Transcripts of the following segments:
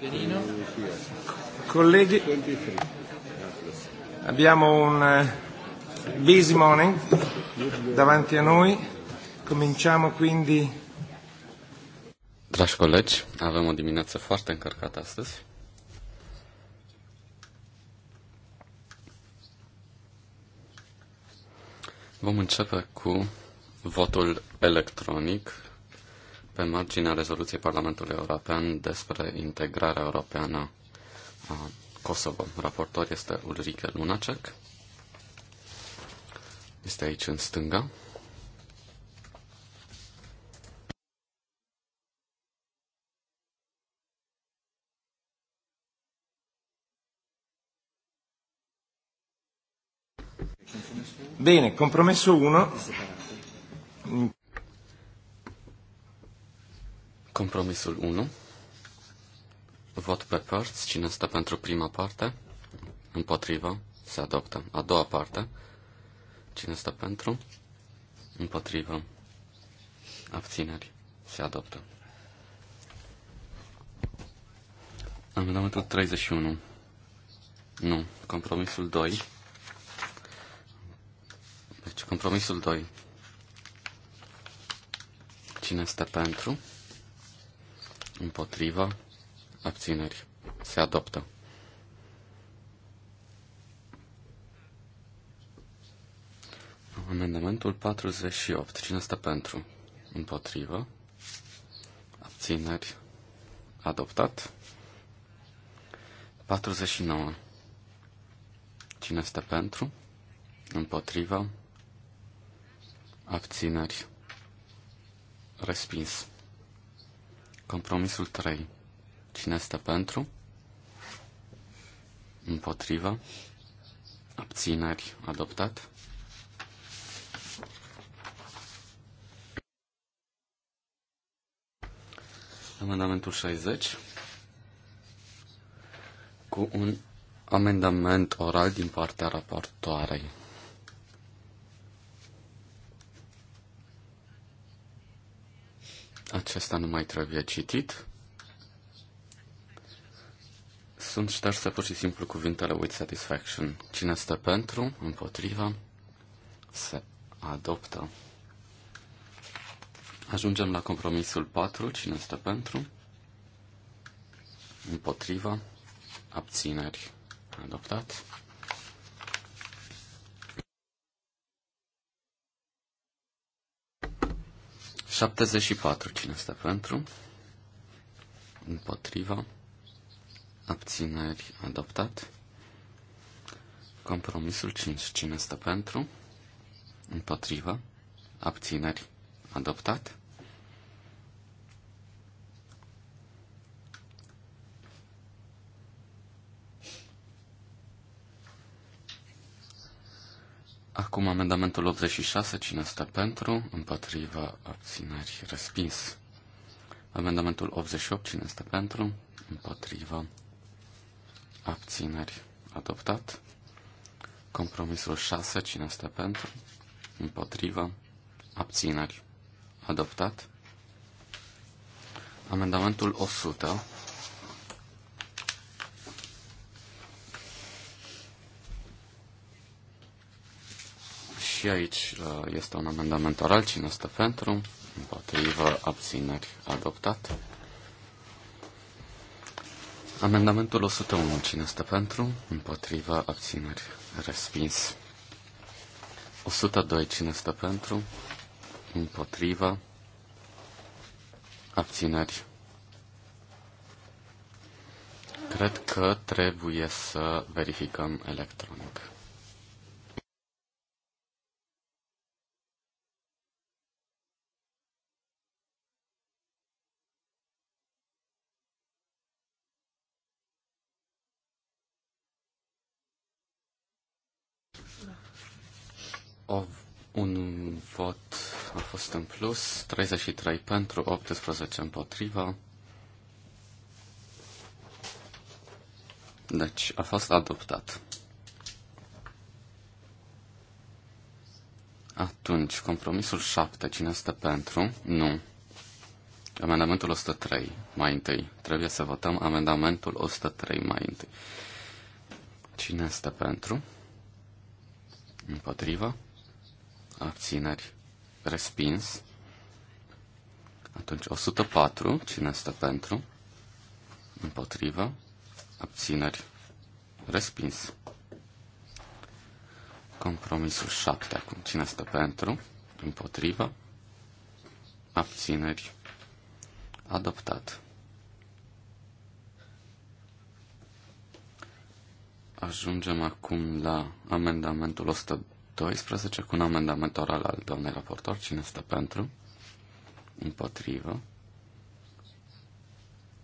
Benino. Colleghi, abbiamo un eh, busy morning davanti a noi. Cominciamo quindi. Dragi colegi, avem o dimineață foarte încărcată astăzi. Vom începe cu votul electronic pe marginea rezoluției Parlamentului European despre integrarea europeană a Kosovo. Raportor este Ulrike Lunacek. Este aici în stânga. Bine, compromisul 1. Compromisul 1. Vot pe părți. Cine stă pentru prima parte? Împotrivă. Se adoptă. A doua parte. Cine stă pentru? Împotrivă. Abțineri. Se adoptă. Amendamentul 31. Nu. Compromisul 2. Deci, compromisul 2. Cine stă pentru? împotriva, abțineri, se adoptă. Amendamentul 48. Cine stă pentru? Împotrivă. Abțineri. Adoptat. 49. Cine stă pentru? Împotrivă. Abțineri. Respins. Compromisul 3. Cine este pentru? Împotrivă. Abțineri. Adoptat. Amendamentul 60 cu un amendament oral din partea raportoarei. Acesta nu mai trebuie citit. Sunt șterse pur și simplu cuvintele with satisfaction. Cine stă pentru, împotriva, se adoptă. Ajungem la compromisul 4. Cine stă pentru? Împotriva. Abțineri. Adoptat. 74. Cine este pentru? Împotriva. Abțineri adoptat. Compromisul 5. Cine este pentru? Împotriva. Abțineri adoptat. Acum amendamentul 86, cine stă pentru, împotriva, abțineri, respins. Amendamentul 88, cine stă pentru, împotriva, abțineri, adoptat. Compromisul 6, cine stă pentru, împotriva, abțineri, adoptat. Amendamentul 100, Și aici uh, este un amendament oral. Cine este pentru? Împotrivă. Abțineri. Adoptat. Amendamentul 101. Cine este pentru? Împotrivă. Abțineri. Respins. 102. Cine este pentru? Împotrivă. Abțineri. Cred că trebuie să verificăm electronic. o, un vot a fost în plus, 33 pentru, 18 împotriva. Deci a fost adoptat. Atunci, compromisul 7, cine este pentru? Nu. Amendamentul 103, mai întâi. Trebuie să votăm amendamentul 103, mai întâi. Cine este pentru? Împotriva? abțineri, respins. Atunci 104, cine este pentru? Împotrivă, abțineri, respins. Compromisul 7, acum cine este pentru? Împotrivă, abțineri, adoptat. Ajungem acum la amendamentul 100. 12 cu un amendament oral al doamnei raportor. Cine stă pentru? Împotrivă.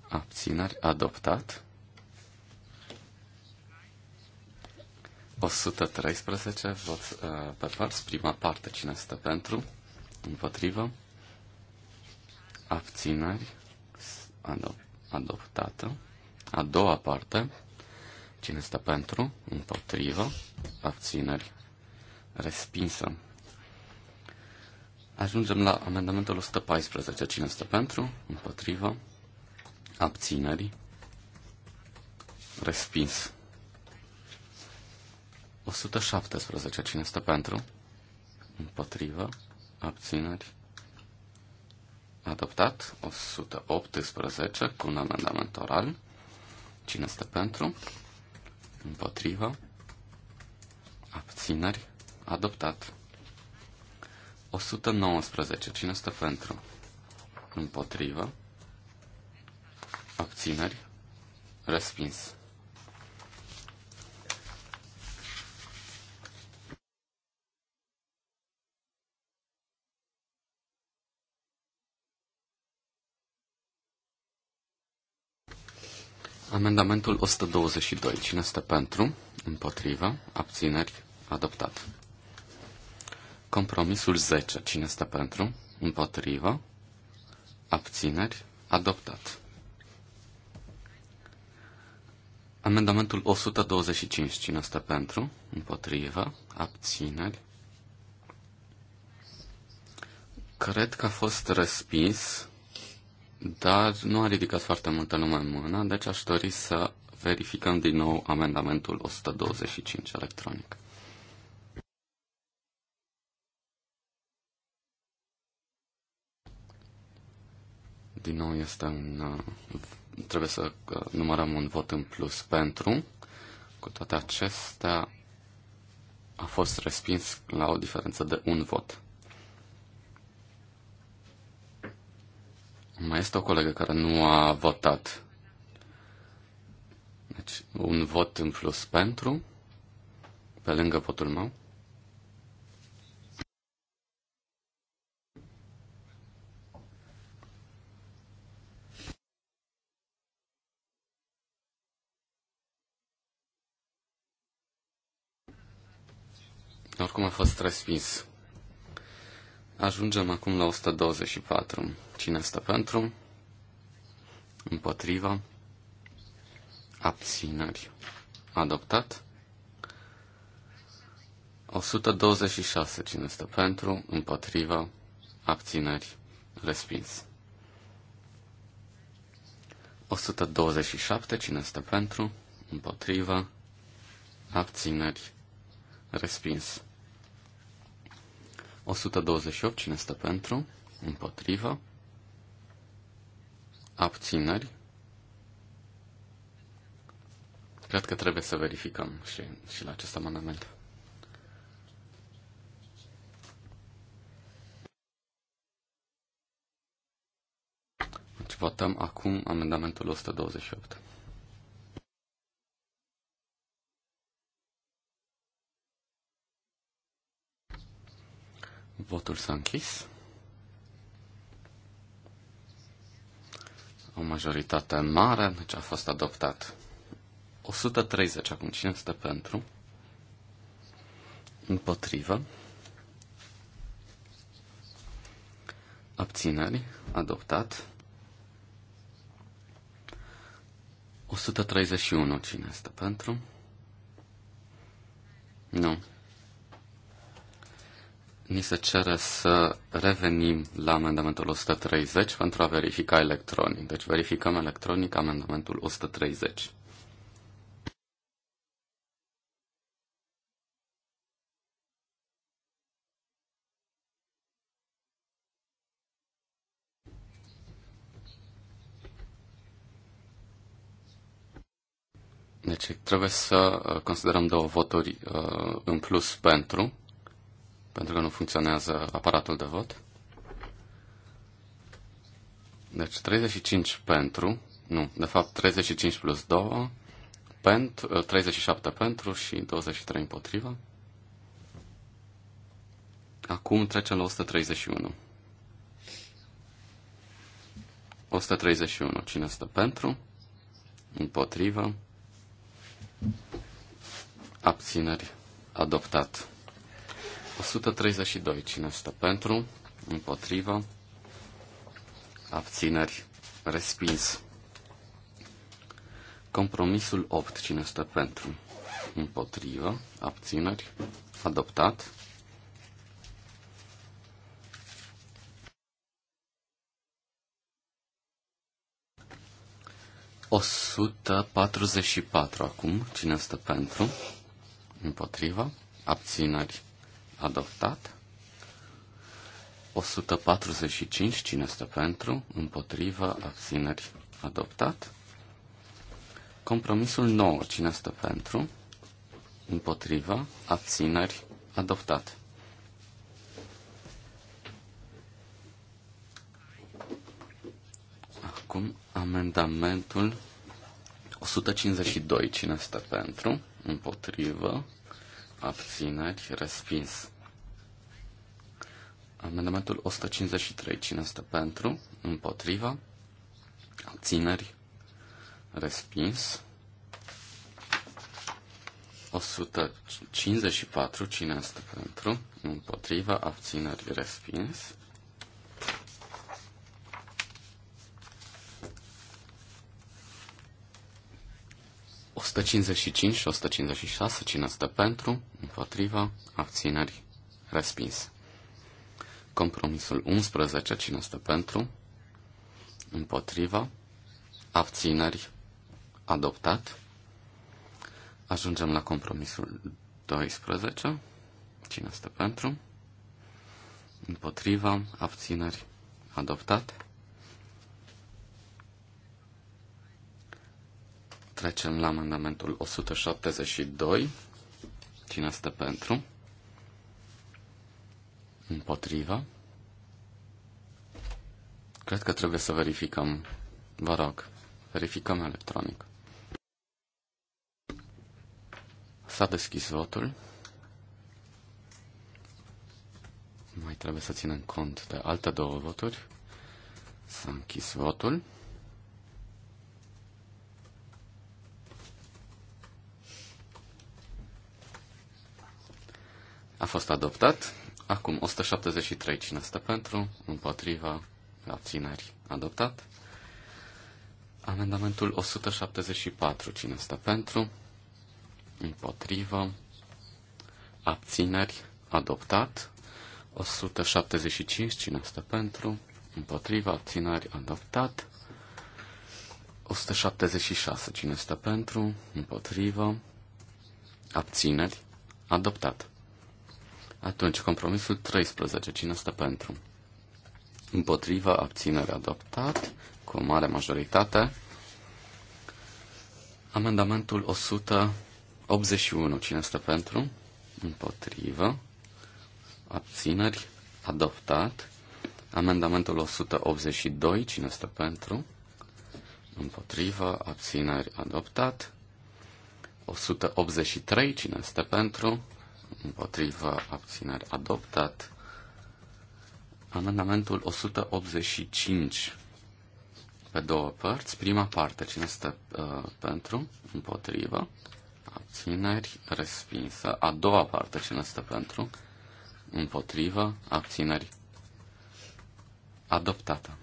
Abținări? Adoptat. 113. Vot uh, pe părți. Prima parte. Cine stă pentru? Împotrivă. Abținări? adoptată. A doua parte. Cine stă pentru? Împotrivă. Abținări? respinsă. Ajungem la amendamentul 114. Cine stă pentru? Împotrivă. Abținerii? Respins. 117. Cine stă pentru? Împotrivă. Abțineri. Adoptat. 118 cu un amendament oral. Cine stă pentru? Împotrivă. Abțineri adoptat. 119. Cine stă pentru? Împotrivă. Abțineri. Respins. Amendamentul 122. Cine stă pentru? Împotrivă. Abțineri. Adoptat. Compromisul 10. Cine este pentru? Împotrivă. Abțineri. Adoptat. Amendamentul 125. Cine este pentru? Împotrivă. Abțineri. Cred că a fost respins, dar nu a ridicat foarte multă lume în mână, deci aș dori să verificăm din nou amendamentul 125 electronic. din nou este un, uh, trebuie să uh, numărăm un vot în plus pentru. Cu toate acestea, a fost respins la o diferență de un vot. Mai este o colegă care nu a votat. Deci, un vot în plus pentru, pe lângă votul meu. Oricum a fost respins. Ajungem acum la 124. Cine stă pentru? Împotriva? Abțineri. Adoptat? 126. Cine stă pentru? Împotriva? Abțineri. Respins. 127. Cine stă pentru? Împotriva? Abțineri. Respins. 128. Cine stă pentru? Împotrivă. Abțineri. Cred că trebuie să verificăm și, și la acest amendament. Deci votăm acum amendamentul 128. Votul s-a închis. O majoritate mare, deci a fost adoptat. 130 acum, 500 pentru? Împotrivă. Abțineri, adoptat. 131, cine este pentru? Nu, Ni se cere să revenim la amendamentul 130 pentru a verifica electronic. Deci verificăm electronic amendamentul 130. Deci trebuie să uh, considerăm două voturi uh, în plus pentru pentru că nu funcționează aparatul de vot. Deci 35 pentru, nu, de fapt 35 plus 2, pentru, 37 pentru și 23 împotriva. Acum trecem la 131. 131. Cine stă pentru? Împotrivă? Abțineri? Adoptat. 132. Cine stă pentru? Împotrivă? Abțineri? Respins. Compromisul 8. Cine stă pentru? Împotrivă? Abțineri? Adoptat. O sută patruzeci și patru acum. Cine stă pentru? Împotriva? Abțineri? adoptat. 145, cine stă pentru, împotrivă, abțineri, adoptat. Compromisul 9, cine stă pentru, împotrivă, abțineri, adoptat. Acum amendamentul 152, cine stă pentru, împotrivă, abțineri, respins. Amendamentul 153. Cine este pentru? Împotriva? Abțineri? Respins. 154. Cine este pentru? Împotriva? Abțineri? Respins. 155 și 156, cine stă pentru, împotriva, abțineri, respins. Compromisul 11, cine stă pentru, împotriva, abțineri, adoptat. Ajungem la compromisul 12, cine stă pentru, împotriva, abțineri, adoptat. Trecem la amendamentul 172. Cine este pentru? Împotriva? Cred că trebuie să verificăm. Vă rog, verificăm electronic. S-a deschis votul. Mai trebuie să ținem cont de alte două voturi. S-a închis votul. A fost adoptat. Acum 173 cine stă pentru, împotriva, abțineri, adoptat. Amendamentul 174 cine stă pentru, împotriva, abțineri, adoptat. 175 cine stă pentru, împotriva, abțineri, adoptat. 176 cine stă pentru, împotriva, abțineri, adoptat. Atunci, compromisul 13. Cine stă pentru? Împotriva abținere adoptat cu o mare majoritate. Amendamentul 181. Cine stă pentru? Împotrivă. Abțineri. Adoptat. Amendamentul 182. Cine stă pentru? Împotrivă. Abțineri. Adoptat. 183. Cine stă pentru? împotriva abținere. adoptat. Amendamentul 185 pe două părți. Prima parte, cine stă uh, pentru, împotriva, abțineri, respinsă. A doua parte, cine stă pentru, împotriva, abțineri, adoptată.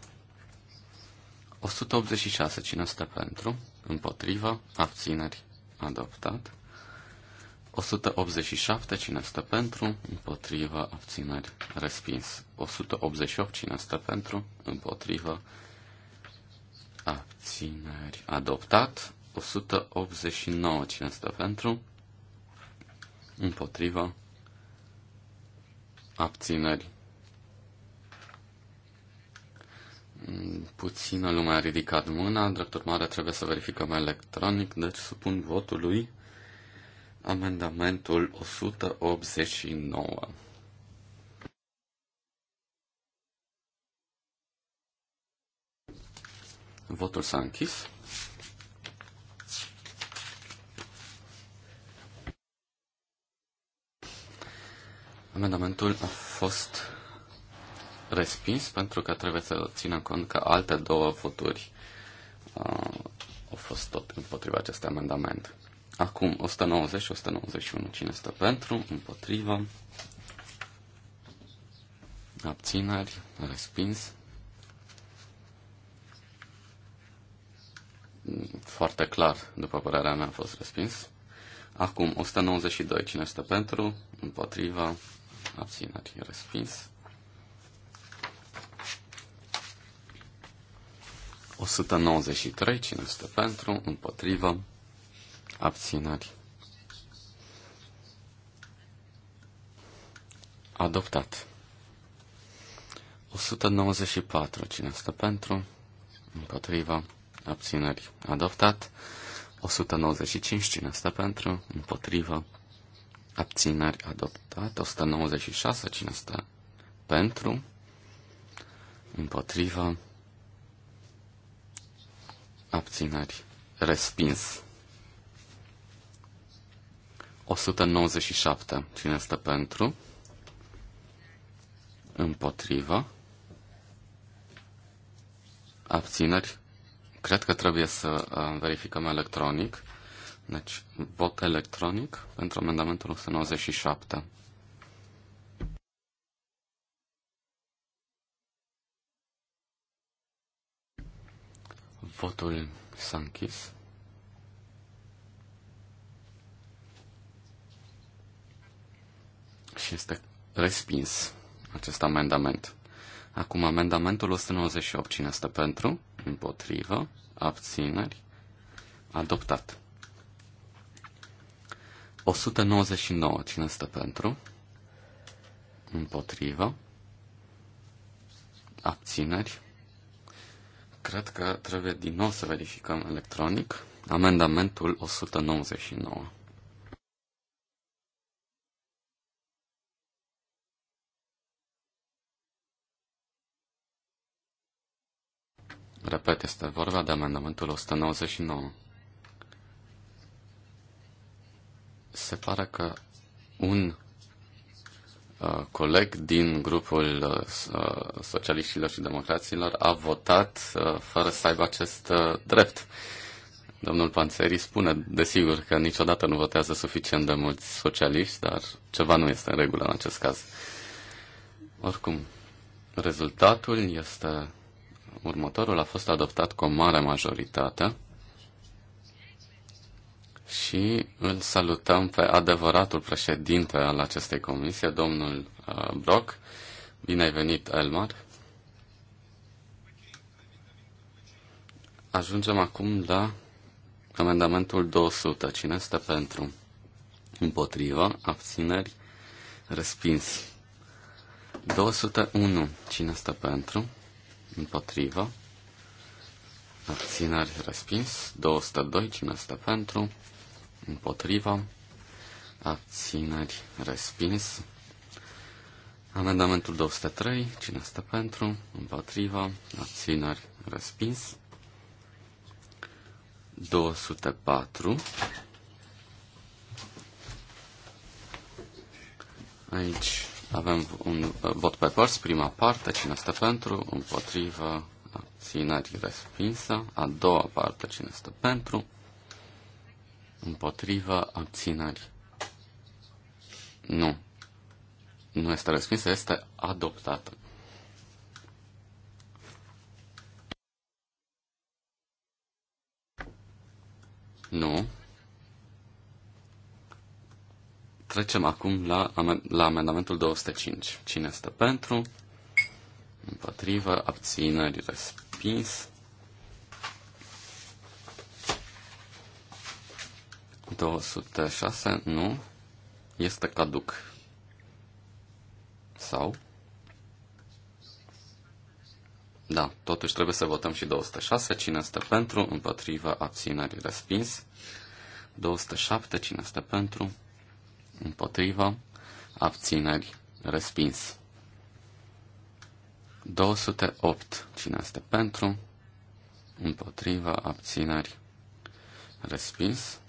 186, cine stă pentru, împotriva, abțineri, adoptat. 187, cine stă pentru, împotriva, abțineri, respins. 188, cine stă pentru, împotriva, abțineri, adoptat. 189, cine stă pentru, împotriva, abțineri. Puțină lume a ridicat mâna, drept urmare trebuie să verificăm electronic, deci supun votului amendamentul 189. Votul s-a închis. Amendamentul a fost respins pentru că trebuie să țină cont că alte două voturi uh, au fost tot împotriva acestui amendament. Acum 190 și 191. Cine stă pentru? Împotrivă. Abțineri. Respins. Foarte clar, după părerea mea, a fost respins. Acum 192. Cine stă pentru? Împotrivă. Abțineri. Respins. 193. Cine stă pentru? Împotrivă abținări. Adoptat. 194. Cine stă pentru? Împotriva. abținări. Adoptat. 195. Cine stă pentru? Împotriva. abținări. Adoptat. 196. Cine stă pentru? Împotriva. abținări. Respins. 197. Cine este pentru? Împotrivă. Abțineri. Cred că trebuie să uh, verificăm electronic. Deci, vot electronic pentru amendamentul 197. Votul s-a închis. și este respins acest amendament. Acum amendamentul 198. Cine este pentru? Împotrivă. Abțineri. Adoptat. 199. Cine este pentru? Împotrivă. Abțineri. Cred că trebuie din nou să verificăm electronic. Amendamentul 199. Repet, este vorba de amendamentul 199. Se pare că un uh, coleg din grupul uh, uh, socialiștilor și democraților a votat fără să aibă acest drept. Domnul Panțeri spune, desigur, că niciodată nu votează suficient de mulți socialiști, dar ceva nu este în regulă în acest caz. Oricum, rezultatul este Următorul a fost adoptat cu o mare majoritate și îl salutăm pe adevăratul președinte al acestei comisie, domnul uh, Brock. Bine ai venit, Elmar. Ajungem acum la amendamentul 200. Cine este pentru? Împotrivă, abțineri, respins. 201. Cine este pentru? împotrivă, abțineri respins, 202, cine este pentru, împotrivă, abțineri respins, amendamentul 203, cine este pentru, împotrivă, abțineri respins, 204, Aici avem un vot pe părți, prima parte, cine este pentru, împotrivă, abținerii respinsă, a doua parte, cine este pentru, împotrivă, abținerii. Nu. Nu este respinsă, este adoptată. Nu, Trecem acum la, la amendamentul 205. Cine este pentru? Împotrivă, abțineri, respins. 206, nu. Este caduc. Sau? Da, totuși trebuie să votăm și 206. Cine este pentru? Împotrivă, abțineri, respins. 207. Cine este pentru? împotrivă, abțineri, respins. 208. Cine este pentru? Împotrivă, abțineri, respins.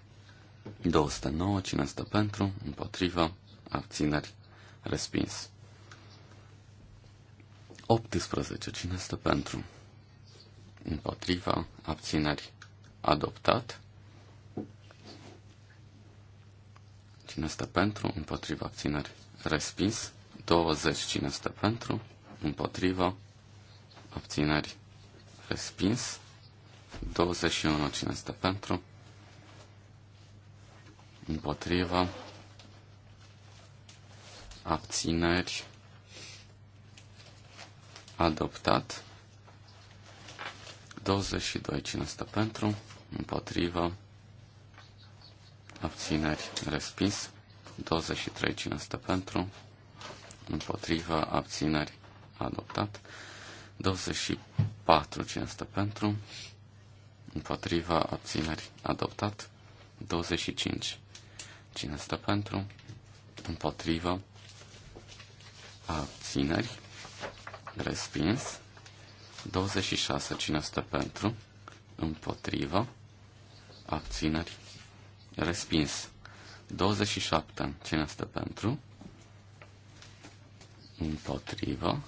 209. Cine este pentru? Împotrivă, abțineri, respins. 18. Cine este pentru? Împotriva, abțineri, adoptat. Cine este pentru? Împotriva abțineri. Respins. 20. Cine este pentru? Împotriva abțineri. Respins. 21. Cine este pentru? Împotriva abțineri. Adoptat. 22. Cine este pentru? Împotriva abțineri, respins. 23 cine stă pentru, împotriva, abțineri, adoptat. 24 cine stă pentru, împotriva, abțineri, adoptat. 25 cine stă pentru, împotriva, abțineri, respins. 26 cine stă pentru, împotriva, abțineri, Respins. 27. Cine este pentru? Împotrivă.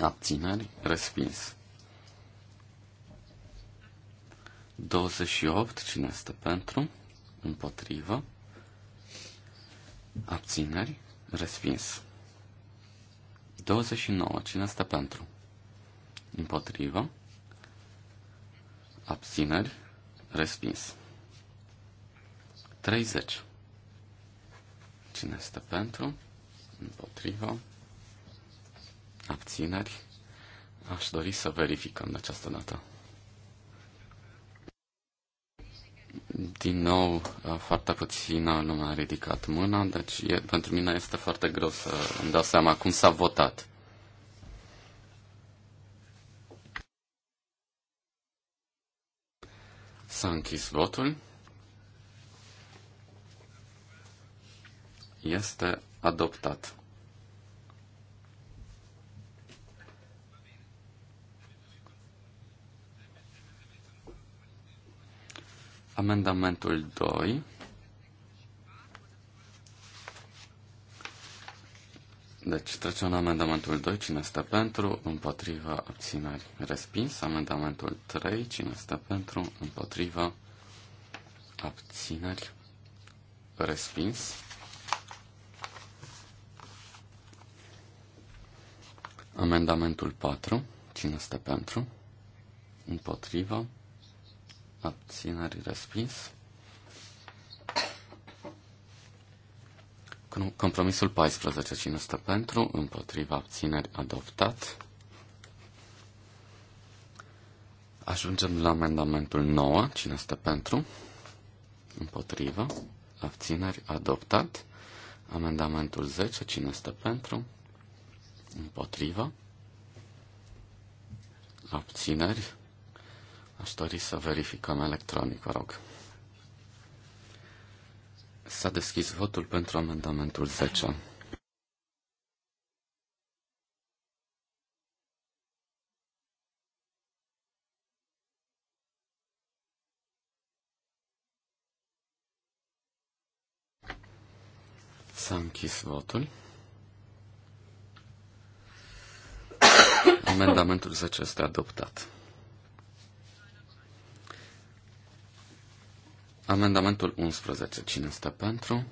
Abțineri. Respins. 28. Cine este pentru? Împotrivă. Abțineri. Respins. 29. Cine este pentru? Împotrivă. Abțineri. Respins. 30. Cine este pentru? Împotrivă. Abțineri. Aș dori să verificăm de această dată. Din nou, foarte puțină lume a ridicat mâna, deci e, pentru mine este foarte greu să îmi dau seama cum s-a votat. S-a închis votul. este adoptat. Amendamentul 2 Deci trecem la amendamentul 2, cine este pentru, împotriva, abțineri, respins. Amendamentul 3, cine este pentru, împotriva, abțineri, respins. Amendamentul 4. Cine este pentru? Împotrivă? Abțineri respins. Compromisul 14. Cine este pentru? Împotrivă? Abțineri adoptat. Ajungem la amendamentul 9. Cine este pentru? Împotrivă? Abțineri adoptat. Amendamentul 10. Cine este pentru? Împotrivă. Abțineri. Aș dori să verificăm electronic, vă rog. S-a deschis votul pentru amendamentul 10. S-a închis votul. Amendamentul 10 este adoptat. Amendamentul 11. Cine este pentru?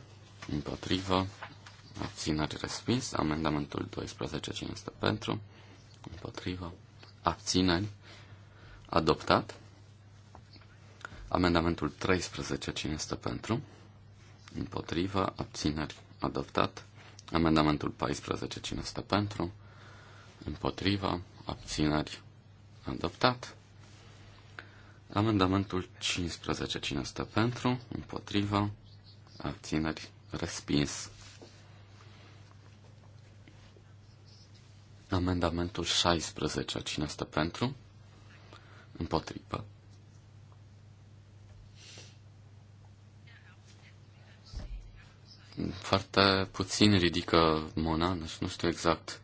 Împotrivă. Abținere respins. Amendamentul 12. Cine este pentru? Împotrivă. Abțineri. Adoptat. Amendamentul 13. Cine este pentru? Împotrivă. Abțineri. Adoptat. Amendamentul 14. Cine este pentru? împotriva, abțineri, adoptat. Amendamentul 15, cine stă pentru, împotriva, abțineri, respins. Amendamentul 16, cine stă pentru, împotriva. Foarte puțin ridică mona, deci nu știu exact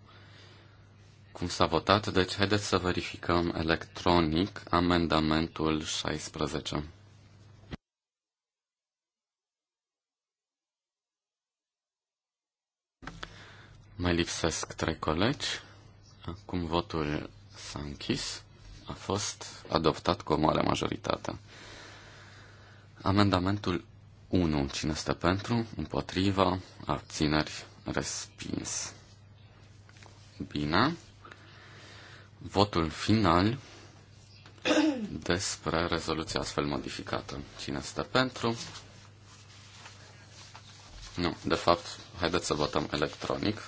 cum s-a votat, deci haideți să verificăm electronic amendamentul 16. Mai lipsesc trei colegi. Acum votul s-a închis. A fost adoptat cu o mare majoritate. Amendamentul 1. Cine stă pentru? Împotriva? Abțineri? Respins. Bine. Votul final despre rezoluția astfel modificată. Cine stă pentru? Nu, de fapt, haideți să votăm electronic.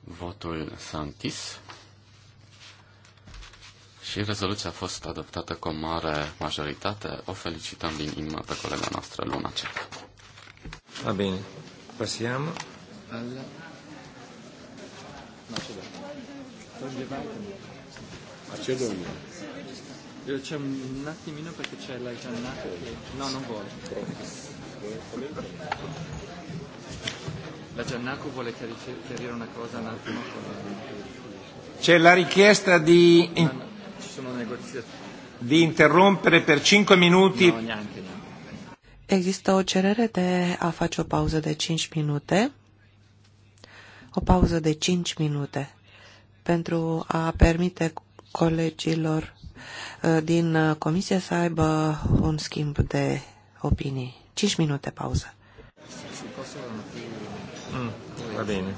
Votul s-a închis. Și rezoluția a fost adoptată cu o mare majoritate. O felicităm din inimă pe colega noastră, Luna Cec. Va bine. Passiamo alla... Eu C'è un attimino perché c'è la Giannata che... No, non vuole. La Giannaco vuole chiarire una cosa un attimo. C'è la richiesta di sono negoziazioni. Di interrompere per 5 minuti. No, neanche, neanche. Există o cerere de a face o pauză de 5 minute. O pauză de 5 minute pentru a permite colegilor uh, din uh, comisie să aibă un schimb de opinii. 5 minute pauză. Mm, va bene.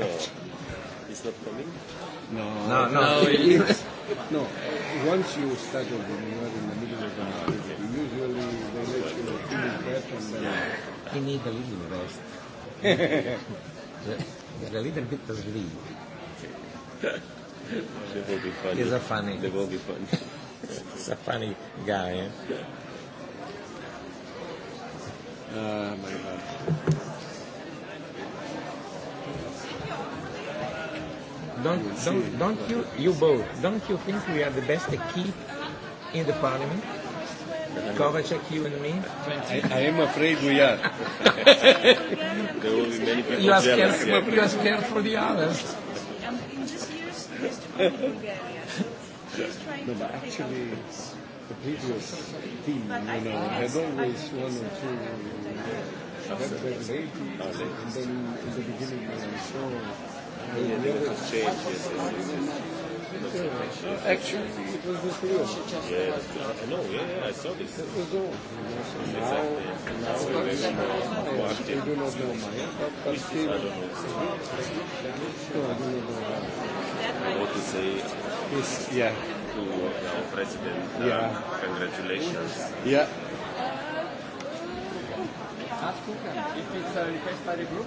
So, he's not coming? No, no, no. no, is. no. Once you start when you are in the middle of the night, usually they let you finish that and then... He needs a little rest. a little bit asleep. they will be funny. He's a funny. They will be funny. He's a funny guy. Eh? Uh, my God. don't, don't, don't you, you both, don't you think we are the best keep in the parliament? Kovacek, you and me? I, I am afraid we are. there will be many people you are Scared, yeah. You are scared for the others. Um, just used to Bulgaria. trying no, to but actually, the previous team, you know, had always one or two. Uh, that, oh, and then in the beginning when I saw Action. It was this Yeah. yeah, I saw this. Now, now we do not know Maya, I want to say. yeah. To our president. Yeah. Congratulations. Yeah. Ask who If it's a request by the group,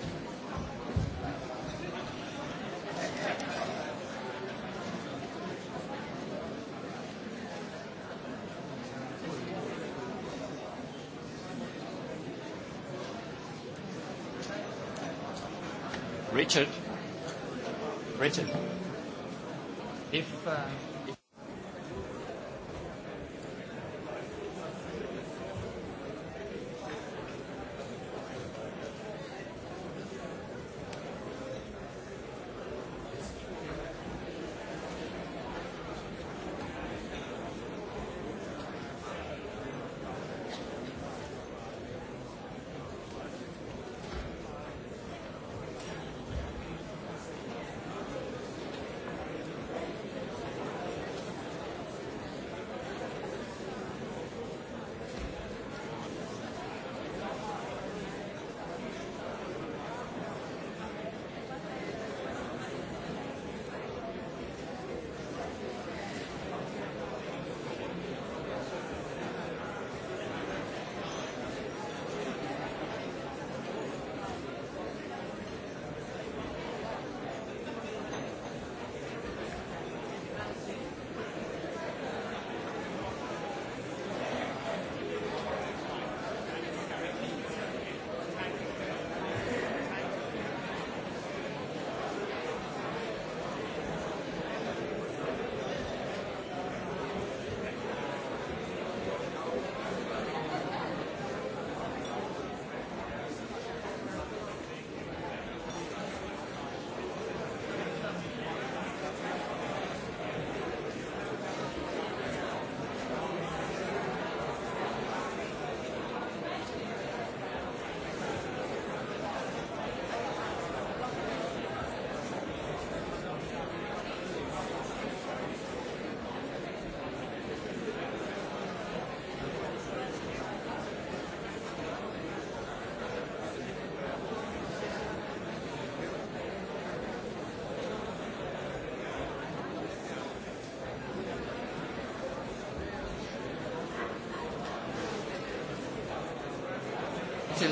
Richard. Richard. If. Uh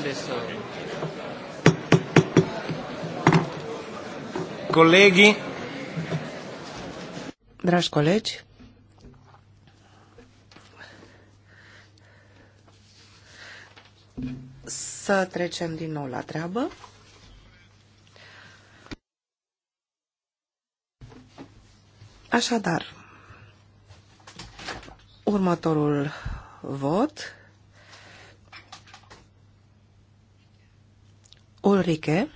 mention this. So. Dragi colegi, să trecem din nou la treabă. Așadar, următorul vot Ulrike,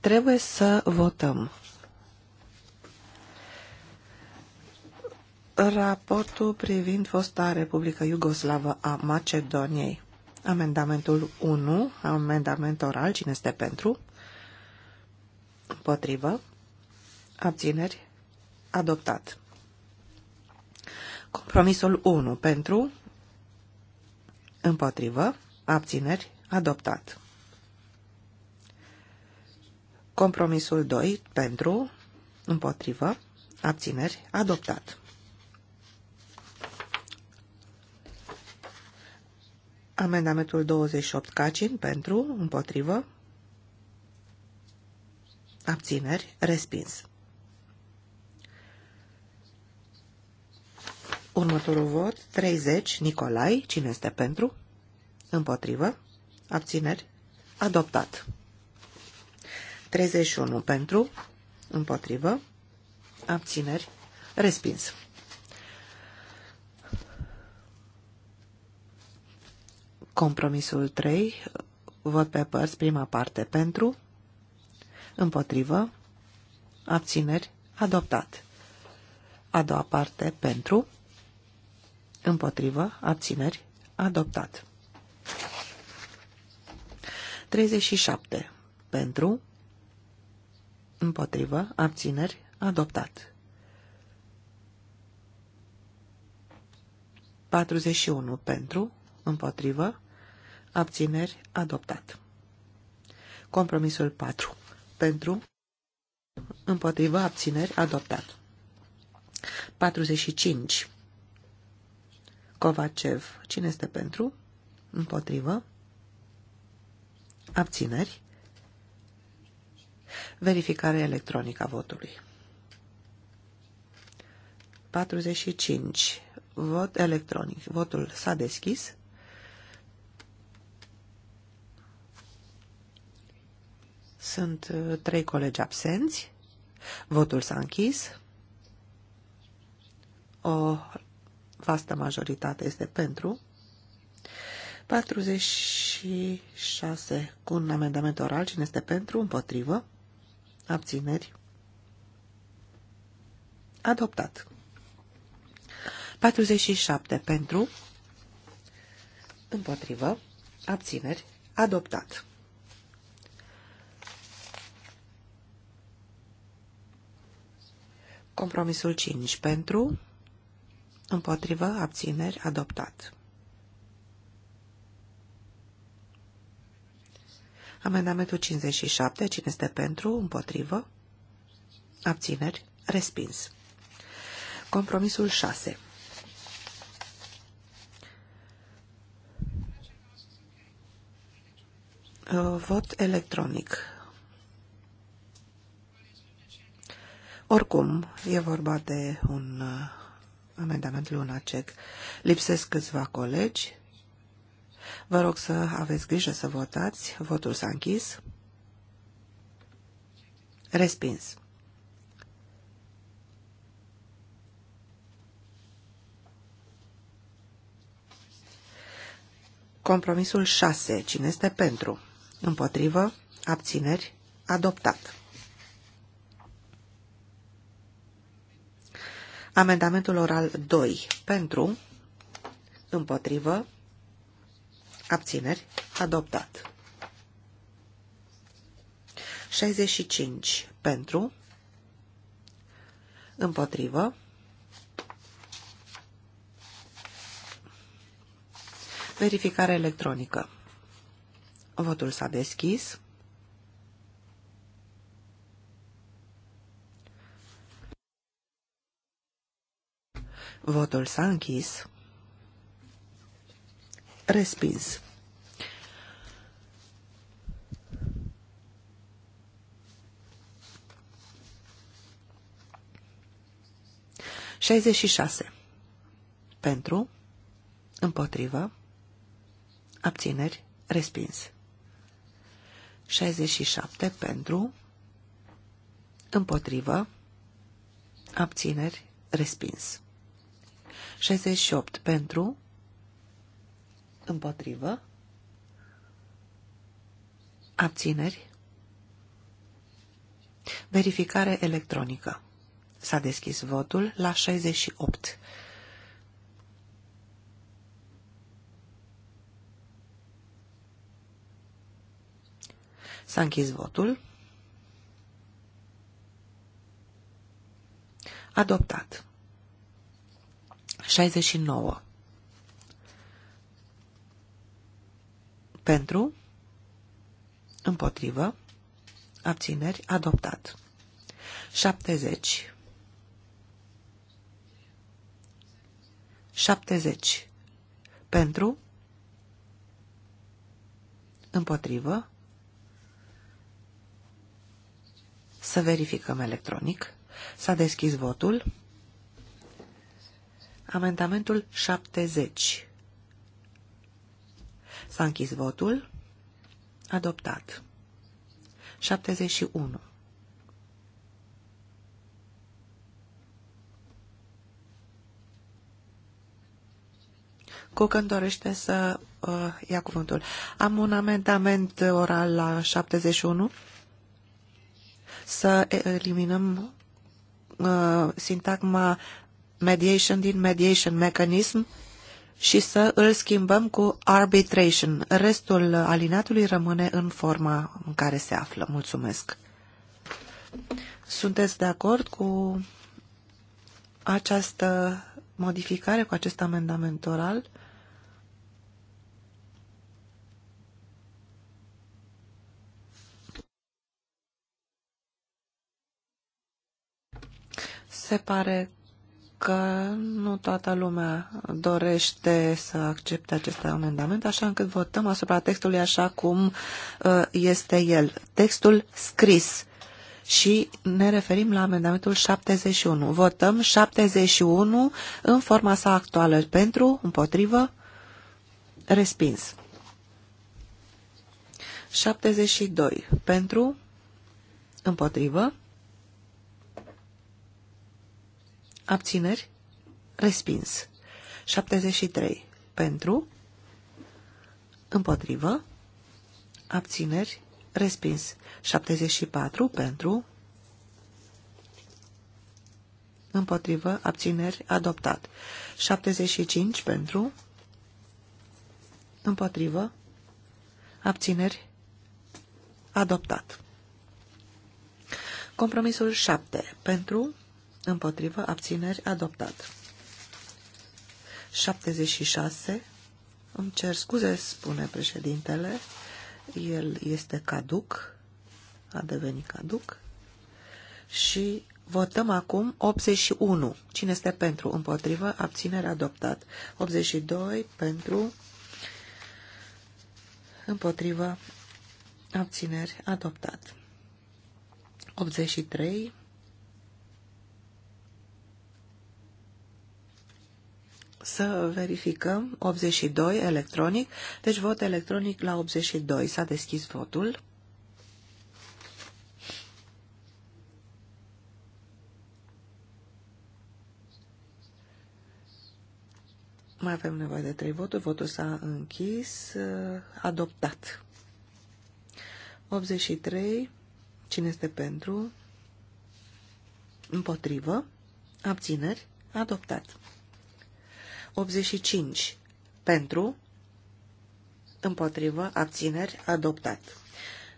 trebuie să votăm. Raportul privind fosta Republică Iugoslavă a Macedoniei. Amendamentul 1, amendament oral, cine este pentru? Împotrivă. Abțineri. Adoptat. Compromisul 1 pentru, Împotrivă. Abțineri. Adoptat. Compromisul 2. Pentru. Împotrivă. Abțineri. Adoptat. Amendamentul 28. Cacin. Pentru. Împotrivă. Abțineri. Respins. Următorul vot, 30, Nicolai, cine este pentru? Împotrivă. Abțineri. Adoptat. 31 pentru. Împotrivă. Abțineri. Respins. Compromisul 3. Vot pe părți, prima parte pentru. Împotrivă. Abțineri. Adoptat. A doua parte pentru. Împotrivă. Abțineri. Adoptat. 37. Pentru. Împotrivă. Abțineri. Adoptat. 41. Pentru. Împotrivă. Abțineri. Adoptat. Compromisul 4. Pentru. Împotrivă. Abțineri. Adoptat. 45 Kovacev, Cine este pentru? Împotrivă. Abțineri. Verificare electronică a votului. 45. Vot electronic. Votul s-a deschis. Sunt uh, trei colegi absenți. Votul s-a închis. O vastă majoritate este pentru. 46 cu un amendament oral. Cine este pentru? Împotrivă. Abțineri. Adoptat. 47 pentru. Împotrivă. Abțineri. Adoptat. Compromisul 5 pentru. Împotrivă, abțineri, adoptat. Amendamentul 57. Cine este pentru? Împotrivă? Abțineri? Respins. Compromisul 6. Uh, vot electronic. Oricum, e vorba de un uh, amendamentul Lunacek. Lipsesc câțiva colegi. Vă rog să aveți grijă să votați. Votul s-a închis. Respins. Compromisul 6. Cine este pentru? Împotrivă? Abțineri? Adoptat. Amendamentul oral 2 pentru, împotrivă, abțineri, adoptat. 65 pentru, împotrivă, verificare electronică. Votul s-a deschis. Votul s-a închis. Respins. Șaizeci șase. Pentru. Împotrivă. Abțineri. Respins. 67 pentru. Împotrivă. Abțineri. Respins. 68 pentru, împotrivă, abțineri, verificare electronică. S-a deschis votul la 68. S-a închis votul. Adoptat. 69. Pentru, împotrivă, abțineri, adoptat. 70. 70. Pentru, împotrivă, să verificăm electronic. S-a deschis votul. Amendamentul 70. S-a închis votul. Adoptat. 71. îmi dorește să uh, ia cuvântul. Am un amendament oral la 71 să eliminăm uh, sintagma mediation din mediation mechanism și să îl schimbăm cu arbitration. Restul alinatului rămâne în forma în care se află. Mulțumesc. Sunteți de acord cu această modificare, cu acest amendament oral? Se pare că nu toată lumea dorește să accepte acest amendament, așa încât votăm asupra textului așa cum uh, este el. Textul scris. Și ne referim la amendamentul 71. Votăm 71 în forma sa actuală. Pentru, împotrivă, respins. 72. Pentru, împotrivă, abțineri, respins. 73 pentru, împotrivă, abțineri, respins. 74 pentru, împotrivă, abțineri, adoptat. 75 pentru, împotrivă, abțineri, adoptat. Compromisul 7 pentru, împotrivă, abțineri, adoptat. 76, îmi cer scuze, spune președintele, el este caduc, a devenit caduc, și votăm acum 81. Cine este pentru, împotrivă, abținere, adoptat. 82, pentru, împotrivă, abțineri, adoptat. 83, să verificăm 82 electronic, deci vot electronic la 82. S-a deschis votul. Mai avem nevoie de trei voturi. Votul s-a închis. Uh, adoptat. 83. Cine este pentru? Împotrivă. Abțineri. Adoptat. 85 pentru, împotrivă, abțineri, adoptat.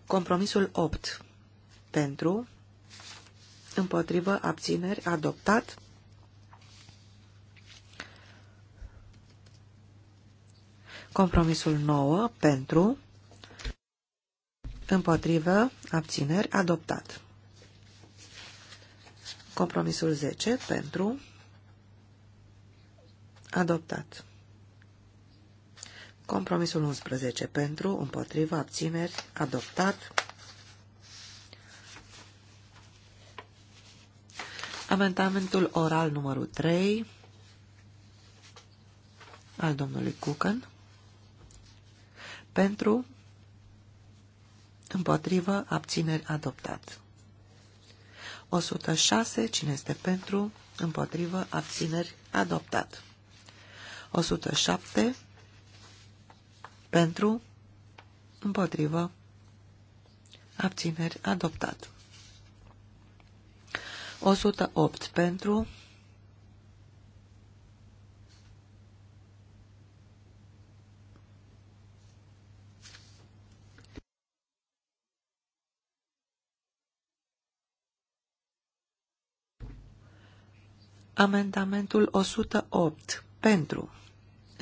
Compromisul 8 pentru, împotrivă, abțineri, adoptat. Compromisul 9 pentru, împotrivă, abțineri, adoptat. Compromisul 10 pentru, Adoptat. Compromisul 11 pentru, împotriva, abțineri, adoptat. Amendamentul oral numărul 3 al domnului Cucan pentru, împotriva, abțineri, adoptat. 106. Cine este pentru, împotrivă, abțineri, adoptat. 107 pentru, împotrivă, abțineri, adoptat. 108 pentru, Amendamentul 108. Pentru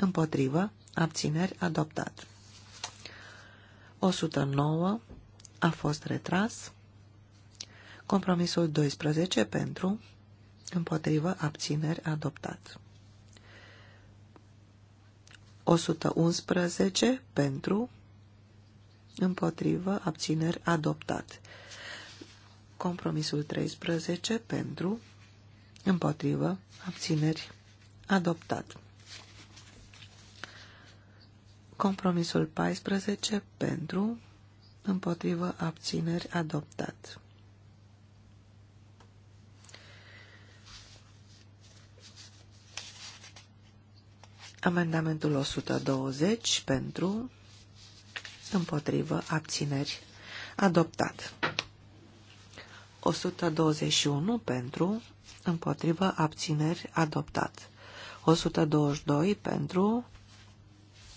împotrivă, abțineri, adoptat. 109 a fost retras. Compromisul 12 pentru, împotrivă, abțineri, adoptat. 111 pentru, împotrivă, abțineri, adoptat. Compromisul 13 pentru, împotrivă, abțineri, adoptat. Compromisul 14 pentru, împotrivă abțineri adoptat. Amendamentul 120 pentru, împotrivă abțineri adoptat. 121 pentru, împotrivă abțineri adoptat. 122 pentru,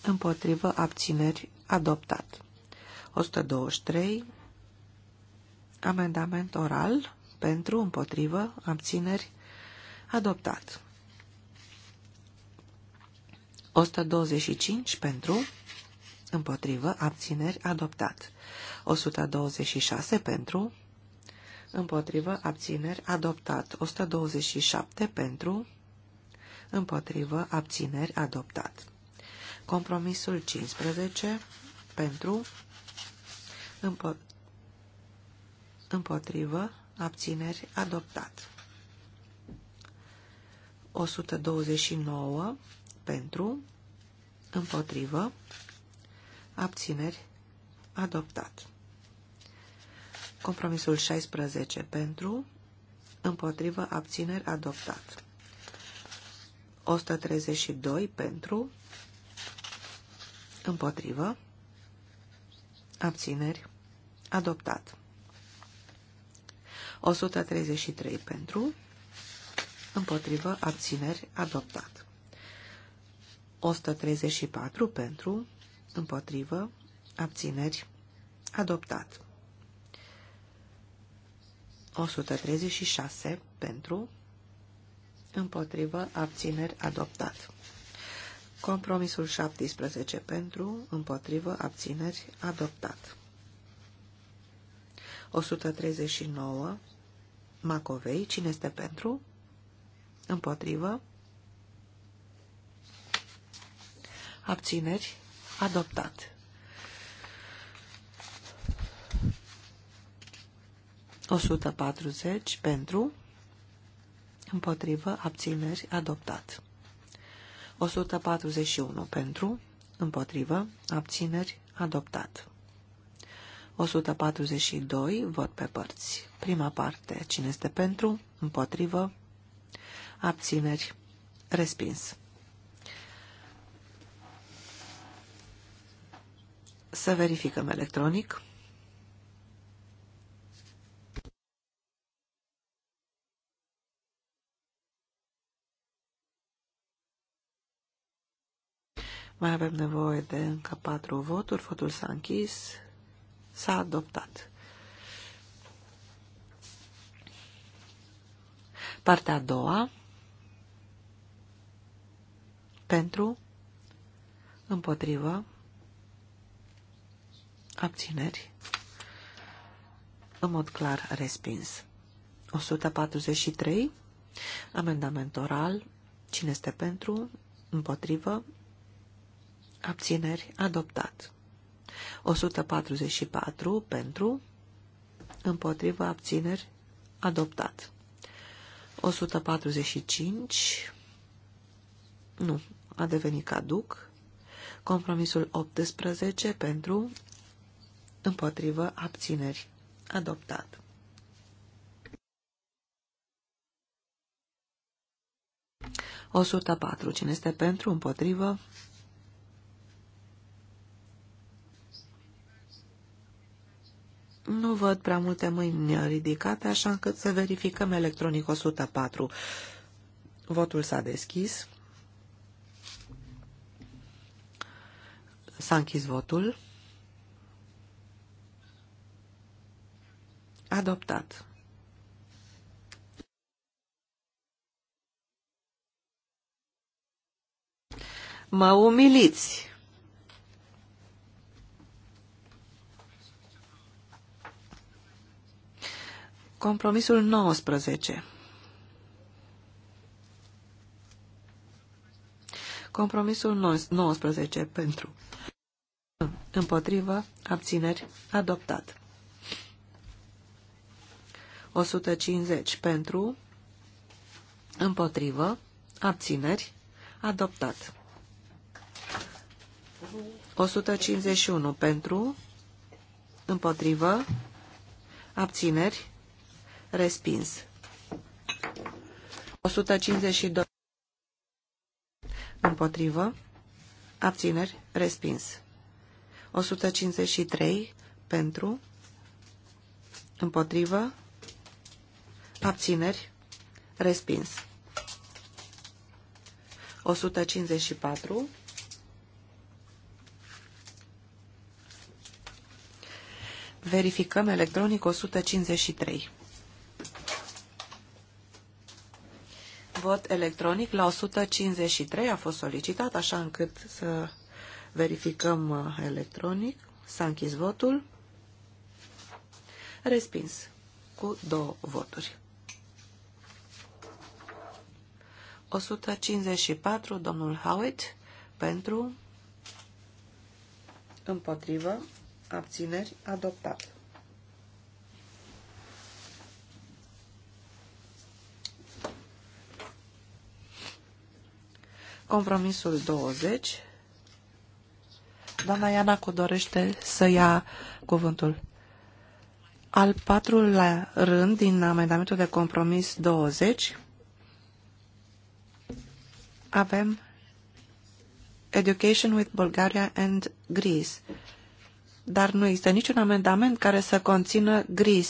împotrivă, abțineri, adoptat. 123. Amendament oral pentru, împotrivă, abțineri, adoptat. 125 pentru, împotrivă, abțineri, adoptat. 126 pentru, împotrivă, abțineri, adoptat. 127 pentru, împotrivă, abțineri, adoptat. Compromisul 15 pentru împotrivă abțineri adoptat. 129 pentru împotrivă abțineri adoptat. Compromisul 16 pentru împotrivă abțineri adoptat. 132 pentru Împotrivă. Abțineri. Adoptat. 133 pentru. Împotrivă. Abțineri. Adoptat. 134 pentru. Împotrivă. Abțineri. Adoptat. 136 pentru. Împotrivă. Abțineri. Adoptat. Compromisul 17 pentru, împotrivă, abțineri, adoptat. 139. Macovei, cine este pentru? Împotrivă. Abțineri, adoptat. 140 pentru, împotrivă, abțineri, adoptat. 141 pentru, împotrivă, abțineri, adoptat. 142, vot pe părți. Prima parte, cine este pentru, împotrivă, abțineri, respins. Să verificăm electronic. Mai avem nevoie de încă patru voturi. Votul s-a închis. S-a adoptat. Partea a doua. Pentru. Împotrivă. Abțineri. În mod clar respins. 143. Amendament oral. Cine este pentru? Împotrivă? abțineri, adoptat. 144 pentru, împotriva abțineri, adoptat. 145, nu, a devenit caduc. Compromisul 18 pentru, împotrivă, abțineri, adoptat. patru Cine este pentru, împotrivă, Nu văd prea multe mâini ridicate, așa încât să verificăm electronic 104. Votul s-a deschis. S-a închis votul. Adoptat. Mă umiliți! Compromisul 19. Compromisul 19 pentru. Împotrivă, abțineri, adoptat. 150 pentru, împotrivă, abțineri, adoptat. 151 pentru, împotrivă, abțineri, respins. 152 împotrivă, abțineri, respins. 153 pentru, împotrivă, abțineri, respins. 154 Verificăm electronic 153. vot electronic la 153 a fost solicitat, așa încât să verificăm uh, electronic. S-a închis votul. Respins cu două voturi. 154, domnul Howitt, pentru, împotrivă, abțineri, adoptat. Compromisul 20. Doamna cu dorește să ia cuvântul. Al patrulea rând din amendamentul de compromis 20 avem Education with Bulgaria and Greece. Dar nu există niciun amendament care să conțină Greece.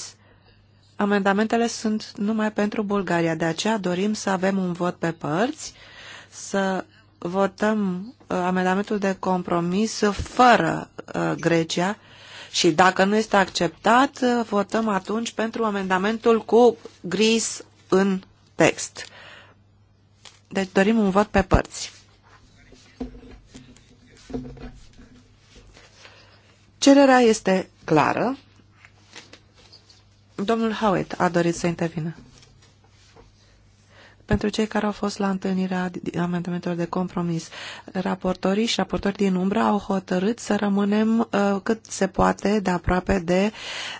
Amendamentele sunt numai pentru Bulgaria, de aceea dorim să avem un vot pe părți, să votăm uh, amendamentul de compromis fără uh, Grecia și dacă nu este acceptat, uh, votăm atunci pentru amendamentul cu gris în text. Deci dorim un vot pe părți. Cererea este clară. Domnul Howitt a dorit să intervină. Pentru cei care au fost la întâlnirea amendamentelor de compromis, raportorii și raportori din umbră au hotărât să rămânem uh, cât se poate de aproape de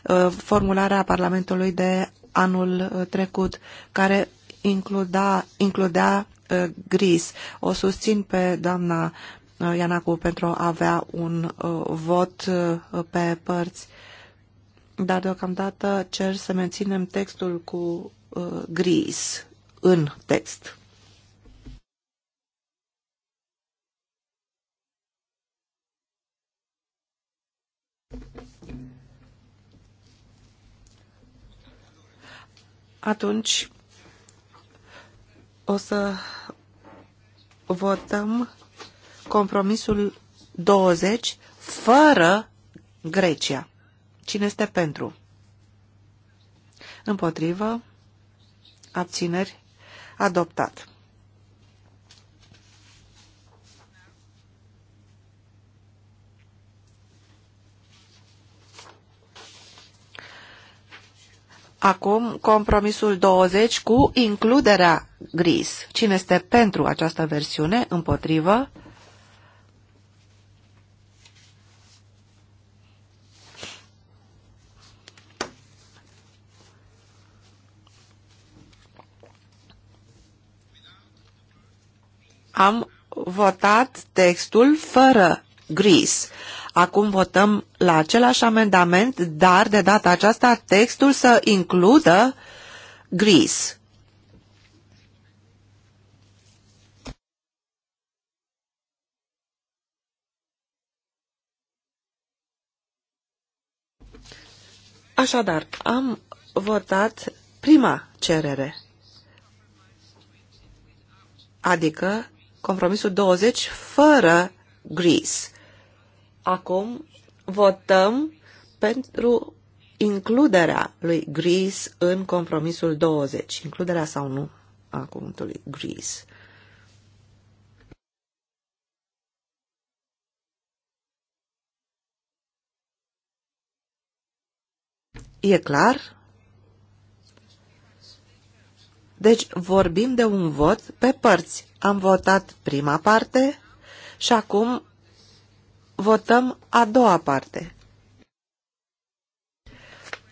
uh, formularea Parlamentului de anul uh, trecut, care includa, includea uh, gris. O susțin pe doamna uh, Ianacu pentru a avea un uh, vot pe părți dar deocamdată cer să menținem textul cu uh, gris în text. Atunci o să votăm compromisul 20 fără Grecia. Cine este pentru? Împotrivă? Abțineri? adoptat. Acum, compromisul 20 cu includerea gris. Cine este pentru această versiune? Împotrivă? am votat textul fără gris. Acum votăm la același amendament, dar de data aceasta textul să includă gris. Așadar, am votat prima cerere, adică compromisul 20 fără Greece. Acum votăm pentru includerea lui Greece în compromisul 20. Includerea sau nu a cuvântului Greece. E clar? Deci vorbim de un vot pe părți. Am votat prima parte și acum votăm a doua parte.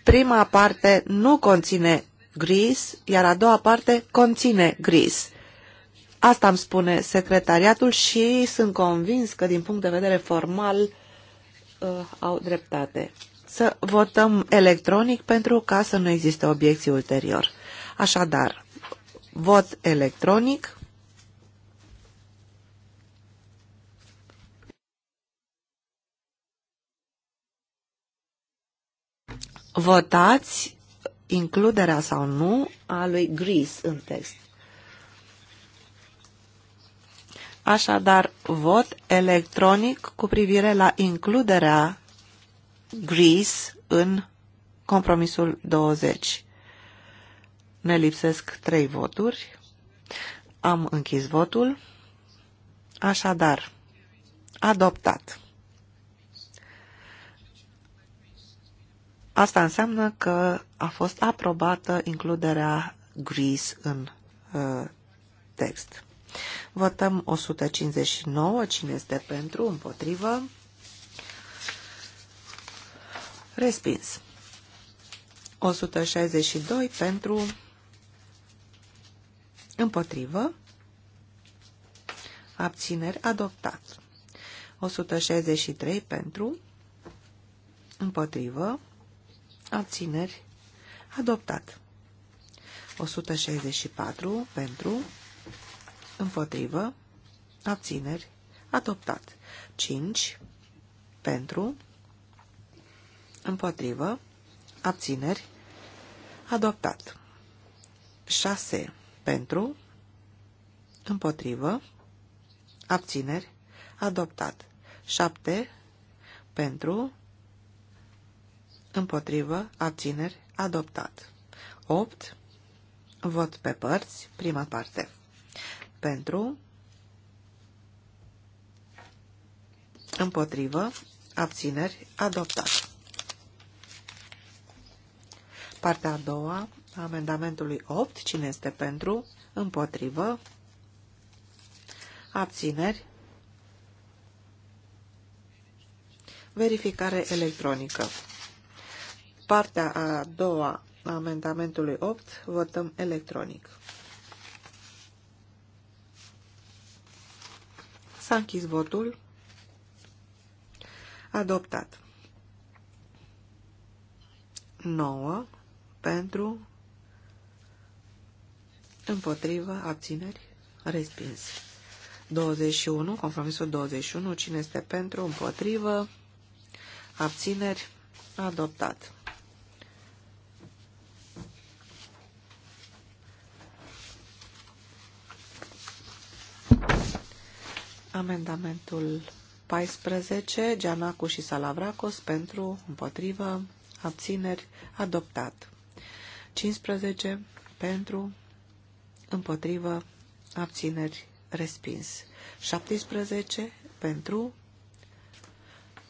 Prima parte nu conține gris, iar a doua parte conține gris. Asta îmi spune secretariatul și sunt convins că din punct de vedere formal uh, au dreptate. Să votăm electronic pentru ca să nu existe obiecții ulterior. Așadar, Vot electronic. Votați includerea sau nu a lui Gris în text. Așadar, vot electronic cu privire la includerea Greece în compromisul 20. Ne lipsesc trei voturi. Am închis votul. Așadar, adoptat. Asta înseamnă că a fost aprobată includerea Greece în uh, text. Votăm 159. Cine este pentru? Împotrivă? Respins. 162 pentru Împotrivă. Abțineri adoptat. 163 pentru. Împotrivă. Abțineri adoptat. 164 pentru. Împotrivă. Abțineri adoptat. 5 pentru. Împotrivă. Abțineri adoptat. 6 pentru, împotrivă, abțineri, adoptat. 7 pentru, împotrivă, abțineri, adoptat. 8 vot pe părți, prima parte. Pentru, împotrivă, abțineri, adoptat. Partea a doua, amendamentului 8. Cine este pentru? Împotrivă. Abțineri. Verificare electronică. Partea a doua a amendamentului 8 votăm electronic. S-a închis votul. Adoptat. 9 pentru Împotrivă, abțineri, respins. 21, compromisul 21, cine este pentru, împotrivă, abțineri, adoptat. Amendamentul 14, Gianacu și Salavracos pentru, împotrivă, abțineri, adoptat. 15, pentru, împotrivă, abțineri, respins. 17 pentru,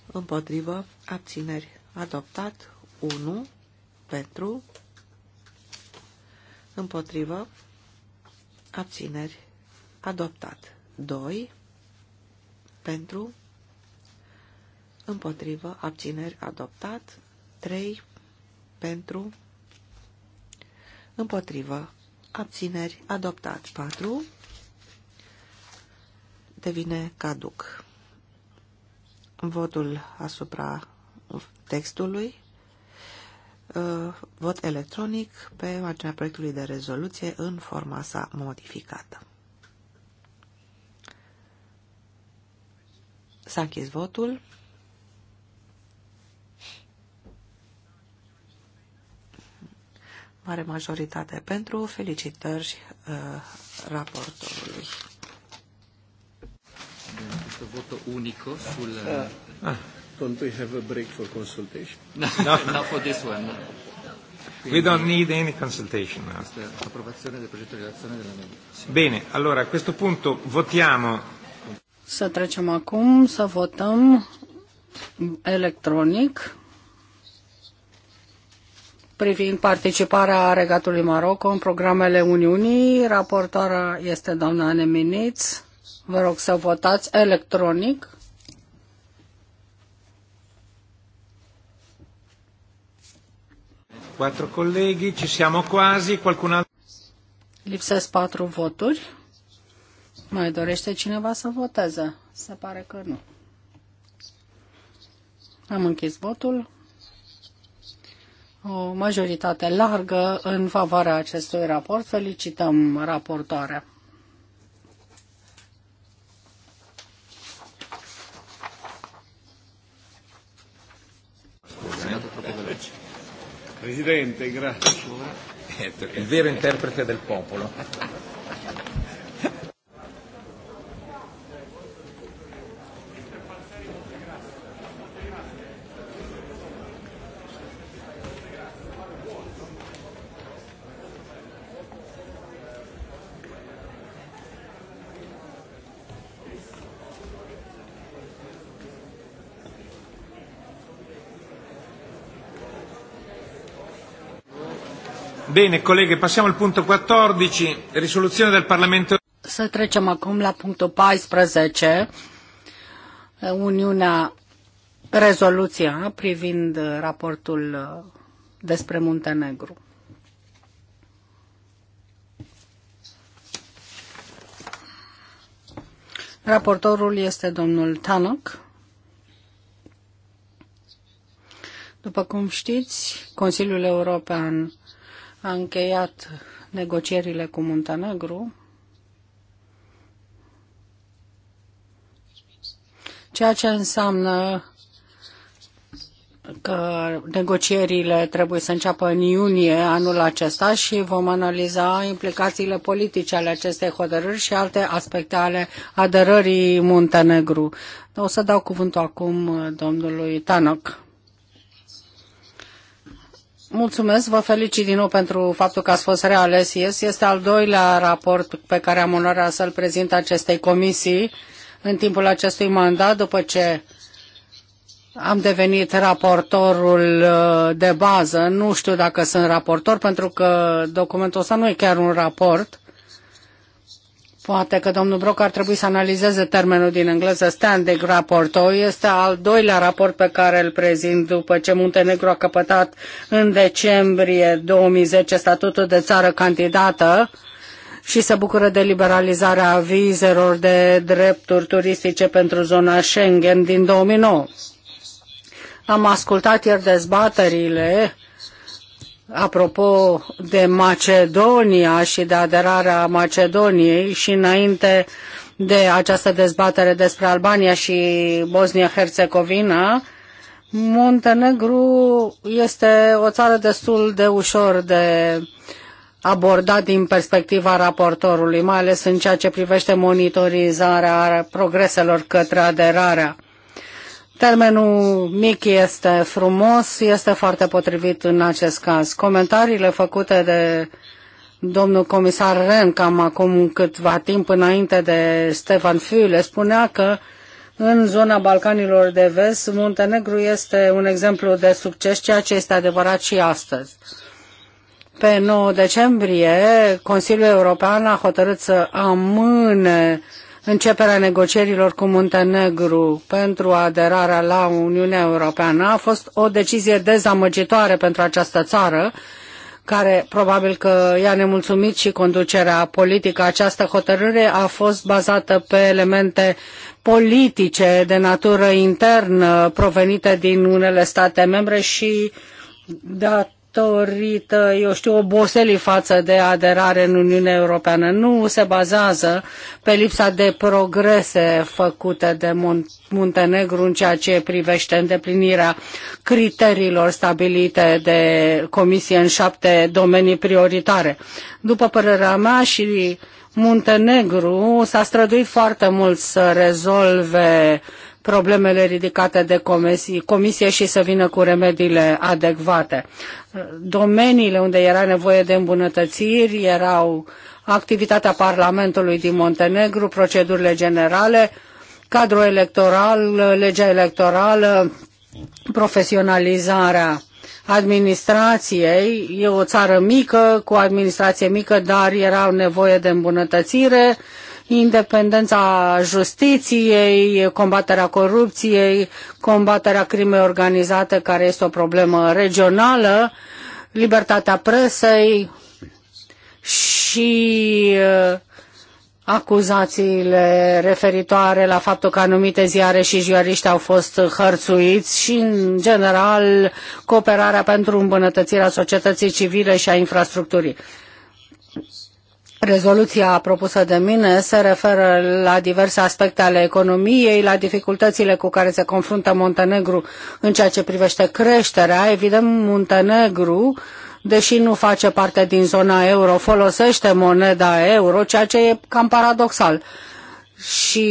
împotrivă, abțineri, adoptat. 1 pentru, împotrivă, abțineri, adoptat. 2 pentru, împotrivă, abțineri, adoptat. 3 pentru, împotrivă, abțineri, adoptat 4, devine caduc. Votul asupra textului, uh, vot electronic pe marginea proiectului de rezoluție în forma sa modificată. S-a închis votul. mare majoritate pentru felicitări uh, raportorului. Questo voto unico sul... Uh, ah. ah. don't we have a break for consultation? No, not for this one. We don't need any consultation now. Approvazione del progetto di relazione della Bene, allora a questo punto votiamo. Să trecem acum să votăm electronic privind participarea regatului Maroc în programele Uniunii. Raportoarea este doamna Aneminiț. Vă rog să votați electronic. Patru colegi, ci siamo quasi, qualcun altro... Lipsesc patru voturi. Mai dorește cineva să voteze? Se pare că nu. Am închis votul o majoritate largă în favoarea acestui raport. Felicităm raportoarea. Presidente, grazie. Il vero interprete del popolo. Bine, colleghe, passiamo al punto 14, risoluzione del Parlamento. Să trecem acum la punctul 14, Uniunea, rezoluția privind raportul despre Muntenegru. Raportorul este domnul Tanok. După cum știți, Consiliul European a încheiat negocierile cu Muntenegru, ceea ce înseamnă că negocierile trebuie să înceapă în iunie anul acesta și vom analiza implicațiile politice ale acestei hotărâri și alte aspecte ale aderării Muntenegru. O să dau cuvântul acum domnului Tanoc. Mulțumesc, vă felicit din nou pentru faptul că ați fost reales. Este al doilea raport pe care am onoarea să-l prezint acestei comisii în timpul acestui mandat, după ce am devenit raportorul uh, de bază. Nu știu dacă sunt raportor, pentru că documentul ăsta nu e chiar un raport, Poate că domnul Broc ar trebui să analizeze termenul din engleză standing O Este al doilea raport pe care îl prezint după ce Muntenegru a căpătat în decembrie 2010 statutul de țară candidată și se bucură de liberalizarea vizelor de drepturi turistice pentru zona Schengen din 2009. Am ascultat ieri dezbaterile apropo de Macedonia și de aderarea Macedoniei și înainte de această dezbatere despre Albania și Bosnia-Herzegovina, Muntenegru este o țară destul de ușor de abordat din perspectiva raportorului, mai ales în ceea ce privește monitorizarea progreselor către aderarea Termenul mic este frumos, este foarte potrivit în acest caz. Comentariile făcute de domnul comisar Ren, cam acum câtva timp înainte de Stefan Fiule, spunea că în zona Balcanilor de Vest, Muntenegru este un exemplu de succes, ceea ce este adevărat și astăzi. Pe 9 decembrie, Consiliul European a hotărât să amâne uh, începerea negocierilor cu Muntenegru pentru aderarea la Uniunea Europeană a fost o decizie dezamăgitoare pentru această țară, care probabil că i-a nemulțumit și conducerea politică. Această hotărâre a fost bazată pe elemente politice de natură internă provenite din unele state membre și dat datorită, eu știu, oboselii față de aderare în Uniunea Europeană. Nu se bazează pe lipsa de progrese făcute de Muntenegru în ceea ce privește îndeplinirea criteriilor stabilite de Comisie în șapte domenii prioritare. După părerea mea și Muntenegru s-a străduit foarte mult să rezolve uh, problemele ridicate de comisie, și să vină cu remediile adecvate. Domeniile unde era nevoie de îmbunătățiri erau activitatea Parlamentului din Montenegru, procedurile generale, cadrul electoral, legea electorală, profesionalizarea administrației. E o țară mică, cu administrație mică, dar era nevoie de îmbunătățire independența justiției, combaterea corupției, combaterea crimei organizate, care este o problemă regională, libertatea presei și uh, acuzațiile referitoare la faptul că anumite ziare și ziariști au fost hărțuiți și, în general, cooperarea pentru îmbunătățirea societății civile și a infrastructurii. Rezoluția propusă de mine se referă la diverse aspecte ale economiei, la dificultățile cu care se confruntă Montenegru în ceea ce privește creșterea. Evident, Montenegru, deși nu face parte din zona euro, folosește moneda euro, ceea ce e cam paradoxal. Și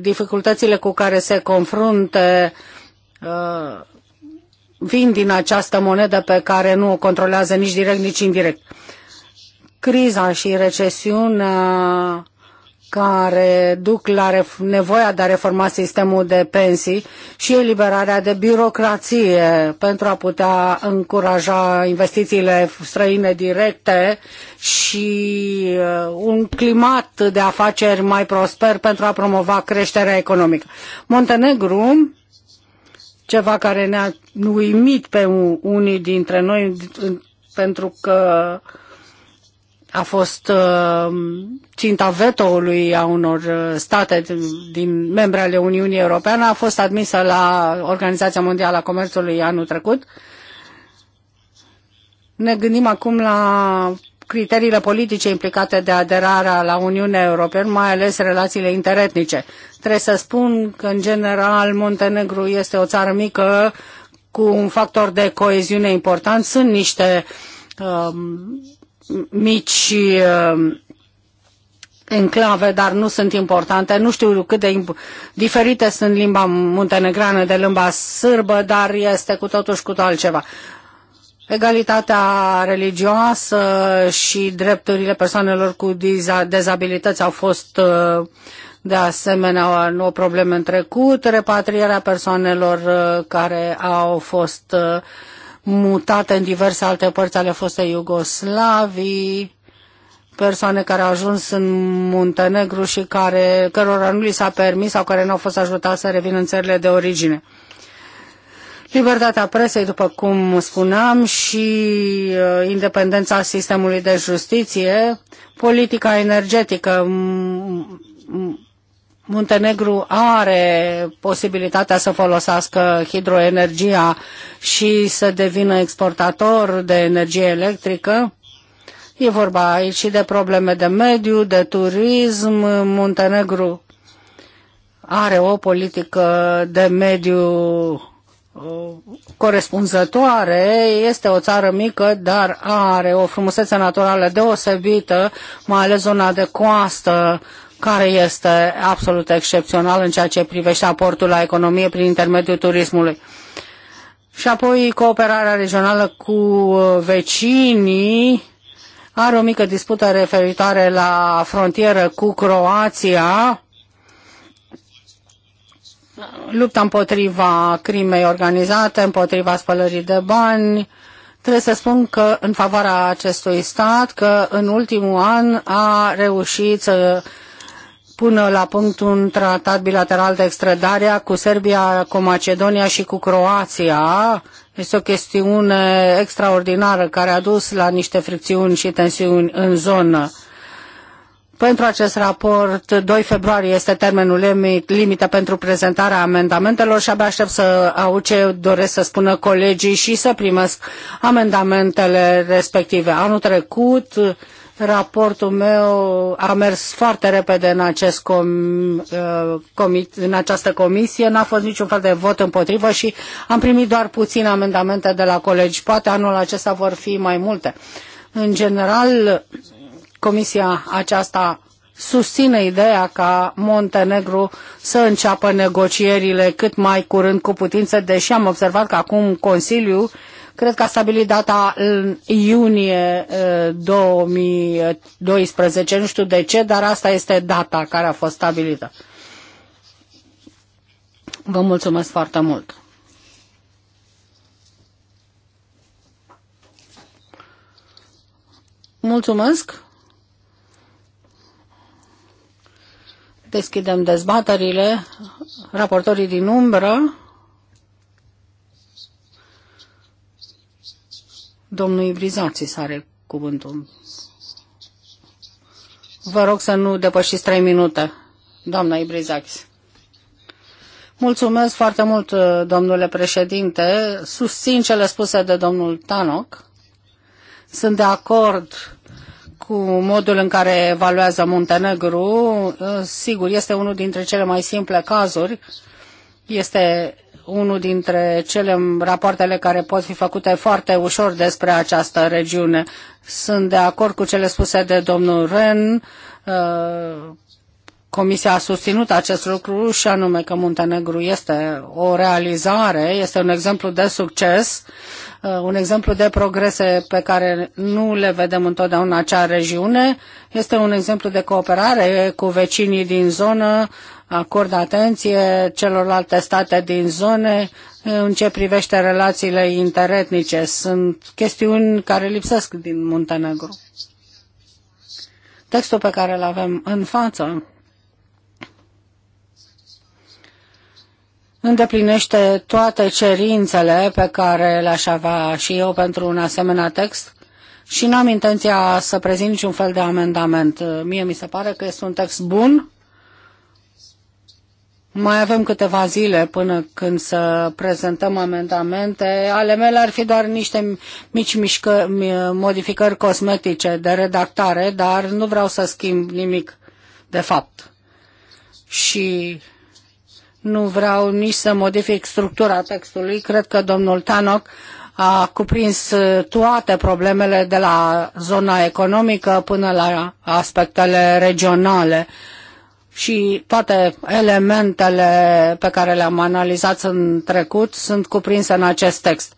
dificultățile cu care se confruntă uh, vin din această monedă pe care nu o controlează nici direct, nici indirect. Uh, criza și recesiunea care duc la nevoia de a reforma sistemul de pensii și eliberarea de birocrație pentru a putea încuraja investițiile străine directe și uh, un climat de afaceri mai prosper pentru a promova creșterea economică. Montenegru, ceva care ne-a uimit pe unii dintre noi pentru că uh, a fost uh, ținta vetoului a unor uh, state din membre ale Uniunii Europene, a fost admisă la Organizația Mondială a Comerțului anul trecut. Ne gândim acum la criteriile politice implicate de aderarea la Uniunea Europeană, mai ales relațiile interetnice. Trebuie să spun că, în general, Montenegru este o țară mică cu un factor de coeziune important. Sunt niște uh, mici uh, enclave, dar nu sunt importante. Nu știu cât de diferite sunt limba muntenegrană de limba sârbă, dar este cu totul și cu totul altceva. Egalitatea religioasă și drepturile persoanelor cu dezabilități au fost uh, de asemenea o problemă în trecut, repatrierea persoanelor uh, care au fost uh, mutate în diverse alte părți ale fostei Iugoslavii, persoane care au ajuns în Muntenegru și care, cărora nu li s-a permis sau care nu au fost ajutați să revină în țările de origine. Libertatea presei, după cum spuneam, și uh, independența sistemului de justiție, politica energetică, Muntenegru are posibilitatea să folosească hidroenergia și să devină exportator de energie electrică. E vorba aici și de probleme de mediu, de turism. Muntenegru are o politică de mediu uh, corespunzătoare. Este o țară mică, dar are o frumusețe naturală deosebită, mai ales zona de coastă care este absolut excepțional în ceea ce privește aportul la economie prin intermediul turismului. Și apoi cooperarea regională cu vecinii are o mică dispută referitoare la frontieră cu Croația, lupta împotriva crimei organizate, împotriva spălării de bani. Trebuie să spun că în favoarea acestui stat, că în ultimul an a reușit să pună la punct un tratat bilateral de extradare cu Serbia, cu Macedonia și cu Croația. Este o chestiune extraordinară care a dus la niște fricțiuni și tensiuni în zonă. Pentru acest raport, 2 februarie este termenul limită pentru prezentarea amendamentelor și abia aștept să au ce doresc să spună colegii și să primesc amendamentele respective. Anul trecut, Raportul meu a mers foarte repede în, acest com, uh, comit, în această comisie, n-a fost niciun fel de vot împotrivă și am primit doar puține amendamente de la colegi. Poate anul acesta vor fi mai multe. În general, comisia aceasta susține ideea ca Montenegru să înceapă negocierile cât mai curând cu putință, deși am observat că acum Consiliul Cred că a stabilit data în iunie 2012, eh, nu știu de ce, dar asta este data care a fost stabilită. Vă mulțumesc foarte mult! Mulțumesc! Deschidem dezbaterile. Raportorii din umbră. Domnul Brizații are cuvântul. Vă rog să nu depășiți trei minute, doamna Ibrizachis. Mulțumesc foarte mult, domnule președinte. Susțin cele spuse de domnul Tanoc. Sunt de acord cu modul în care evaluează Muntenegru. Sigur, este unul dintre cele mai simple cazuri. Este unul dintre cele rapoartele care pot fi făcute foarte ușor despre această regiune. Sunt de acord cu cele spuse de domnul Ren. Uh, Comisia a susținut acest lucru și anume că Muntenegru este o realizare, este un exemplu de succes, uh, un exemplu de progrese pe care nu le vedem întotdeauna în acea regiune. Este un exemplu de cooperare cu vecinii din zonă, acordă atenție celorlalte state din zone în ce privește relațiile interetnice. Sunt chestiuni care lipsesc din Muntenegru. Textul pe care îl avem în față îndeplinește toate cerințele pe care le-aș avea și eu pentru un asemenea text și n-am intenția să prezint niciun fel de amendament. Mie mi se pare că este un text bun, mai avem câteva zile până când să prezentăm amendamente. Ale mele ar fi doar niște mici mișcă, modificări cosmetice de redactare, dar nu vreau să schimb nimic de fapt. Și nu vreau nici să modific structura textului. Cred că domnul Tanoc a cuprins toate problemele de la zona economică până la aspectele regionale și toate elementele pe care le-am analizat în trecut sunt cuprinse în acest text.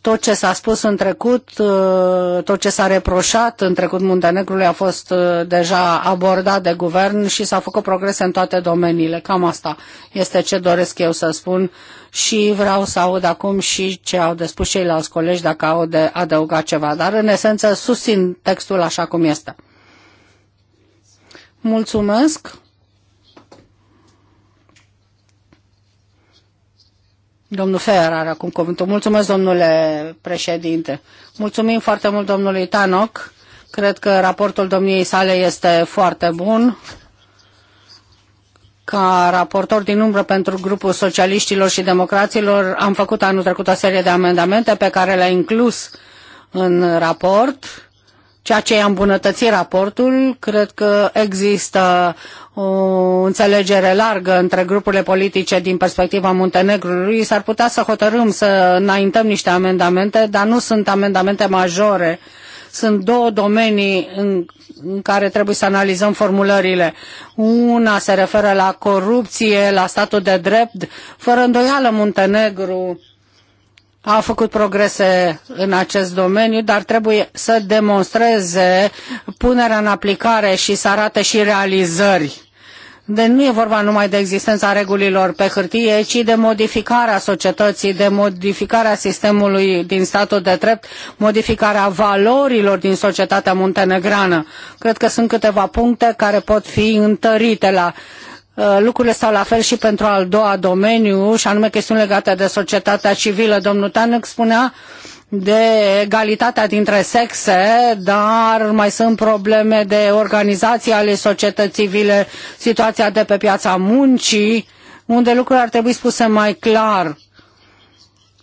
Tot ce s-a spus în trecut, uh, tot ce s-a reproșat în trecut Muntenegrului a fost uh, deja abordat de guvern și s-au făcut progrese în toate domeniile. Cam asta este ce doresc eu să spun și vreau să aud acum și ce au de spus ceilalți colegi dacă au de adăugat ceva. Dar în esență susțin textul așa cum este. Mulțumesc. Domnul Fer are acum cuvântul. Mulțumesc, domnule președinte. Mulțumim foarte mult domnului Tanoc. Cred că raportul domniei sale este foarte bun. Ca raportor din umbră pentru grupul socialiștilor și democraților, am făcut anul trecut o serie de amendamente pe care le-a inclus în raport ceea ce a îmbunătățit raportul. Cred că există o înțelegere largă între grupurile politice din perspectiva Muntenegrului. S-ar putea să hotărâm să înaintăm niște amendamente, dar nu sunt amendamente majore. Sunt două domenii în, în care trebuie să analizăm formulările. Una se referă la corupție, la statul de drept. Fără îndoială, Muntenegru a făcut progrese în acest domeniu, dar trebuie să demonstreze punerea în aplicare și să arate și realizări. De nu e vorba numai de existența regulilor pe hârtie, ci de modificarea societății, de modificarea sistemului din statul de drept, modificarea valorilor din societatea muntenegrană. Cred că sunt câteva puncte care pot fi întărite la uh, Uh, lucrurile stau la fel și pentru al doua domeniu, și anume chestiuni legate de societatea civilă. Domnul Tanăc spunea de egalitatea dintre sexe, dar mai sunt probleme de organizație ale societății civile, situația de pe piața muncii, unde lucrurile ar trebui spuse mai clar.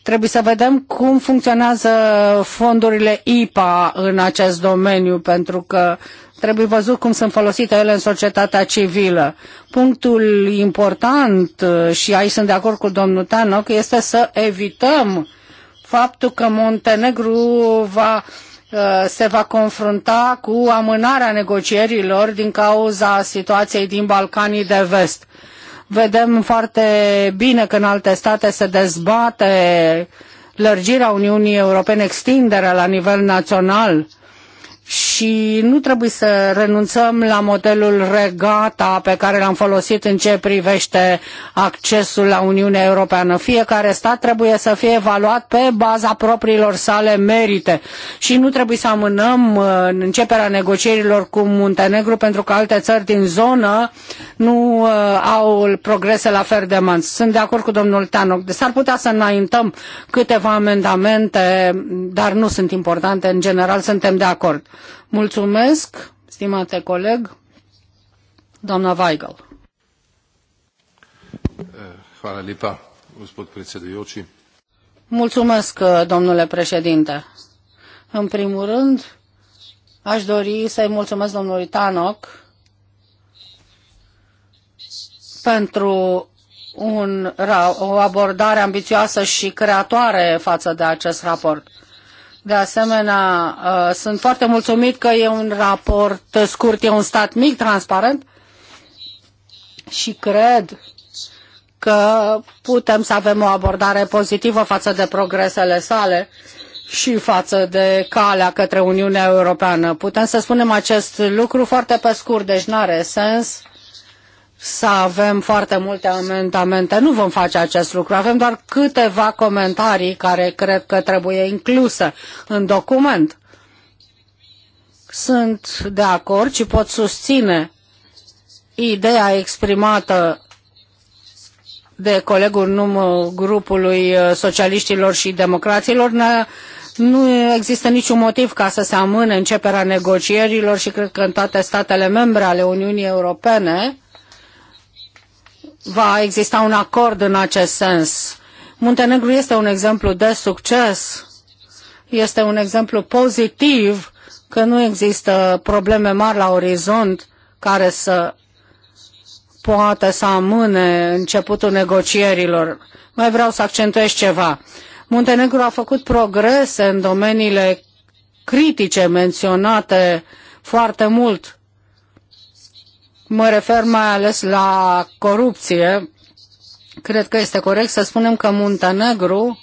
Trebuie să vedem cum funcționează fondurile IPA în acest domeniu, pentru că uh, Trebuie văzut cum sunt folosite ele în societatea civilă. Punctul important, uh, și aici sunt de acord cu domnul Tanoc, este să evităm faptul că Montenegru va uh, se va confrunta cu amânarea negocierilor din cauza situației din Balcanii de Vest. Vedem foarte bine că în alte state se dezbate lărgirea Uniunii Europene, extinderea la nivel național și nu trebuie să renunțăm la modelul regata pe care l-am folosit în ce privește accesul la Uniunea Europeană. Fiecare stat trebuie să fie evaluat pe baza propriilor sale merite și nu trebuie să amânăm uh, începerea negocierilor cu Muntenegru pentru că alte țări din zonă nu uh, au progrese la fel de mans. Sunt de acord cu domnul Tanoc. Deci s-ar putea să înaintăm câteva amendamente, dar nu sunt importante. În general suntem de acord. Mulțumesc, stimate coleg, doamna Weigel. Hvala lipa, gospod predsedujoči. Mulțumesc, domnule președinte. În primul rând, aș dori să-i mulțumesc domnului Tanoc pentru un, o abordare ambițioasă și creatoare față de acest raport. De asemenea, uh, sunt foarte mulțumit că e un raport scurt, e un stat mic, transparent și cred că putem să avem o abordare pozitivă față de progresele sale și față de calea către Uniunea Europeană. Putem să spunem acest lucru foarte pe scurt, deci nu are sens să avem foarte multe amendamente. Nu vom face acest lucru. Avem doar câteva comentarii care cred că trebuie incluse în document. Sunt de acord și pot susține ideea exprimată de colegul numărul grupului uh, socialiștilor și democraților. Ne, nu există niciun motiv ca să se amâne începerea negocierilor și cred că în toate statele membre ale Uniunii Europene va exista un acord în acest sens. Muntenegru este un exemplu de succes, este un exemplu pozitiv că nu există probleme mari la orizont care să poată să amâne începutul negocierilor. Mai vreau să accentuez ceva. Muntenegru a făcut progrese în domeniile critice menționate foarte mult Mă refer mai ales la corupție. Cred că este corect să spunem că Muntenegru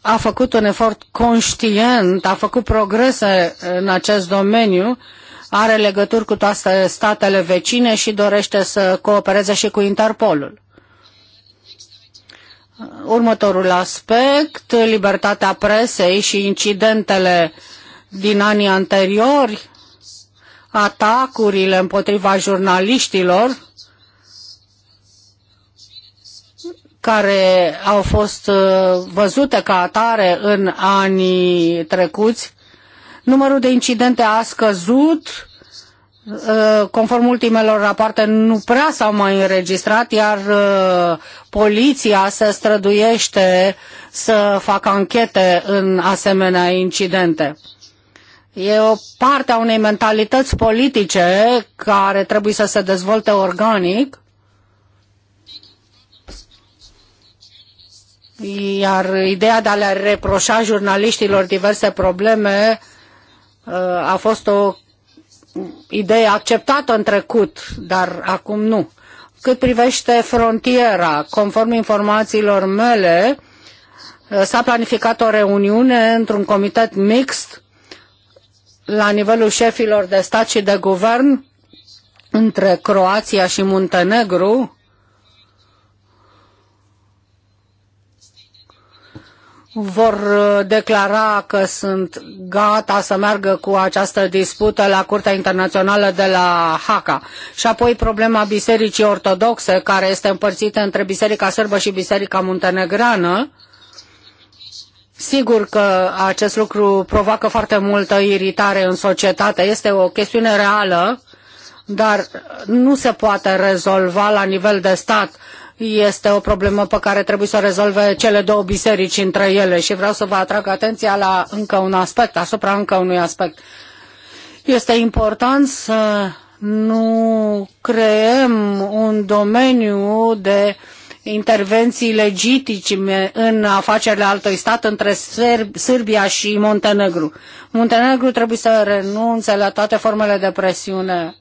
a făcut un efort conștient, a făcut progrese în acest domeniu, are legături cu toate statele vecine și dorește să coopereze și cu Interpolul. Următorul aspect, libertatea presei și incidentele din anii anteriori atacurile împotriva jurnaliștilor care au fost uh, văzute ca atare în anii trecuți. Numărul de incidente a scăzut, uh, conform ultimelor rapoarte, nu prea s-au mai înregistrat, iar uh, poliția se străduiește să facă anchete în asemenea incidente. E o parte a unei mentalități politice care trebuie să se dezvolte organic iar ideea de a le reproșa jurnaliștilor diverse probleme uh, a fost o idee acceptată în trecut, dar acum nu. Cât privește frontiera, conform informațiilor mele, uh, s-a planificat o reuniune într-un comitet mixt la nivelul șefilor de stat și de guvern între Croația și Muntenegru vor uh, declara că sunt gata să meargă cu această dispută la Curtea Internațională de la Haca. Și apoi problema Bisericii Ortodoxe, care este împărțită între Biserica Sârbă și Biserica Muntenegrană, Sigur că acest lucru provoacă foarte multă iritare în societate, este o chestiune reală, dar nu se poate rezolva la nivel de stat. Este o problemă pe care trebuie să o rezolve cele două biserici între ele și vreau să vă atrag atenția la încă un aspect, asupra încă unui aspect. Este important să nu creăm un domeniu de uh, intervenții legitime în afacerile altui stat între Sârbia și Montenegru. Montenegru trebuie să renunțe la toate formele de presiune.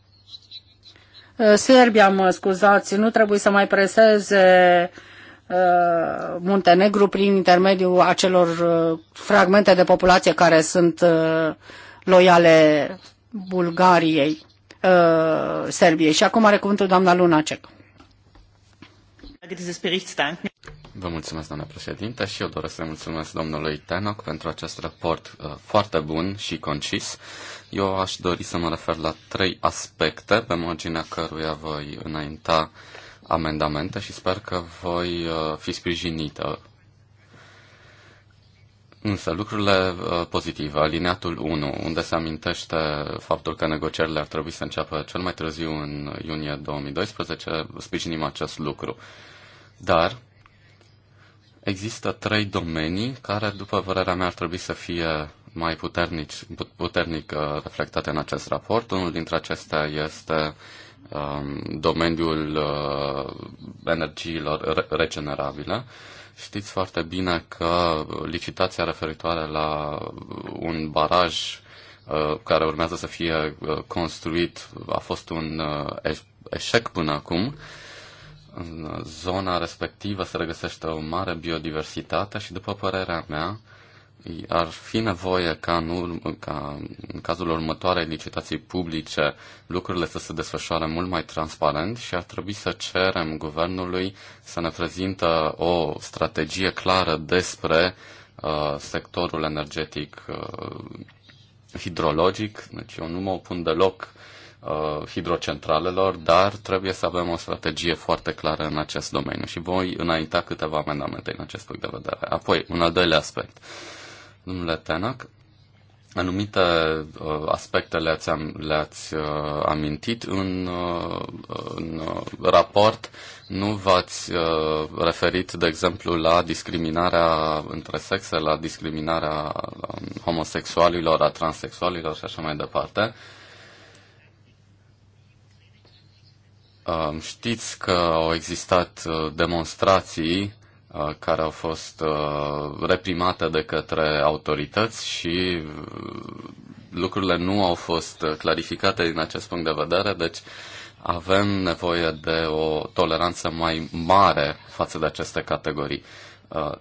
Uh, Serbia, mă scuzați, nu trebuie să mai preseze uh, Muntenegru prin intermediul acelor uh, fragmente de populație care sunt loiale Bulgariei, Serbiei. Și acum are cuvântul doamna Lunacek. Vorlage dieses Berichts danken. Vă mulțumesc, doamna președinte, și eu doresc să mulțumesc domnului Tenoc pentru acest raport uh, foarte bun și concis. Eu aș dori să mă refer la trei aspecte pe marginea căruia voi înainta amendamente și sper că voi uh, fi sprijinită. Însă lucrurile uh, pozitive, alineatul 1, unde se amintește faptul că negocierile ar trebui să înceapă cel mai târziu în iunie 2012, sprijinim acest lucru. Uh, dar există trei domenii care, după părerea mea, ar trebui să fie mai puternic, puternic uh, reflectate în acest raport. Unul dintre acestea este um, domeniul uh, energiilor regenerabile. Știți foarte bine că licitația referitoare la un baraj uh, care urmează să fie construit a fost un eșec până acum în zona respectivă se regăsește o mare biodiversitate și, după părerea mea, ar fi nevoie ca în, urmă, ca în cazul următoarei licitații publice lucrurile să se desfășoare mult mai transparent și ar trebui să cerem guvernului să ne prezintă o strategie clară despre uh, sectorul energetic uh, hidrologic. Deci eu nu mă opun deloc uh, uh, hidrocentralelor, dar trebuie să avem o strategie foarte clară în acest domeniu și voi înainta câteva amendamente în acest punct de vedere. Apoi, un al doilea aspect. Domnule Tenac, anumite uh, aspecte le-ați, am, le-ați uh, amintit în, uh, în raport. Nu v-ați uh, referit, de exemplu, la discriminarea între sexe, la discriminarea um, homosexualilor, a transexualilor și așa mai departe. Uh, Um, știți că au existat uh, demonstrații uh, care au fost uh, reprimate de către autorități și lucrurile nu au fost clarificate din acest punct de vedere, deci avem nevoie de o toleranță mai mare față de aceste categorii.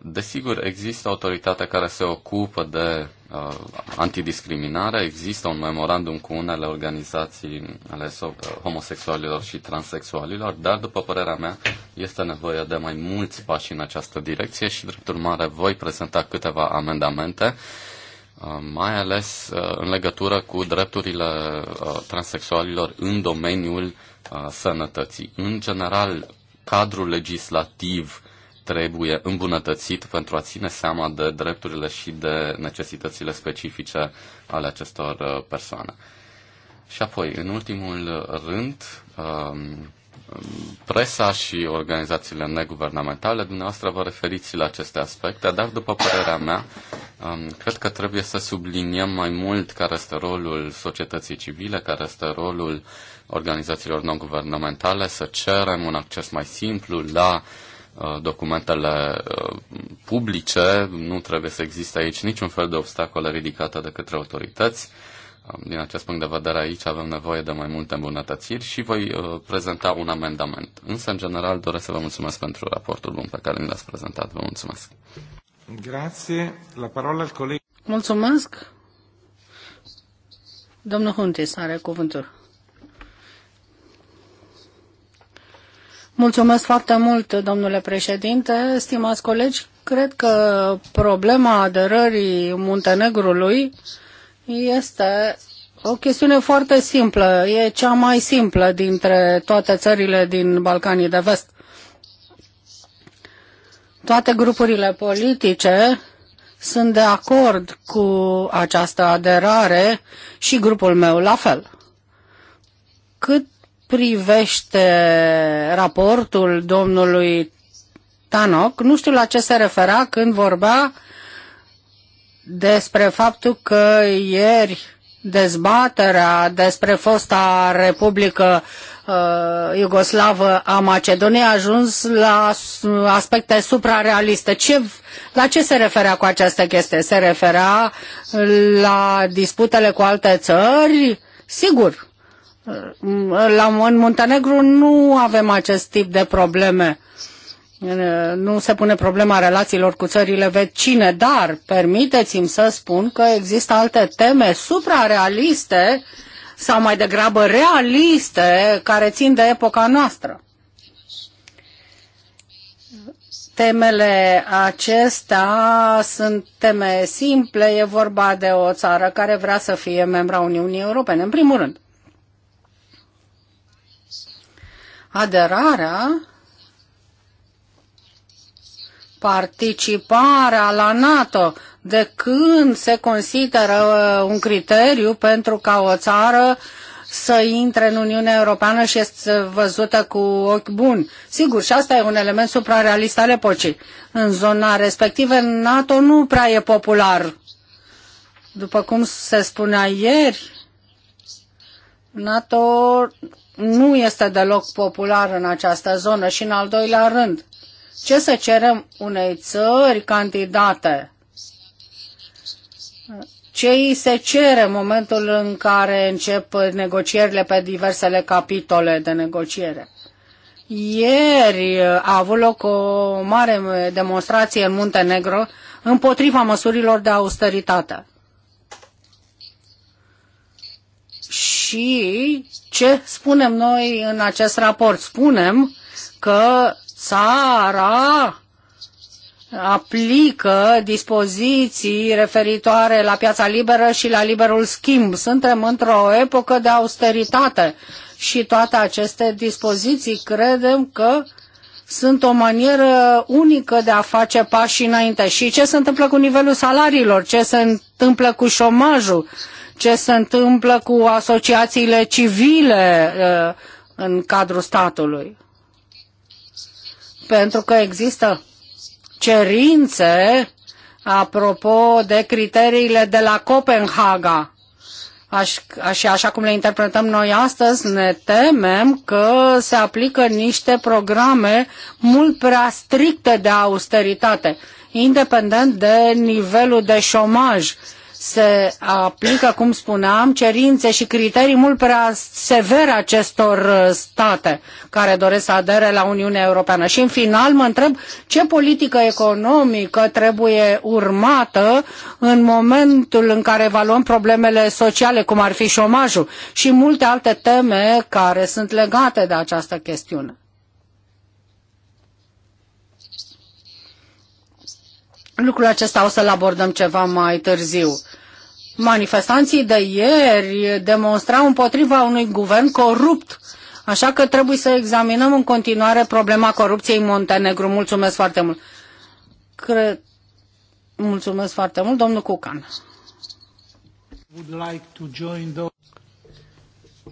Desigur, există autoritatea care se ocupă de uh, antidiscriminare. Există un memorandum cu unele organizații ale uh, homosexualilor și transexualilor, dar, după părerea mea, este nevoie de mai mulți pași în această direcție și, drept urmare, voi prezenta câteva amendamente uh, mai ales uh, în legătură cu drepturile transexualilor în domeniul sănătății. În general, cadrul legislativ trebuie îmbunătățit pentru a ține seama de drepturile și de necesitățile specifice ale acestor uh, persoane. Și apoi, în ultimul rând, um, presa și organizațiile neguvernamentale, dumneavoastră vă referiți la aceste aspecte, dar după părerea mea, um, cred că trebuie să subliniem mai mult care este rolul societății civile, care este rolul organizațiilor non-guvernamentale, să cerem un acces mai simplu la uh, Uh, documentele uh, publice, nu trebuie să existe aici niciun fel de obstacole ridicate de către autorități. Um, din acest punct de vedere, aici avem nevoie de mai multe îmbunătățiri și voi uh, prezenta un amendament. Însă, în general, doresc să vă mulțumesc pentru raportul bun pe care mi l-ați prezentat. Vă mulțumesc. Grazie. La parola al coleg. Mulțumesc. Domnul Huntis are cuvântul. Mulțumesc foarte mult, domnule președinte. Stimați colegi, cred că problema aderării Muntenegrului este o chestiune foarte simplă. E cea mai simplă dintre toate țările din Balcanii de Vest. Toate grupurile politice sunt de acord cu această aderare și grupul meu la fel. Cât privește raportul domnului Tanoc, nu știu la ce se refera când vorbea despre faptul că ieri dezbaterea despre fosta Republică uh, Iugoslavă a Macedoniei a ajuns la aspecte suprarealiste. Ce, la ce se referea cu această chestie? Se referea la disputele cu alte țări? Sigur, la, în Muntenegru nu avem acest tip de probleme. Nu se pune problema relațiilor cu țările vecine, dar permiteți-mi să spun că există alte teme suprarealiste sau mai degrabă realiste care țin de epoca noastră. Temele acestea sunt teme simple, e vorba de o țară care vrea să fie membra Uniunii Europene, în primul rând. aderarea, participarea la NATO, de când se consideră uh, un criteriu pentru ca o țară să intre în Uniunea Europeană și este văzută cu ochi buni. Sigur, și asta e un element suprarealist al epocii. În zona respectivă, NATO nu prea e popular. După cum se spunea ieri, NATO nu este deloc popular în această zonă și în al doilea rând, ce să cerem unei țări candidate? Ce îi se cere în momentul în care încep negocierile pe diversele capitole de negociere? Ieri a avut loc o mare demonstrație în Muntenegro împotriva măsurilor de austeritate. și ce spunem noi în acest raport? Spunem că țara aplică dispoziții referitoare la piața liberă și la liberul schimb. Suntem într-o epocă de austeritate și toate aceste dispoziții credem că sunt o manieră unică de a face pași înainte. Și ce se întâmplă cu nivelul salariilor? Ce se întâmplă cu șomajul? ce se întâmplă cu asociațiile civile uh, în cadrul statului. Pentru că există cerințe apropo de criteriile de la Copenhaga. Aș, și așa cum le interpretăm noi astăzi, ne temem că se aplică niște programe mult prea stricte de austeritate, independent de nivelul de șomaj. Uh, se aplică, cum spuneam, cerințe și criterii mult prea severe acestor uh, state care doresc să adere la Uniunea Europeană. Și în final mă întreb ce politică economică trebuie urmată în momentul în care evaluăm problemele sociale, cum ar fi șomajul și multe alte teme care sunt legate de această chestiune. Lucrul acesta o să-l abordăm ceva mai târziu manifestanții de ieri demonstrau împotriva unui guvern corupt. Așa că trebuie să examinăm în continuare problema corupției în Montenegru. Mulțumesc foarte mult. Cred... Mulțumesc foarte mult, domnul Cucan.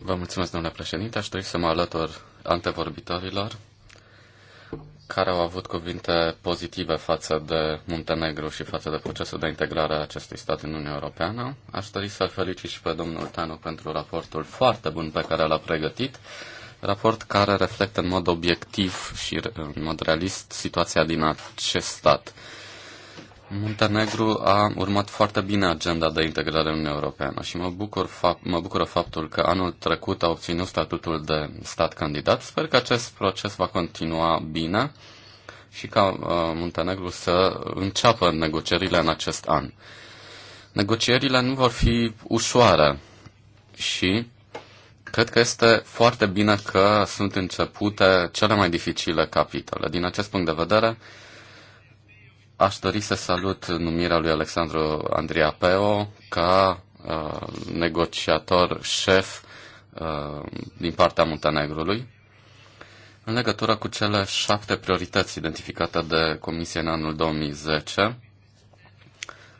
Vă mulțumesc, domnule președinte. Aș dori să mă alătur antevorbitorilor care au avut cuvinte pozitive față de Muntenegru și față de procesul de integrare a acestui stat în Uniunea Europeană. Aș dori să felicit și pe domnul Tanu pentru raportul foarte bun pe care l-a pregătit, raport care reflectă în mod obiectiv și în mod realist situația din acest stat. Muntenegru a urmat foarte bine agenda de integrare în Uniunea Europeană și mă, bucur fapt, mă bucură faptul că anul trecut a obținut statutul de stat candidat. Sper că acest proces va continua bine și ca uh, Muntenegru să înceapă negocierile în acest an. Negocierile nu vor fi ușoare și Cred că este foarte bine că sunt începute cele mai dificile capitole. Din acest punct de vedere, Aș dori să salut numirea lui Alexandru Andria Peo ca uh, negociator șef uh, din partea Muntenegrului în legătură cu cele șapte priorități identificate de Comisie în anul 2010.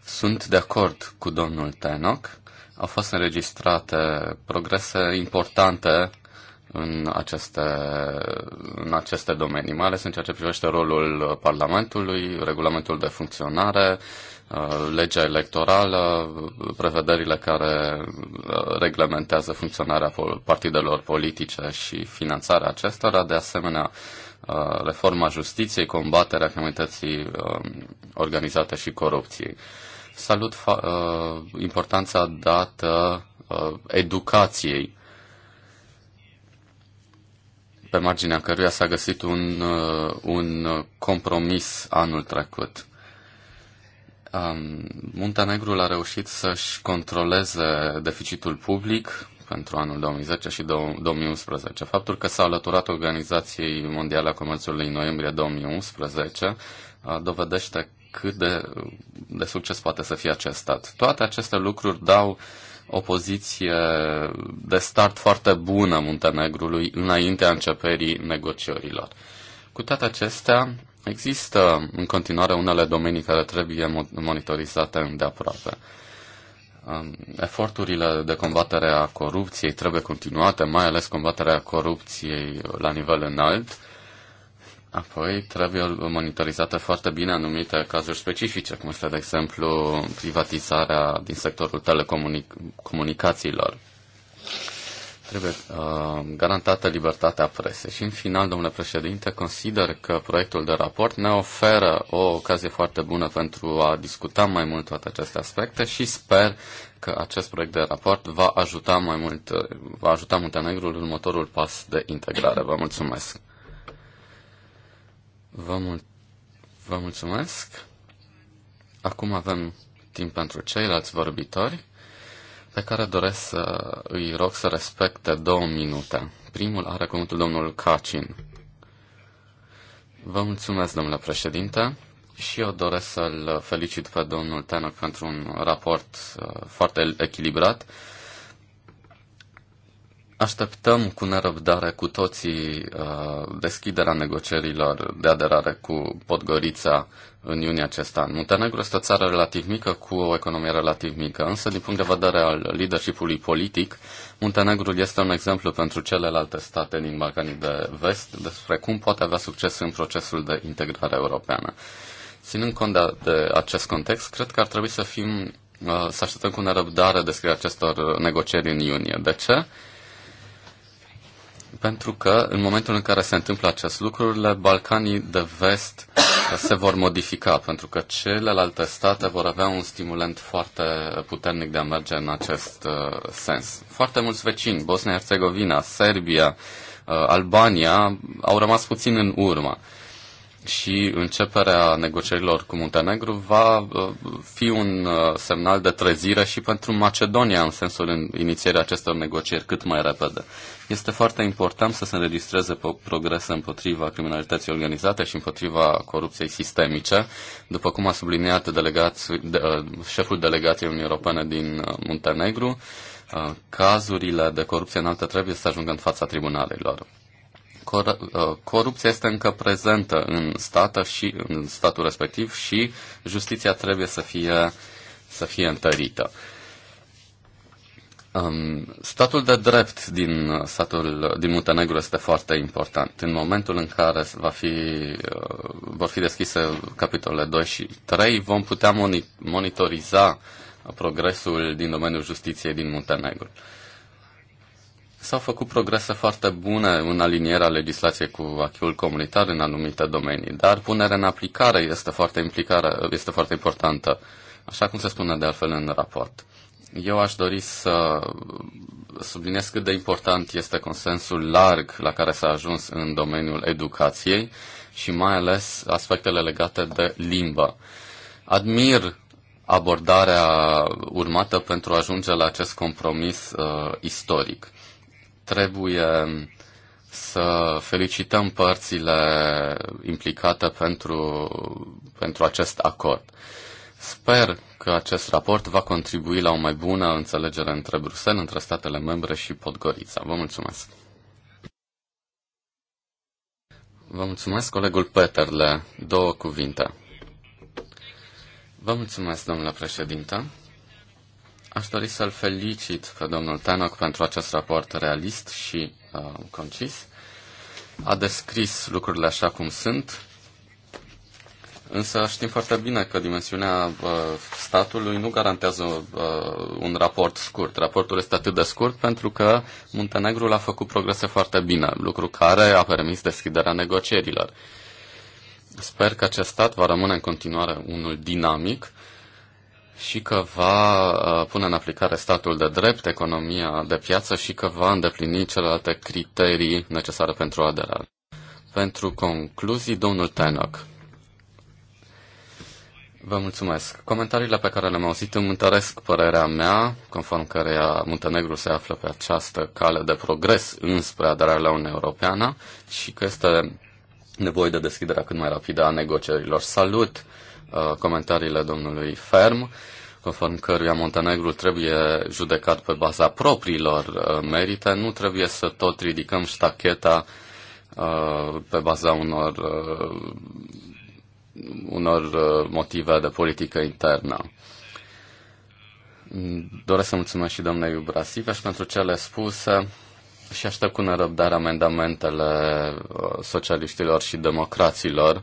Sunt de acord cu domnul Tenoc. Au fost înregistrate progrese importante în aceste, în aceste domenii, mai ales în ceea ce privește rolul Parlamentului, regulamentul de funcționare, uh, legea electorală, prevederile care uh, reglementează funcționarea partidelor politice și finanțarea acestora, de asemenea uh, reforma justiției, combaterea criminalității organizate și corupției. Salut importanța dată educației pe marginea căruia s-a găsit un, uh, un compromis anul trecut. Um, Muntenegrul a reușit să-și controleze deficitul public pentru anul 2010 și 2011. Faptul că s-a alăturat Organizației Mondiale a Comerțului în noiembrie 2011 uh, dovedește cât de, de succes poate să fie acest stat. Toate aceste lucruri dau uh, o poziție de start foarte bună Muntenegrului înaintea începerii negociorilor. Cu toate acestea, există în continuare unele domenii care trebuie monitorizate îndeaproape. Um, eforturile de combatere a corupției trebuie continuate, mai ales combaterea corupției la nivel înalt, Apoi trebuie monitorizate foarte bine anumite cazuri specifice, cum este, de exemplu, privatizarea din sectorul telecomunicațiilor. Trebuie uh, garantată libertatea presei. Și în final, domnule președinte, consider că proiectul de raport ne oferă o ocazie foarte bună pentru a discuta mai mult toate aceste aspecte și sper că acest proiect de raport va ajuta mai mult, va ajuta Muntenegrul în următorul pas de integrare. Vă mulțumesc! Vă, mul- vă mulțumesc. Acum avem timp pentru ceilalți vorbitori pe care doresc să îi rog să respecte două minute. Primul are cuvântul domnul Cacin. Vă mulțumesc, domnule președinte, și eu doresc să-l felicit pe domnul Tenoc pentru un raport uh, foarte echilibrat Așteptăm cu nerăbdare cu toții uh, deschiderea negocierilor de aderare cu Podgorița în iunie acest an. Muntenegru este o țară relativ mică cu o economie relativ mică, însă din punct de vedere al leadershipului politic, Muntenegru este un exemplu pentru celelalte state din Balcanii de Vest despre cum poate avea succes în procesul de integrare europeană. Ținând cont de, de acest context, cred că ar trebui să fim, uh, să așteptăm cu nerăbdare descrierea acestor negocieri în iunie. De ce? Pentru că în momentul în care se întâmplă acest lucru, Balcanii de vest se vor modifica, pentru că celelalte state vor avea un stimulant foarte puternic de a merge în acest uh, sens. Foarte mulți vecini, Bosnia-Herzegovina, Serbia, uh, Albania, au rămas puțin în urmă. Și începerea negocierilor cu Muntenegru va uh, fi un uh, semnal de trezire și pentru Macedonia în sensul inițierii acestor negocieri cât mai repede. Este foarte important să se înregistreze progrese împotriva criminalității organizate și împotriva corupției sistemice, după cum a subliniat delegați, de, uh, șeful delegației Uniunii Europene din uh, Muntenegru, uh, cazurile de corupție înaltă trebuie să ajungă în fața tribunalelor. Cor- corupția este încă prezentă în, stată și, în statul respectiv și justiția trebuie să fie, să fie întărită. Um, statul de drept din statul din Muntenegru este foarte important. În momentul în care va fi, uh, vor fi deschise capitolele 2 și 3, vom putea moni- monitoriza progresul din domeniul justiției din Muntenegru. S-au făcut progrese foarte bune în alinierea legislației cu acquis comunitar în anumite domenii, dar punerea în aplicare este foarte, implicare, este foarte importantă, așa cum se spune de altfel în raport. Eu aș dori să subliniez cât de important este consensul larg la care s-a ajuns în domeniul educației și mai ales aspectele legate de limbă. Admir abordarea urmată pentru a ajunge la acest compromis uh, istoric. Trebuie să felicităm părțile implicate pentru, pentru acest acord. Sper că acest raport va contribui la o mai bună înțelegere între Bruxelles, între statele membre și Podgorița. Vă mulțumesc! Vă mulțumesc, colegul Peterle. Două cuvinte. Vă mulțumesc, domnule președinte. Aș dori să-l felicit pe domnul Tanoc pentru acest raport realist și uh, concis. A descris lucrurile așa cum sunt, Însă știm foarte bine că dimensiunea uh, statului nu garantează uh, un raport scurt. Raportul este atât de scurt pentru că l a făcut progrese foarte bine, lucru care a permis deschiderea negocierilor. Sper că acest stat va rămâne în continuare unul dinamic și că va uh, pune în aplicare statul de drept, economia de piață și că va îndeplini celelalte criterii necesare pentru aderare. Pentru concluzii, domnul Tenoc. Vă mulțumesc. Comentariile pe care le-am auzit îmi întăresc părerea mea, conform căreia Muntenegru se află pe această cale de progres înspre aderarea la Uniunea Europeană și că este nevoie de deschiderea cât mai rapidă a negocierilor. Salut uh, comentariile domnului Ferm, conform căruia Muntenegru trebuie judecat pe baza propriilor uh, merite, nu trebuie să tot ridicăm ștacheta uh, pe baza unor uh, unor uh, motive de politică internă. Doresc să mulțumesc și doamnei și pentru cele spuse și aștept cu nerăbdare amendamentele uh, socialiștilor și democraților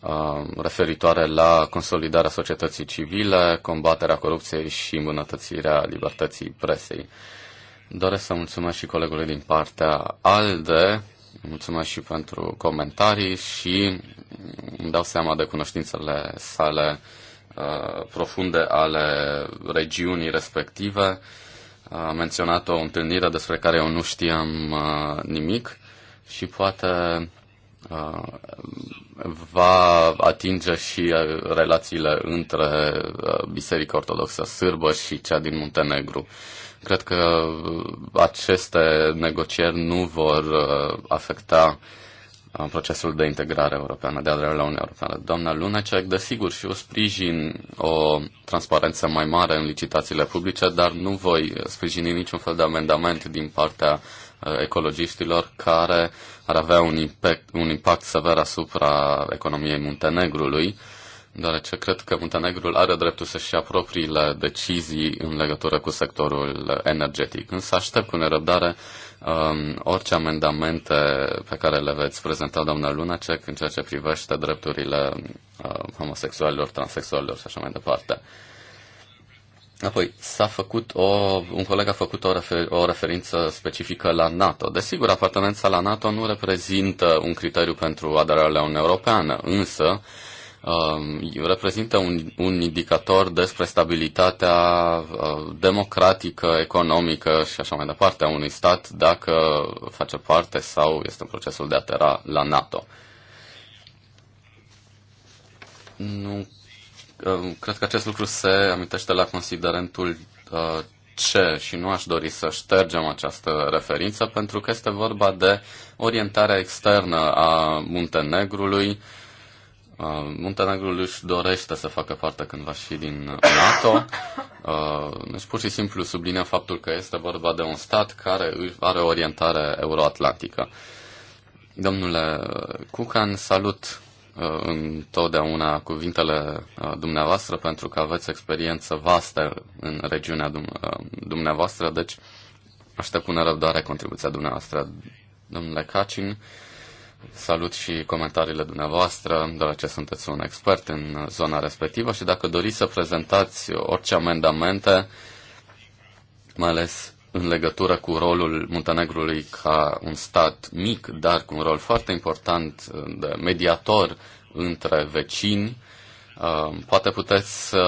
uh, referitoare la consolidarea societății civile, combaterea corupției și îmbunătățirea libertății presei. Doresc să mulțumesc și colegului din partea ALDE Mulțumesc și pentru comentarii și îmi dau seama de cunoștințele sale uh, profunde ale regiunii respective. A menționat o întâlnire despre care eu nu știam uh, nimic și poate uh, va atinge și uh, relațiile între uh, Biserica Ortodoxă Sârbă și cea din Muntenegru. Cred că uh, aceste negocieri nu vor uh, afecta uh, procesul de integrare europeană, de aderare la Uniunea Europeană. Doamna Lunacek, desigur, și eu sprijin o transparență mai mare în licitațiile publice, dar nu voi sprijini niciun fel de amendament din partea ecologiștilor care ar avea un impact, un impact sever asupra economiei Muntenegrului deoarece cred că Muntenegrul are dreptul să-și ia propriile decizii în legătură cu sectorul energetic. Însă aștept cu nerăbdare um, orice amendamente pe care le veți prezenta, doamna Lunacek, în ceea ce privește drepturile uh, homosexualilor, transexualilor și așa mai departe. Apoi, s-a făcut o, un coleg a făcut o, refer, o referință specifică la NATO. Desigur, apartenența la NATO nu reprezintă un criteriu pentru aderarea la Uniunea Europeană, însă uh, Um, reprezintă un, un indicator despre stabilitatea uh, democratică, economică și așa mai departe a unui stat dacă face parte sau este în procesul de atera la NATO. Nu, uh, cred că acest lucru se amintește la considerentul uh, ce și nu aș dori să ștergem această referință pentru că este vorba de orientarea externă a Muntenegrului Uh, Montenegrul își dorește să facă parte cândva și din uh, NATO. Uh, deci pur și simplu sublinea faptul că este vorba de un stat care are o orientare euroatlantică. Domnule Cucan, salut întotdeauna cuvintele dumneavoastră pentru că aveți experiență vastă în regiunea dumneavoastră, deci aștept cu nerăbdare contribuția dumneavoastră, domnule Cacin. Salut și comentariile dumneavoastră, deoarece sunteți un expert în zona respectivă și dacă doriți să prezentați orice amendamente, mai ales în legătură cu rolul Muntenegrului ca un stat mic, dar cu un rol foarte important de mediator între vecini, Uh, poate puteți să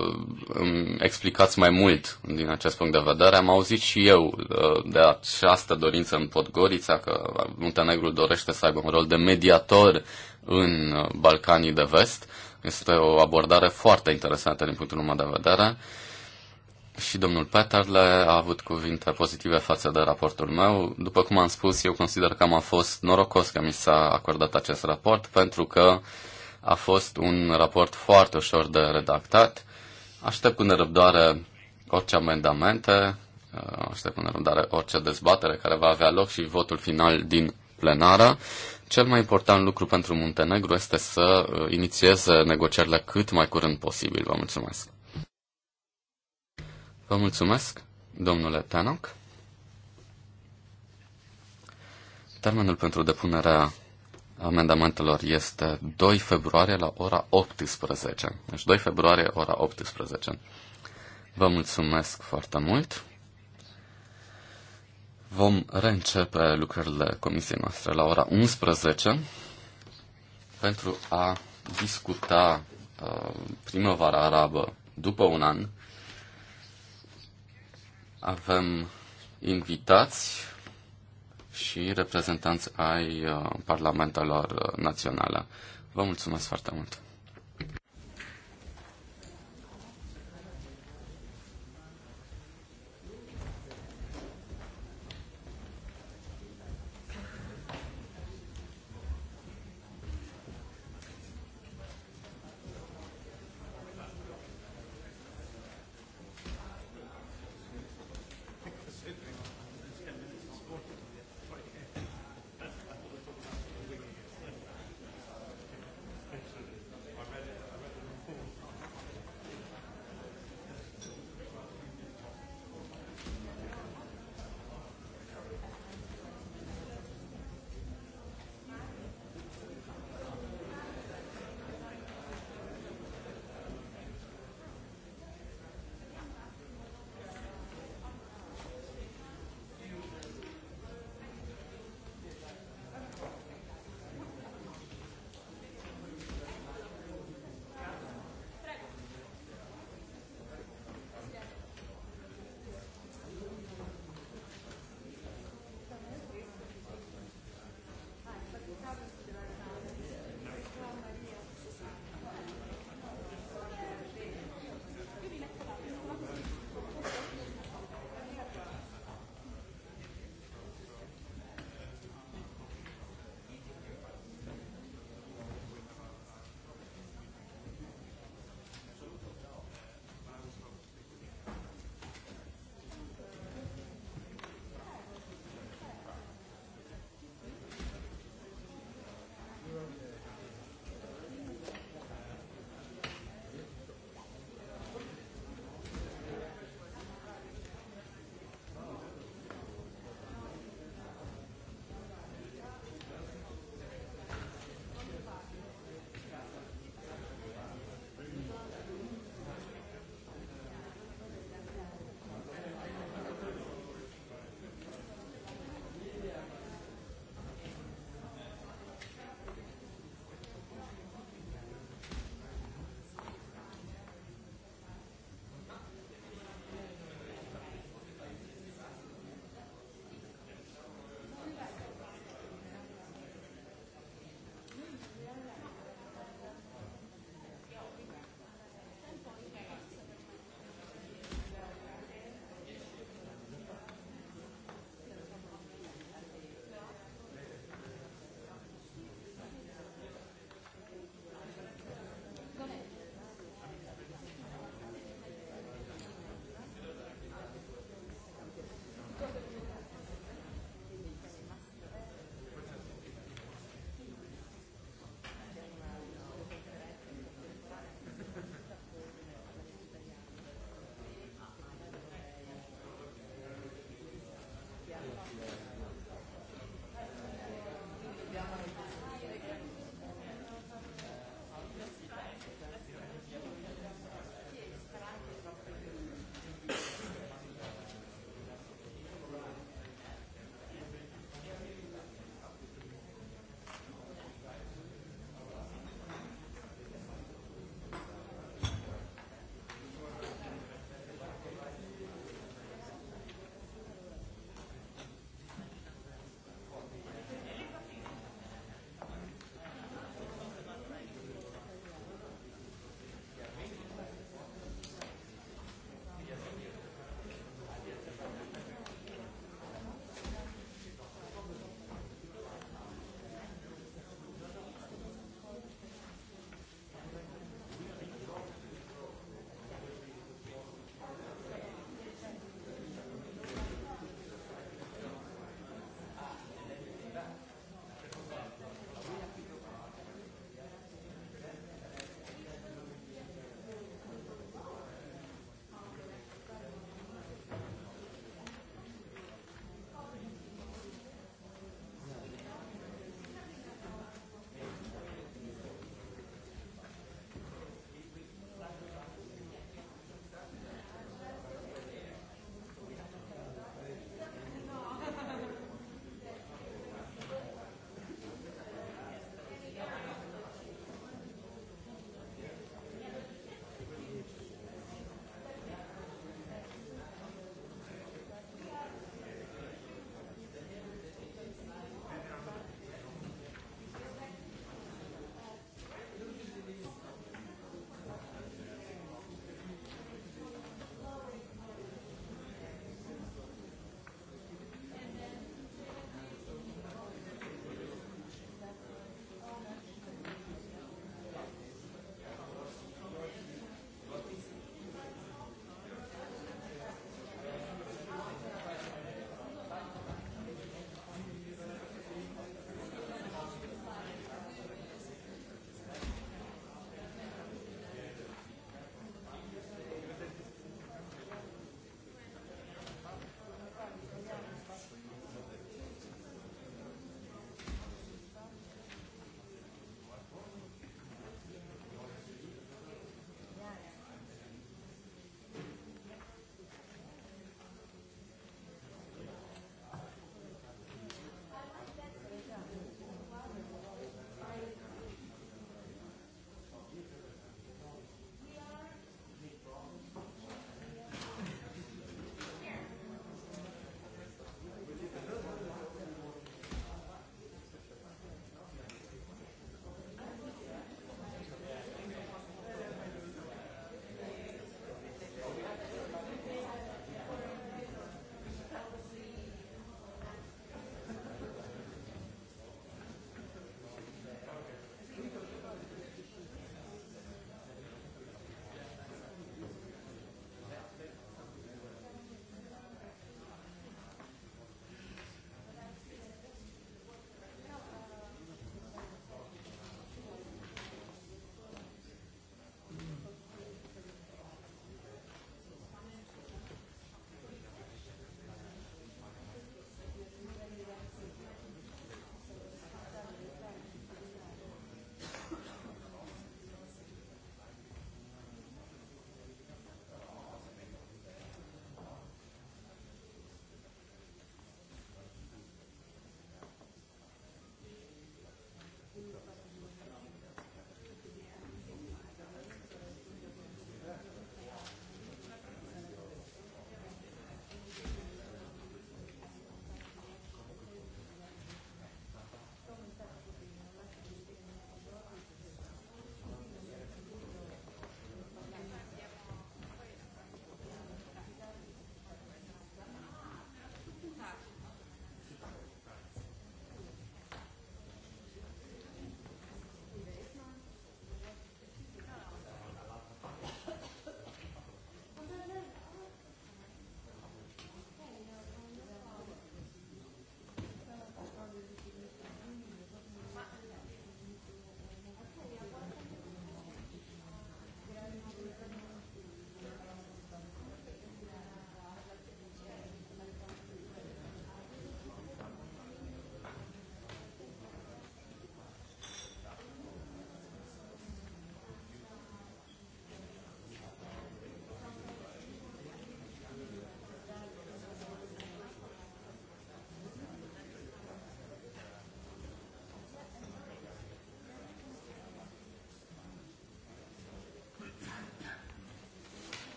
uh, îmi explicați mai mult din acest punct de vedere. Am auzit și eu uh, de această dorință în Podgorița că Muntenegru dorește să aibă un rol de mediator în Balcanii de Vest. Este o abordare foarte interesantă din punctul meu de vedere. Și domnul Peterle a avut cuvinte pozitive față de raportul meu. După cum am spus, eu consider că am fost norocos că mi s-a acordat acest raport, pentru că uh, a fost un raport foarte ușor de redactat. Aștept cu nerăbdare orice amendamente, uh, aștept cu nerăbdare orice dezbatere care va avea loc și votul final din plenară. Cel mai important lucru pentru Muntenegru este să uh, inițieze negocierile cât mai curând posibil. Vă mulțumesc. Vă mulțumesc, domnule Tenoc. Termenul pentru depunerea amendamentelor este 2 februarie la ora 18. Deci 2 februarie, ora 18. Vă mulțumesc foarte mult. Vom reîncepe lucrările comisiei noastre la ora 11 pentru a discuta uh, primăvara arabă după un an. Avem invitați și reprezentanți ai uh, parlamentelor uh, naționale. Vă mulțumesc foarte mult!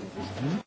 Mhm.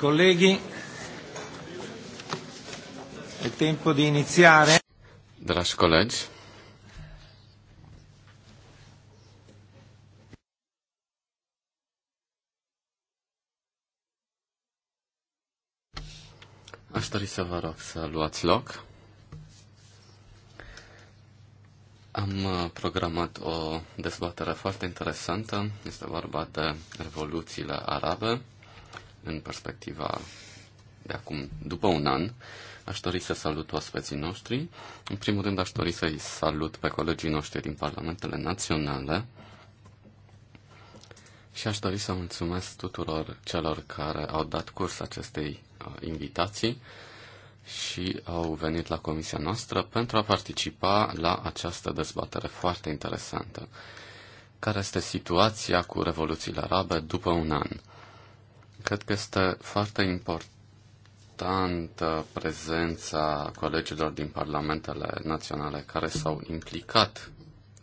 Colleghi, è tempo di iniziare. Dragi colegi, aș dori să vă rog să luați loc. Am uh, programat o dezbatere foarte interesantă. Este vorba de revoluțiile arabe în perspectiva de acum, după un an, aș dori să salut oaspeții noștri. În primul rând aș dori să-i salut pe colegii noștri din Parlamentele Naționale și aș dori să mulțumesc tuturor celor care au dat curs acestei uh, invitații și au venit la comisia noastră pentru a participa la această dezbatere foarte interesantă. Care este situația cu revoluțiile arabe după un an? Cred că este foarte importantă prezența colegilor din parlamentele naționale care s-au implicat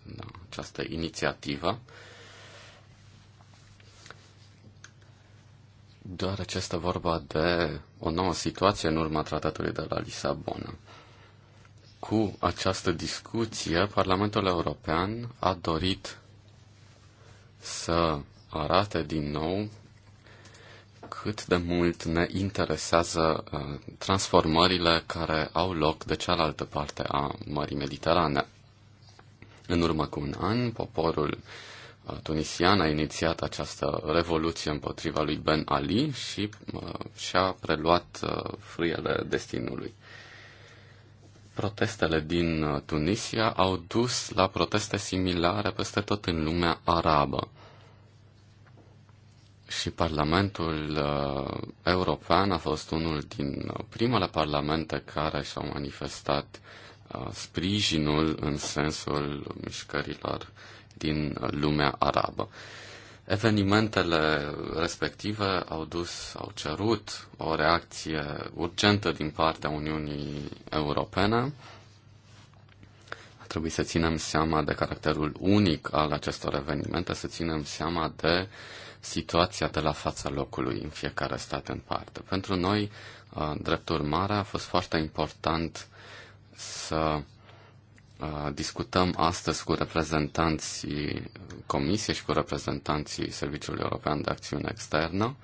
în această inițiativă. Doar este vorba de o nouă situație în urma tratatului de la Lisabona. Cu această discuție, Parlamentul European a dorit să arate din nou cât de mult ne interesează uh, transformările care au loc de cealaltă parte a Mării Mediterane. În urmă cu un an, poporul uh, tunisian a inițiat această revoluție împotriva lui Ben Ali și uh, și-a preluat uh, frâiele destinului. Protestele din uh, Tunisia au dus la proteste similare peste tot în lumea arabă și Parlamentul uh, European a fost unul din primele parlamente care și-au manifestat uh, sprijinul în sensul mișcărilor din lumea arabă. Evenimentele respective au dus, au cerut o reacție urgentă din partea Uniunii Europene. A trebuit să ținem seama de caracterul unic al acestor evenimente, să ținem seama de uh, situația de la fața locului în fiecare stat în parte. Pentru noi, uh, drept urmare, a fost foarte important să uh, discutăm astăzi cu reprezentanții Comisiei și cu reprezentanții Serviciului European de Acțiune Externă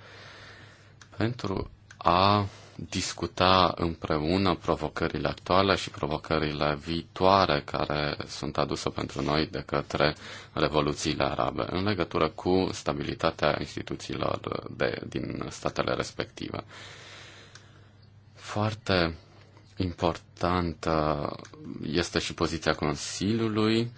pentru a discuta împreună provocările actuale și provocările viitoare care sunt aduse pentru noi de către revoluțiile arabe în legătură cu stabilitatea instituțiilor de, din statele respective. Foarte importantă este și poziția Consiliului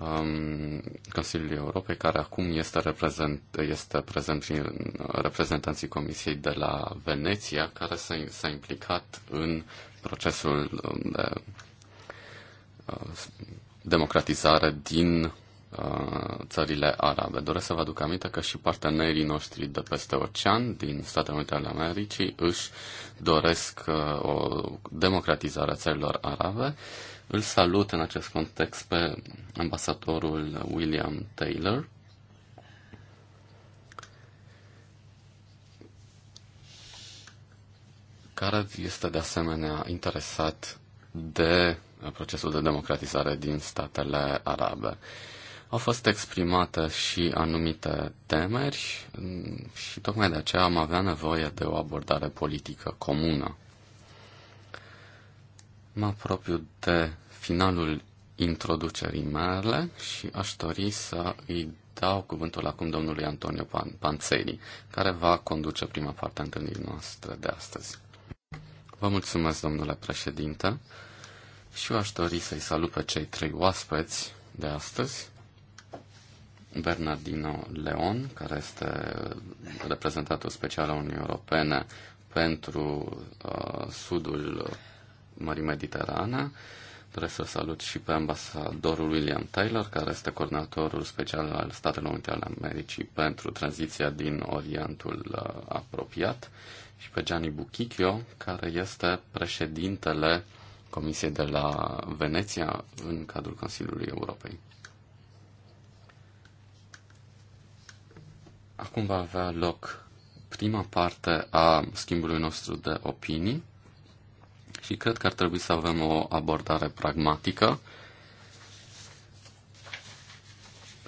um, Consiliului Europei, care acum este, reprezent, este prezent prin reprezentanții Comisiei de la Veneția, care s-a, implicat în procesul um, de uh, democratizare din uh, țările arabe. Doresc să vă aduc aminte că și partenerii noștri de peste ocean, din Statele Unite ale Americii, își doresc uh, o democratizare a țărilor arabe îl salut în acest context pe ambasadorul William Taylor. care este de asemenea interesat de procesul de democratizare din statele arabe. Au fost exprimate și anumite temeri și tocmai de aceea am avea nevoie de o abordare politică comună. Mă apropiu de finalul introducerii mele și aș dori să îi dau cuvântul acum domnului Antonio Pan- Panțeli, care va conduce prima parte a întâlnirii noastre de astăzi. Vă mulțumesc, domnule președinte, și eu aș dori să-i salut pe cei trei oaspeți de astăzi, Bernardino Leon, care este reprezentatul special al Uniunii Europene pentru uh, sudul Mării Mediterane. Vreau să salut și pe ambasadorul William Taylor, care este coordonatorul special al Statelor Unite ale Americii pentru tranziția din Orientul uh, apropiat, și pe Gianni Buchicchio, care este președintele Comisiei de la Veneția în cadrul Consiliului Europei. Acum va avea loc prima parte a schimbului nostru de opinii și cred că ar trebui să avem o abordare pragmatică,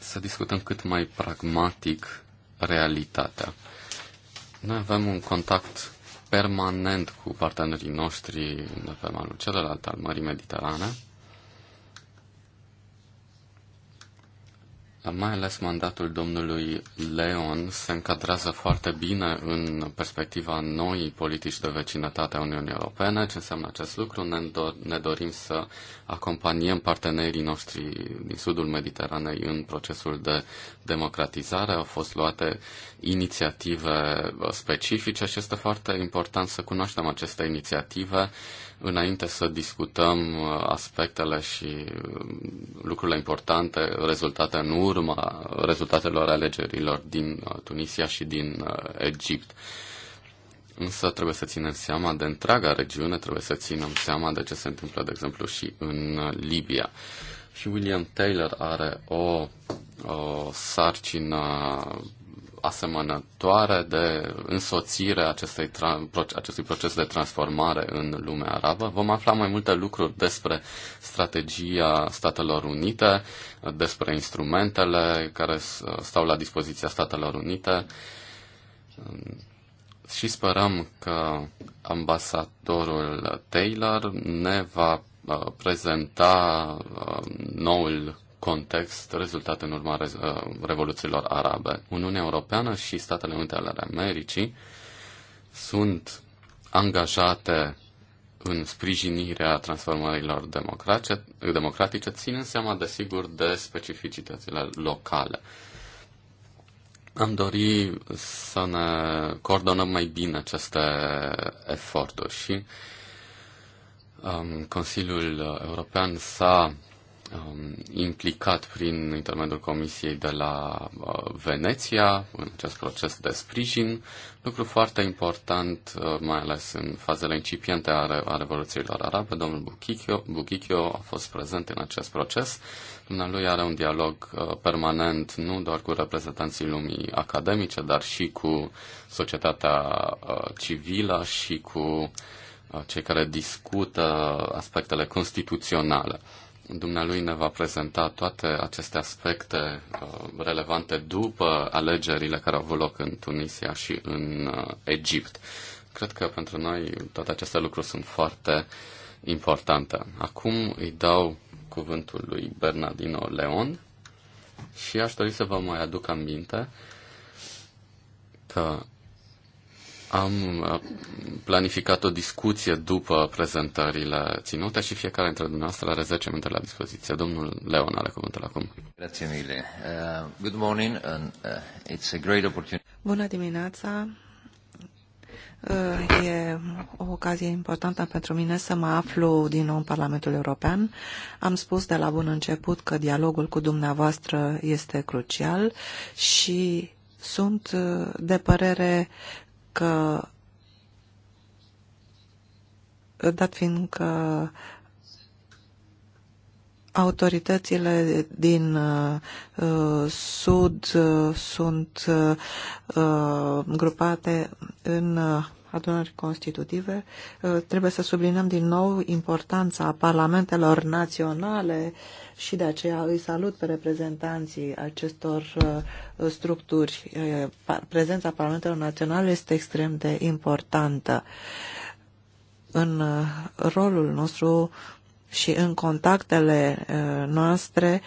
să discutăm cât mai pragmatic realitatea. Noi avem un contact permanent cu partenerii noștri de pe malul celălalt al Mării Mediterane mai ales mandatul domnului Leon se încadrează foarte bine în perspectiva noii politici de vecinătate a Uniunii Europene. Ce înseamnă acest lucru? Ne, do- ne dorim să acompaniem partenerii noștri din sudul Mediteranei în procesul de democratizare. Au fost luate inițiative uh, specifice și este foarte important să cunoaștem aceste inițiative Înainte să discutăm uh, aspectele și uh, lucrurile importante rezultate în urma rezultatelor alegerilor din uh, Tunisia și din Egipt, Însă trebuie să ținem seama de întreaga regiune, trebuie să ținem seama de ce se întâmplă, de exemplu, și în Libia. Și William Taylor are o, o sarcină asemănătoare de însoțire acestei acestui proces de transformare în lumea arabă. Vom afla mai multe lucruri despre strategia Statelor Unite, despre instrumentele care stau la dispoziția Statelor Unite și sperăm că ambasadorul Taylor ne va uh, prezenta uh, noul context rezultat în urma uh, revoluțiilor arabe. Uniunea Europeană și Statele Unite ale Americii sunt angajate în sprijinirea transformărilor democratice, democratice ținând seama, desigur, de specificitățile locale. Am dori să ne coordonăm mai bine aceste eforturi și um, Consiliul European s-a um, implicat prin intermediul Comisiei de la uh, Veneția în acest proces de sprijin, lucru foarte important, uh, mai ales în fazele incipiente a, re- a Revoluțiilor Arabe. Domnul Buchichio, Buchichio a fost prezent în acest proces. Dumnealui are un dialog uh, permanent nu doar cu reprezentanții lumii academice, dar și cu societatea uh, civilă și cu uh, cei care discută aspectele constituționale. Dumnealui ne va prezenta toate aceste aspecte uh, relevante după alegerile care au avut loc în Tunisia și în uh, Egipt. Cred că pentru noi toate aceste lucruri sunt foarte importante. Acum îi dau cuvântul lui Bernardino Leon și aș dori să vă mai aduc aminte că am uh, planificat o discuție după prezentările ținute și fiecare dintre dumneavoastră are 10 minute la dispoziție. Domnul Leon are cuvântul acum. Grazie mille. Uh, good morning and uh, it's a great opportunity. Bună dimineața. Uh, e o ocazie importantă pentru mine să mă aflu din nou în Parlamentul European. Am spus de la bun început că dialogul cu dumneavoastră este crucial și sunt uh, de părere că dat fiind că autoritățile din uh, sud uh, sunt uh, uh grupate în uh, adunări constitutive, uh, trebuie să sublinăm din nou importanța parlamentelor naționale și de aceea îi salut pe reprezentanții acestor uh, structuri. Uh, prezența parlamentelor naționale este extrem de importantă în rolul nostru și în contactele noastre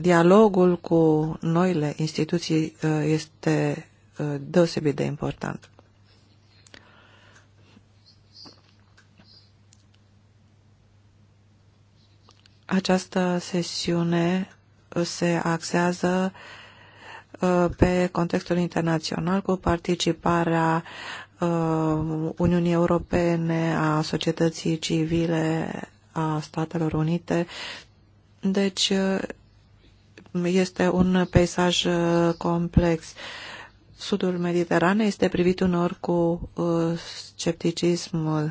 dialogul cu noile instituții este deosebit de important. Această sesiune se axează uh, pe contextul internațional cu participarea uh, Uniunii Europene, a societății civile, a Statelor Unite. Deci uh, este un peisaj complex. Sudul Mediteranei este privit unor cu scepticism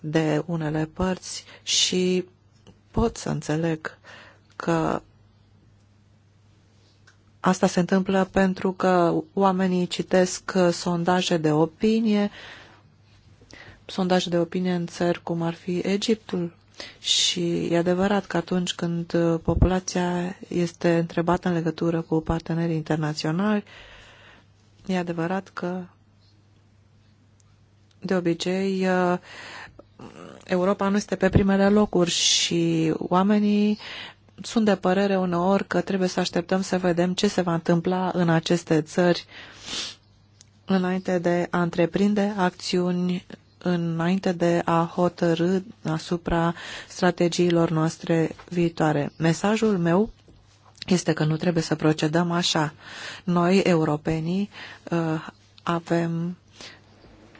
de unele părți și pot să înțeleg că asta se întâmplă pentru că oamenii citesc uh, sondaje de opinie, sondaje de opinie în țări cum ar fi Egiptul. Și e adevărat că atunci când uh, populația este întrebată în legătură cu partenerii internaționali, e adevărat că de obicei uh, Europa nu este pe primele locuri și oamenii sunt de părere uneori că trebuie să așteptăm să vedem ce se va întâmpla în aceste țări înainte de a întreprinde acțiuni, înainte de a hotărâ asupra strategiilor noastre viitoare. Mesajul meu este că nu trebuie să procedăm așa. Noi, europenii, uh, avem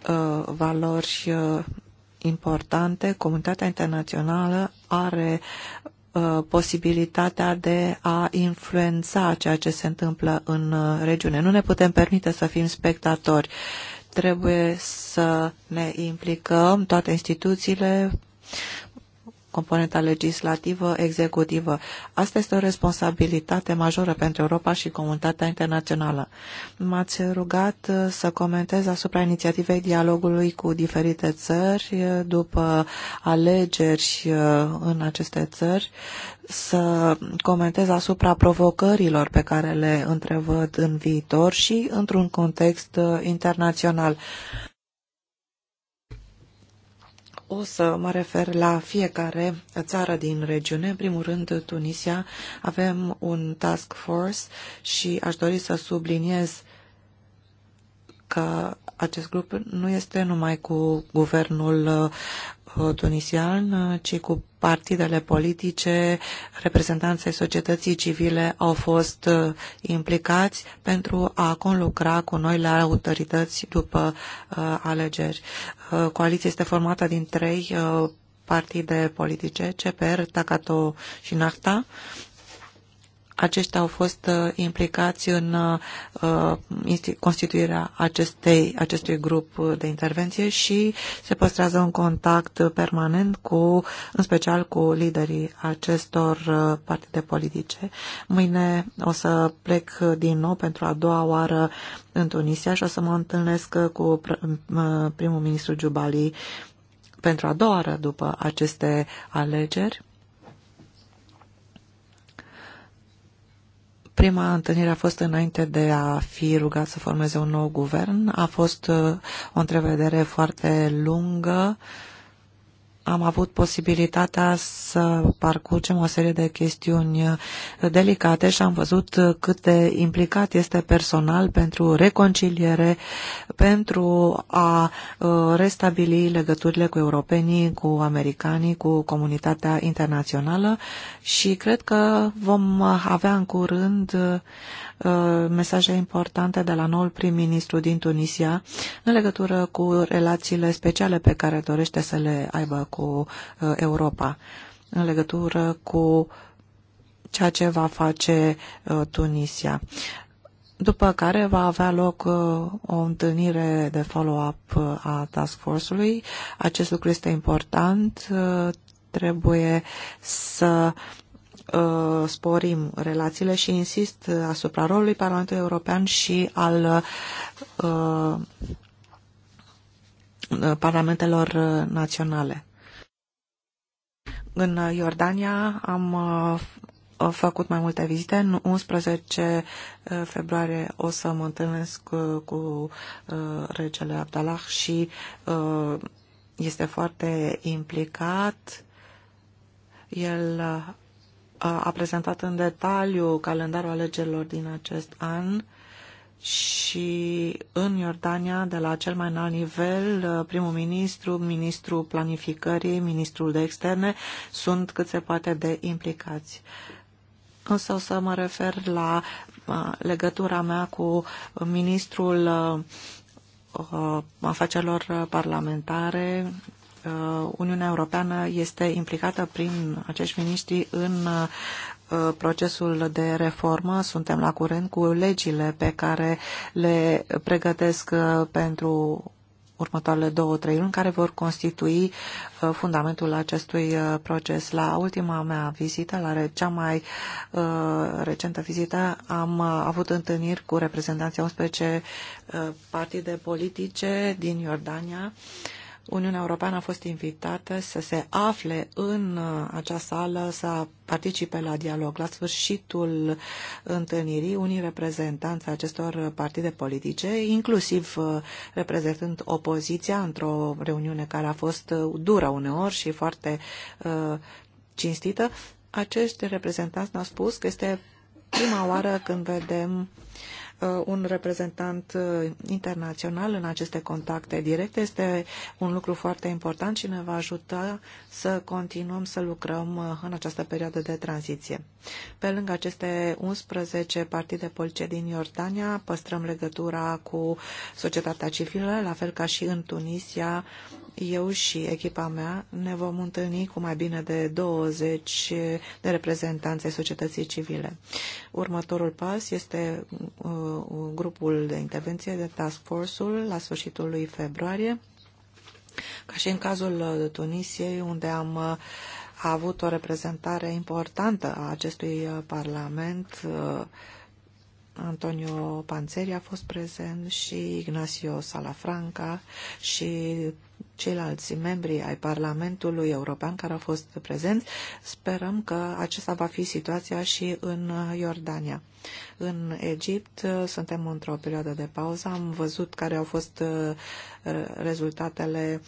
uh, valori uh, importante, comunitatea internațională are uh, posibilitatea de a influența ceea ce se întâmplă în uh, regiune. Nu ne putem permite să fim spectatori. Trebuie să ne implicăm toate instituțiile, componenta legislativă, executivă. Asta este o responsabilitate majoră pentru Europa și comunitatea internațională. M-ați rugat uh, să comentez asupra inițiativei dialogului cu diferite țări uh, după alegeri uh, în aceste țări, să comentez asupra provocărilor pe care le întrevăd în viitor și într-un context internațional. O să mă refer la fiecare țară din regiune. În primul rând, Tunisia. Avem un task force și aș dori să subliniez că acest grup nu este numai cu guvernul uh, tunisian, ci cu partidele politice, reprezentanții societății civile au fost uh, implicați pentru a conlucra cu noi la autorități după uh, alegeri. Uh, coaliția este formată din trei partide politice, CPR, Takato și Nafta, aceștia au fost uh, implicați în uh, constituirea acestei, acestui grup de intervenție și se păstrează un contact permanent cu, în special cu liderii acestor uh, partide politice. Mâine o să plec din nou pentru a doua oară în Tunisia și o să mă întâlnesc cu primul ministru Jubali pentru a doua oară după aceste alegeri Prima întâlnire a fost înainte de a fi rugat să formeze un nou guvern. A fost uh, o întrevedere foarte lungă. Uh, am avut posibilitatea să parcurgem o serie de chestiuni uh, delicate și am văzut uh, cât de implicat este personal pentru reconciliere, pentru a uh, restabili legăturile cu europenii, cu americanii, cu comunitatea internațională și cred că vom avea în curând mesaje importante de la noul prim-ministru din Tunisia în legătură cu relațiile speciale pe care dorește să le aibă cu uh, Europa în legătură cu ceea ce va face uh, Tunisia. După care va avea loc uh, o întâlnire de follow-up a task force-ului. Acest lucru este important. Trebuie să sporim relațiile și insist asupra rolului Parlamentului European și al parlamentelor naționale. În Iordania am uh, făcut mai multe vizite. În 11 uh, februarie o să mă întâlnesc uh, cu regele Abdallah și este foarte implicat. El a prezentat în detaliu calendarul alegerilor din acest an și în Iordania, de la cel mai înalt nivel, uh, primul ministru, ministrul planificării, ministrul de externe, sunt cât se poate de implicați. Însă o să mă refer la uh, legătura mea cu ministrul uh, afacerilor parlamentare. Uniunea Europeană este implicată prin acești miniștri în Uh, procesul de reformă, suntem la curent cu legile pe care le pregătesc uh, pentru următoarele două, trei luni, care vor constitui uh, fundamentul acestui proces. La ultima mea vizită, la cea mai recentă vizită, am avut întâlniri cu reprezentanții 11 partide politice din Iordania, Uniunea Europeană a fost invitată să se afle în uh, acea sală, să participe la dialog. La sfârșitul întâlnirii, unii reprezentanți acestor partide politice, inclusiv uh, reprezentând opoziția într-o reuniune care a fost uh, dură uneori și foarte cinstită, acești reprezentanți ne-au spus că este prima oară când vedem Uh, un reprezentant uh, internațional în aceste contacte directe este un lucru foarte important și ne va ajuta să continuăm să lucrăm uh, în această perioadă de tranziție. Pe lângă aceste 11 partide politice din Iordania, păstrăm legătura cu societatea civilă, la fel ca și în Tunisia, eu și echipa mea ne vom întâlni cu mai bine de 20 de reprezentanțe societății civile. Următorul pas este uh, uh, grupul de intervenție de task force-ul la sfârșitul lui februarie, ca și în cazul uh, Tunisiei, unde am uh, avut o reprezentare importantă a acestui Parlament. Antonio Panzeri a fost prezent și Ignacio Salafranca și ceilalți membri ai Parlamentului European care au fost prezenți. Sperăm că acesta va fi situația și în Iordania. În Egipt uh, suntem într-o perioadă de pauză. Am văzut care au fost uh, rezultatele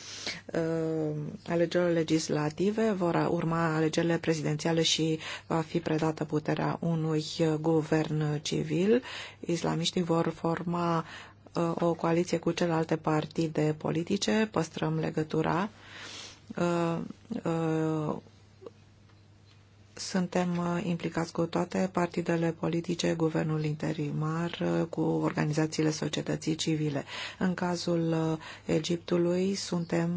uh, alegerilor legislative. Vor urma alegerile prezidențiale și va fi predată puterea unui guvern civil. Islamiștii vor forma o coaliție cu celelalte partide politice, păstrăm legătura uh, uh, suntem uh, implicați cu toate partidele politice, guvernul interimar, uh, cu organizațiile societății civile. În cazul uh, Egiptului suntem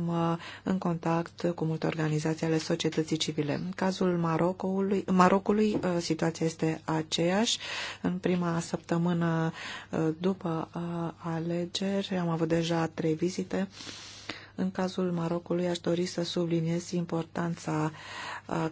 în contact cu multe organizații ale societății civile. În cazul Marocului, Marocului situația este aceeași. În prima săptămână după alegeri am avut deja trei vizite în cazul Marocului aș dori să subliniez importanța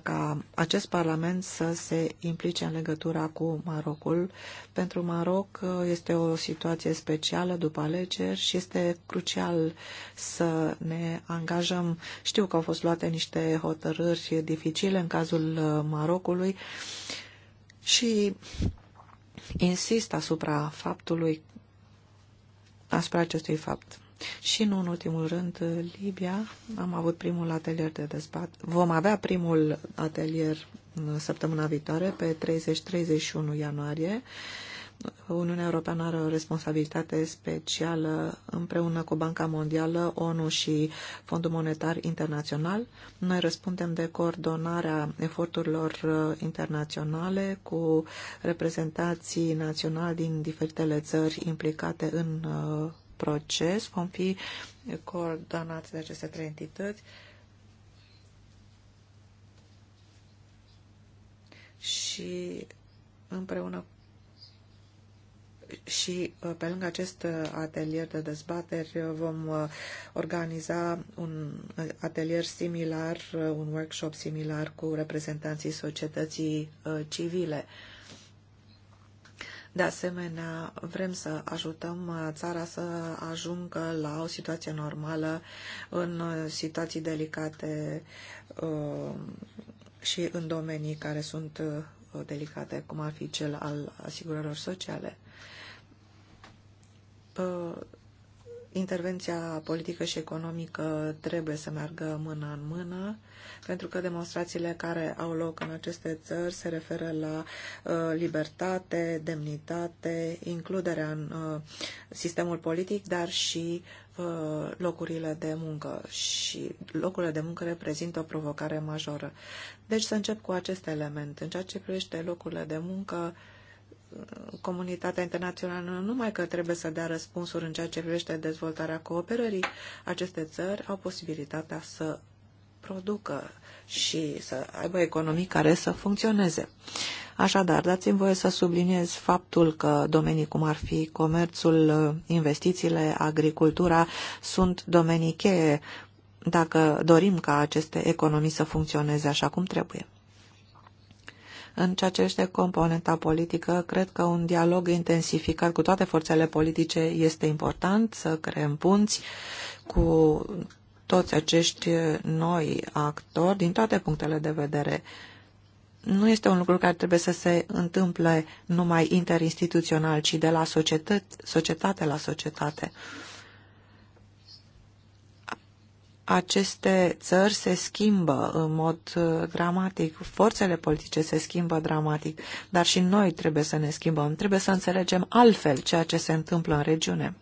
ca acest Parlament să se implice în legătura cu Marocul. Pentru Maroc este o situație specială după alegeri și este crucial să ne angajăm. Știu că au fost luate niște hotărâri dificile în cazul Marocului și insist asupra faptului asupra acestui fapt. Și nu în ultimul rând, Libia, am avut primul atelier de dezbat. Vom avea primul atelier uh, săptămâna viitoare, pe 30-31 ianuarie. Uniunea Europeană are o responsabilitate specială împreună cu Banca Mondială, ONU și Fondul Monetar Internațional. Noi răspundem de coordonarea eforturilor uh, internaționale cu reprezentații naționali din diferitele țări implicate în uh, proces, vom fi coordonați de aceste trei entități și împreună și uh, pe lângă acest uh, atelier de dezbateri uh, vom organiza un atelier similar, un workshop similar cu reprezentanții societății civile. De asemenea, vrem să ajutăm uh, țara să ajungă la o situație normală în uh, situații delicate uh, și în domenii care sunt delicate, cum ar fi cel al asigurărilor sociale intervenția politică și economică trebuie să meargă mână în mână, pentru că demonstrațiile care au loc în aceste țări se referă la uh, libertate, demnitate, includerea în uh, sistemul politic, dar și uh, locurile de muncă. Și locurile de muncă reprezintă o provocare majoră. Deci să încep cu acest element. În ceea ce privește locurile de muncă, uh, comunitatea internațională nu numai că trebuie să dea răspunsuri în ceea ce privește dezvoltarea cooperării, aceste țări au posibilitatea să producă și să aibă economii care să funcționeze. Așadar, dați-mi voie să subliniez faptul că domenii cum ar fi comerțul, investițiile, agricultura sunt domenii cheie dacă dorim ca aceste economii să funcționeze așa cum trebuie. În ceea ce este componenta politică, cred că un dialog intensificat cu toate forțele politice este important, să creăm punți cu toți acești noi actori din toate punctele de vedere nu este un lucru care trebuie să se întâmple numai interinstituțional, ci de la societate, societate la societate aceste țări se schimbă în mod uh, dramatic, forțele politice se schimbă dramatic, dar și noi trebuie să ne schimbăm, trebuie să înțelegem altfel ceea ce se întâmplă în regiune.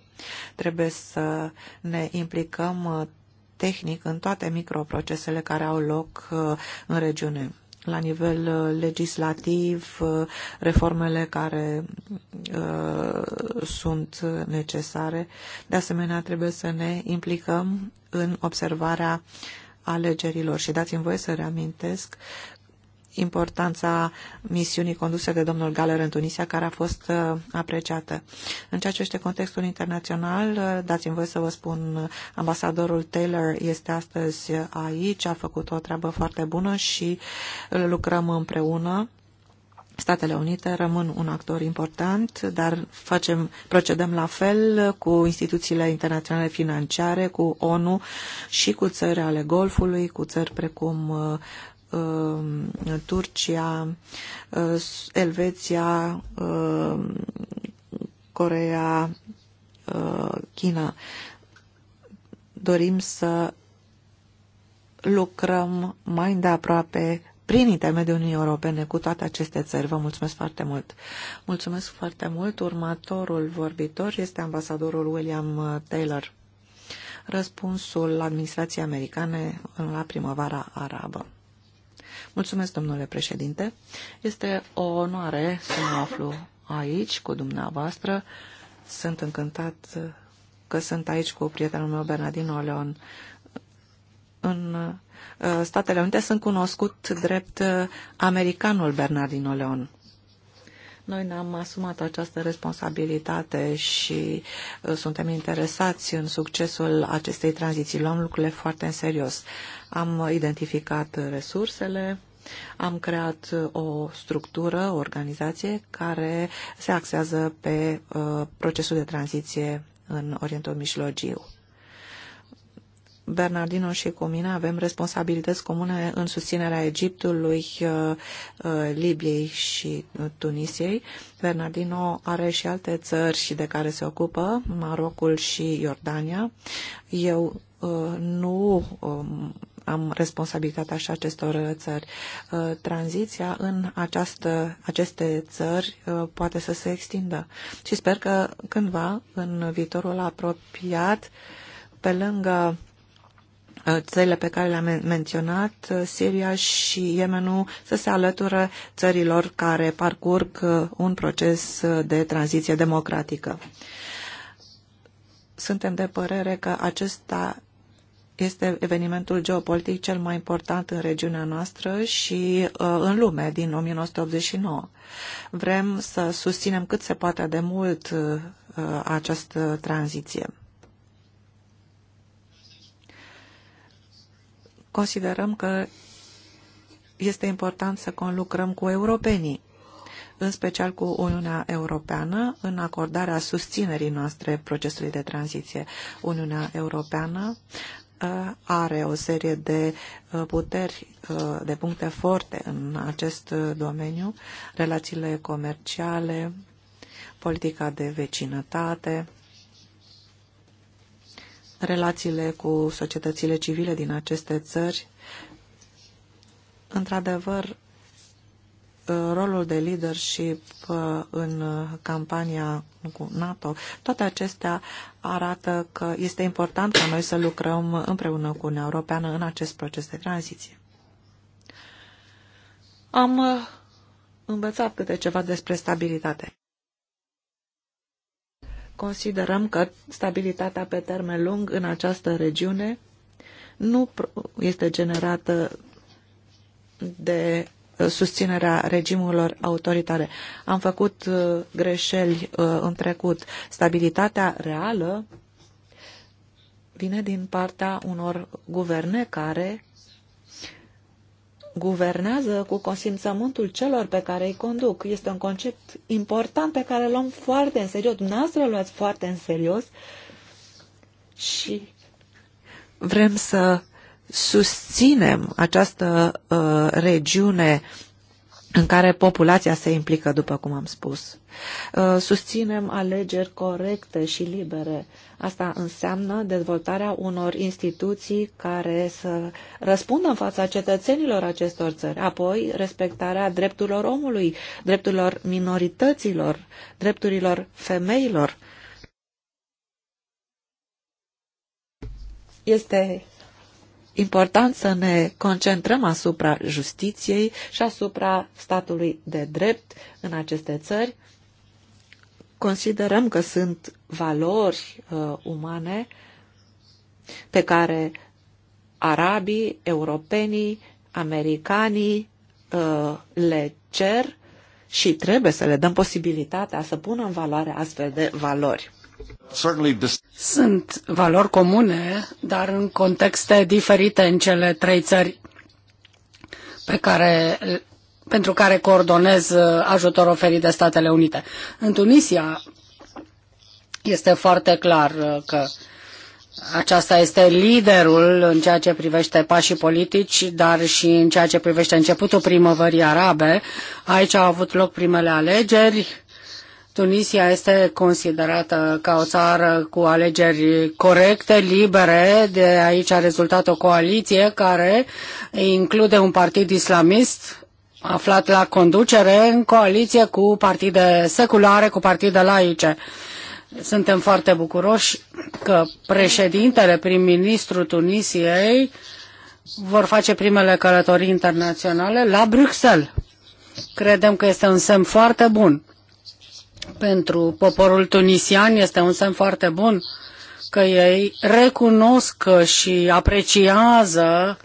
Trebuie să ne implicăm uh, tehnic în toate microprocesele care au loc uh, în regiune la nivel uh, legislativ, uh, reformele care uh, sunt necesare. De asemenea, trebuie să ne implicăm în observarea alegerilor și dați-mi voie să reamintesc importanța misiunii conduse de domnul Galer în Tunisia, care a fost uh, apreciată. În ceea ce este contextul internațional, uh, dați-mi voi să vă spun, ambasadorul Taylor este astăzi aici, a făcut o treabă foarte bună și lucrăm împreună. Statele Unite rămân un actor important, dar facem, procedăm la fel cu instituțiile internaționale financiare, cu ONU și cu țări ale Golfului, cu țări precum uh, Uh, Turcia, uh, Elveția, uh, Corea, China. Dorim să lucrăm mai îndeaproape prin intermediul Uniunii Europene cu toate aceste țări. Vă mulțumesc foarte mult. Mulțumesc foarte mult. Următorul vorbitor este ambasadorul William Taylor. Răspunsul administrației americane la primăvara arabă. Mulțumesc, domnule președinte. Este o onoare să mă aflu aici cu dumneavoastră. Sunt încântat că sunt aici cu prietenul meu, Bernardino Leon. În uh, Statele Unite sunt cunoscut drept uh, americanul Bernardino Leon. Noi ne-am asumat această responsabilitate și uh, suntem interesați în succesul acestei tranziții. Luăm lucrurile foarte în serios. Am identificat resursele, am creat o structură, o organizație care se axează pe uh, procesul de tranziție în Orientul Mijlociu. Bernardino și cu mine avem responsabilități comune în susținerea Egiptului, uh, uh, Libiei și uh, Tunisiei. Bernardino are și alte țări și de care se ocupă, Marocul și Iordania. Eu nu um, am responsabilitatea și acestor uh, țări. Uh, tranziția în această, aceste țări uh, poate să se extindă și sper că cândva în viitorul apropiat, pe lângă țările pe care le-am menționat, Siria și Yemenul, să se alătură țărilor care parcurg un proces de tranziție democratică. Suntem de părere că acesta este evenimentul geopolitic cel mai important în regiunea noastră și uh, în lume din 1989. Vrem să susținem cât se poate de mult uh, uh, această tranziție. Considerăm că este important să conlucrăm cu europenii, în special cu Uniunea Europeană, în acordarea susținerii noastre procesului de tranziție. Uniunea Europeană Uh, are o serie de uh, puteri, uh, de puncte forte în acest domeniu, relațiile comerciale, politica de vecinătate, relațiile cu societățile civile din aceste țări. Într-adevăr, Uh, rolul de leadership uh, în uh, campania cu NATO, toate acestea arată că este important ca noi să lucrăm împreună cu Uniunea Europeană în acest proces de tranziție. Am învățat câte ceva despre stabilitate. Considerăm că stabilitatea pe termen lung în această regiune nu este generată de susținerea regimurilor autoritare. Am făcut uh, greșeli uh, în trecut. Stabilitatea reală vine din partea unor guverne care guvernează cu consimțământul celor pe care îi conduc. Este un concept important pe care îl luăm foarte în serios. Dumneavoastră luați foarte în serios și vrem să susținem această uh, regiune în care populația se implică, după cum am spus. Uh, susținem alegeri corecte și libere. Asta înseamnă dezvoltarea unor instituții care să răspundă în fața cetățenilor acestor țări, apoi respectarea drepturilor omului, drepturilor minorităților, drepturilor femeilor. Este important să ne concentrăm asupra justiției și asupra statului de drept în aceste țări. Considerăm că sunt valori uh, umane pe care arabii, europenii, americanii uh, le cer și trebuie să le dăm posibilitatea să pună în valoare astfel de valori. Sunt valori comune, dar în contexte diferite în cele trei țări pe care, pentru care coordonez uh, ajutor oferit de Statele Unite. În Tunisia este foarte clar uh, că aceasta este liderul în ceea ce privește pașii politici, dar și în ceea ce privește începutul primăverii arabe. Aici au avut loc primele alegeri Tunisia este considerată ca o țară cu alegeri corecte, libere. De aici a rezultat o coaliție care include un partid islamist aflat la conducere în coaliție cu partide seculare, cu partide laice. Suntem foarte bucuroși că președintele, prim-ministru Tunisiei vor face primele călătorii internaționale la Bruxelles. Credem că este un semn foarte bun pentru poporul tunisian este un semn foarte bun că ei recunosc și apreciază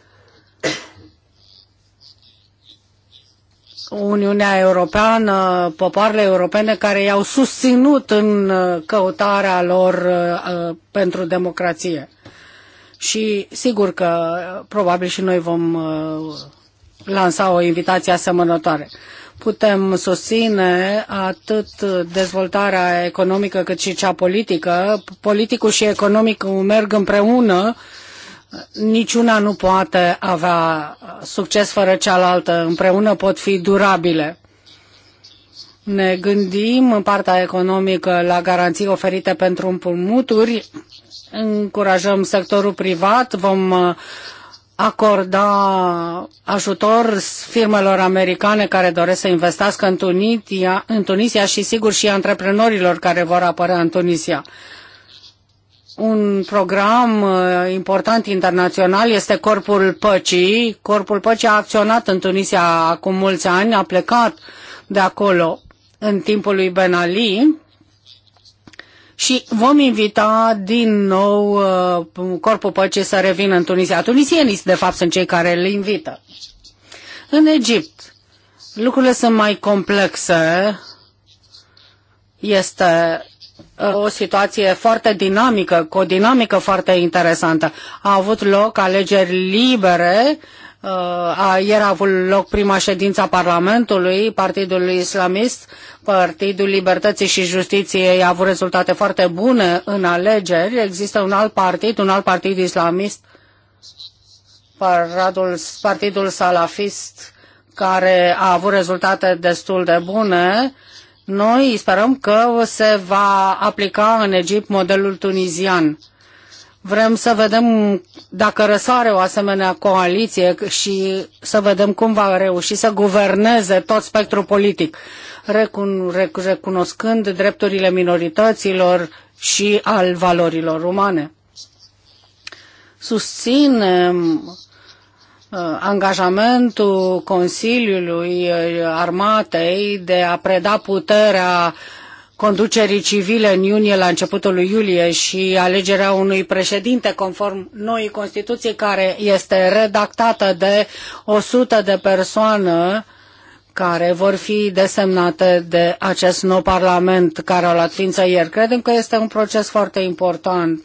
Uniunea Europeană, popoarele europene care i-au susținut în uh, căutarea lor uh, uh, pentru democrație. Și sigur că probabil și noi vom lansa o invitație asemănătoare putem susține atât dezvoltarea economică cât și cea politică. Politicul și economicul merg împreună, niciuna nu poate avea succes fără cealaltă, împreună pot fi durabile. Ne gândim în partea economică la garanții oferite pentru împrumuturi, încurajăm sectorul privat, vom uh, acorda ajutor firmelor americane care doresc să investească în Tunisia, în Tunisia și sigur și antreprenorilor care vor apărea în Tunisia. Un program uh, important internațional este Corpul Păcii. Corpul Păcii a acționat în Tunisia acum mulți ani, a plecat de acolo în timpul lui Ben Ali și vom invita din nou uh, Corpul Păcii să revină în Tunisia. Tunisienii, de fapt, sunt cei care îl invită. În Egipt, lucrurile sunt mai complexe. Este uh, o situație foarte dinamică, cu o dinamică foarte interesantă. Au avut loc alegeri libere Uh, a ieri a avut loc prima ședință a Parlamentului, Partidul Islamist, Partidul Libertății și Justiției a avut rezultate foarte bune în alegeri. Există un alt partid, un alt partid islamist, Paradul, Partidul Salafist, care a avut rezultate destul de bune. Noi sperăm că se va aplica în Egipt modelul tunizian Vrem să vedem dacă răsare o asemenea coaliție și să vedem cum va reuși să guverneze tot spectrul politic, recun, rec, recunoscând drepturile minorităților și al valorilor umane. Susținem uh, angajamentul Consiliului uh, Armatei de a preda puterea conducerii civile în iunie, la începutul lui iulie și alegerea unui președinte conform noii Constituții care este redactată de 100 de persoane care vor fi desemnate de acest nou Parlament care a luat ființă ieri. Credem că este un proces foarte important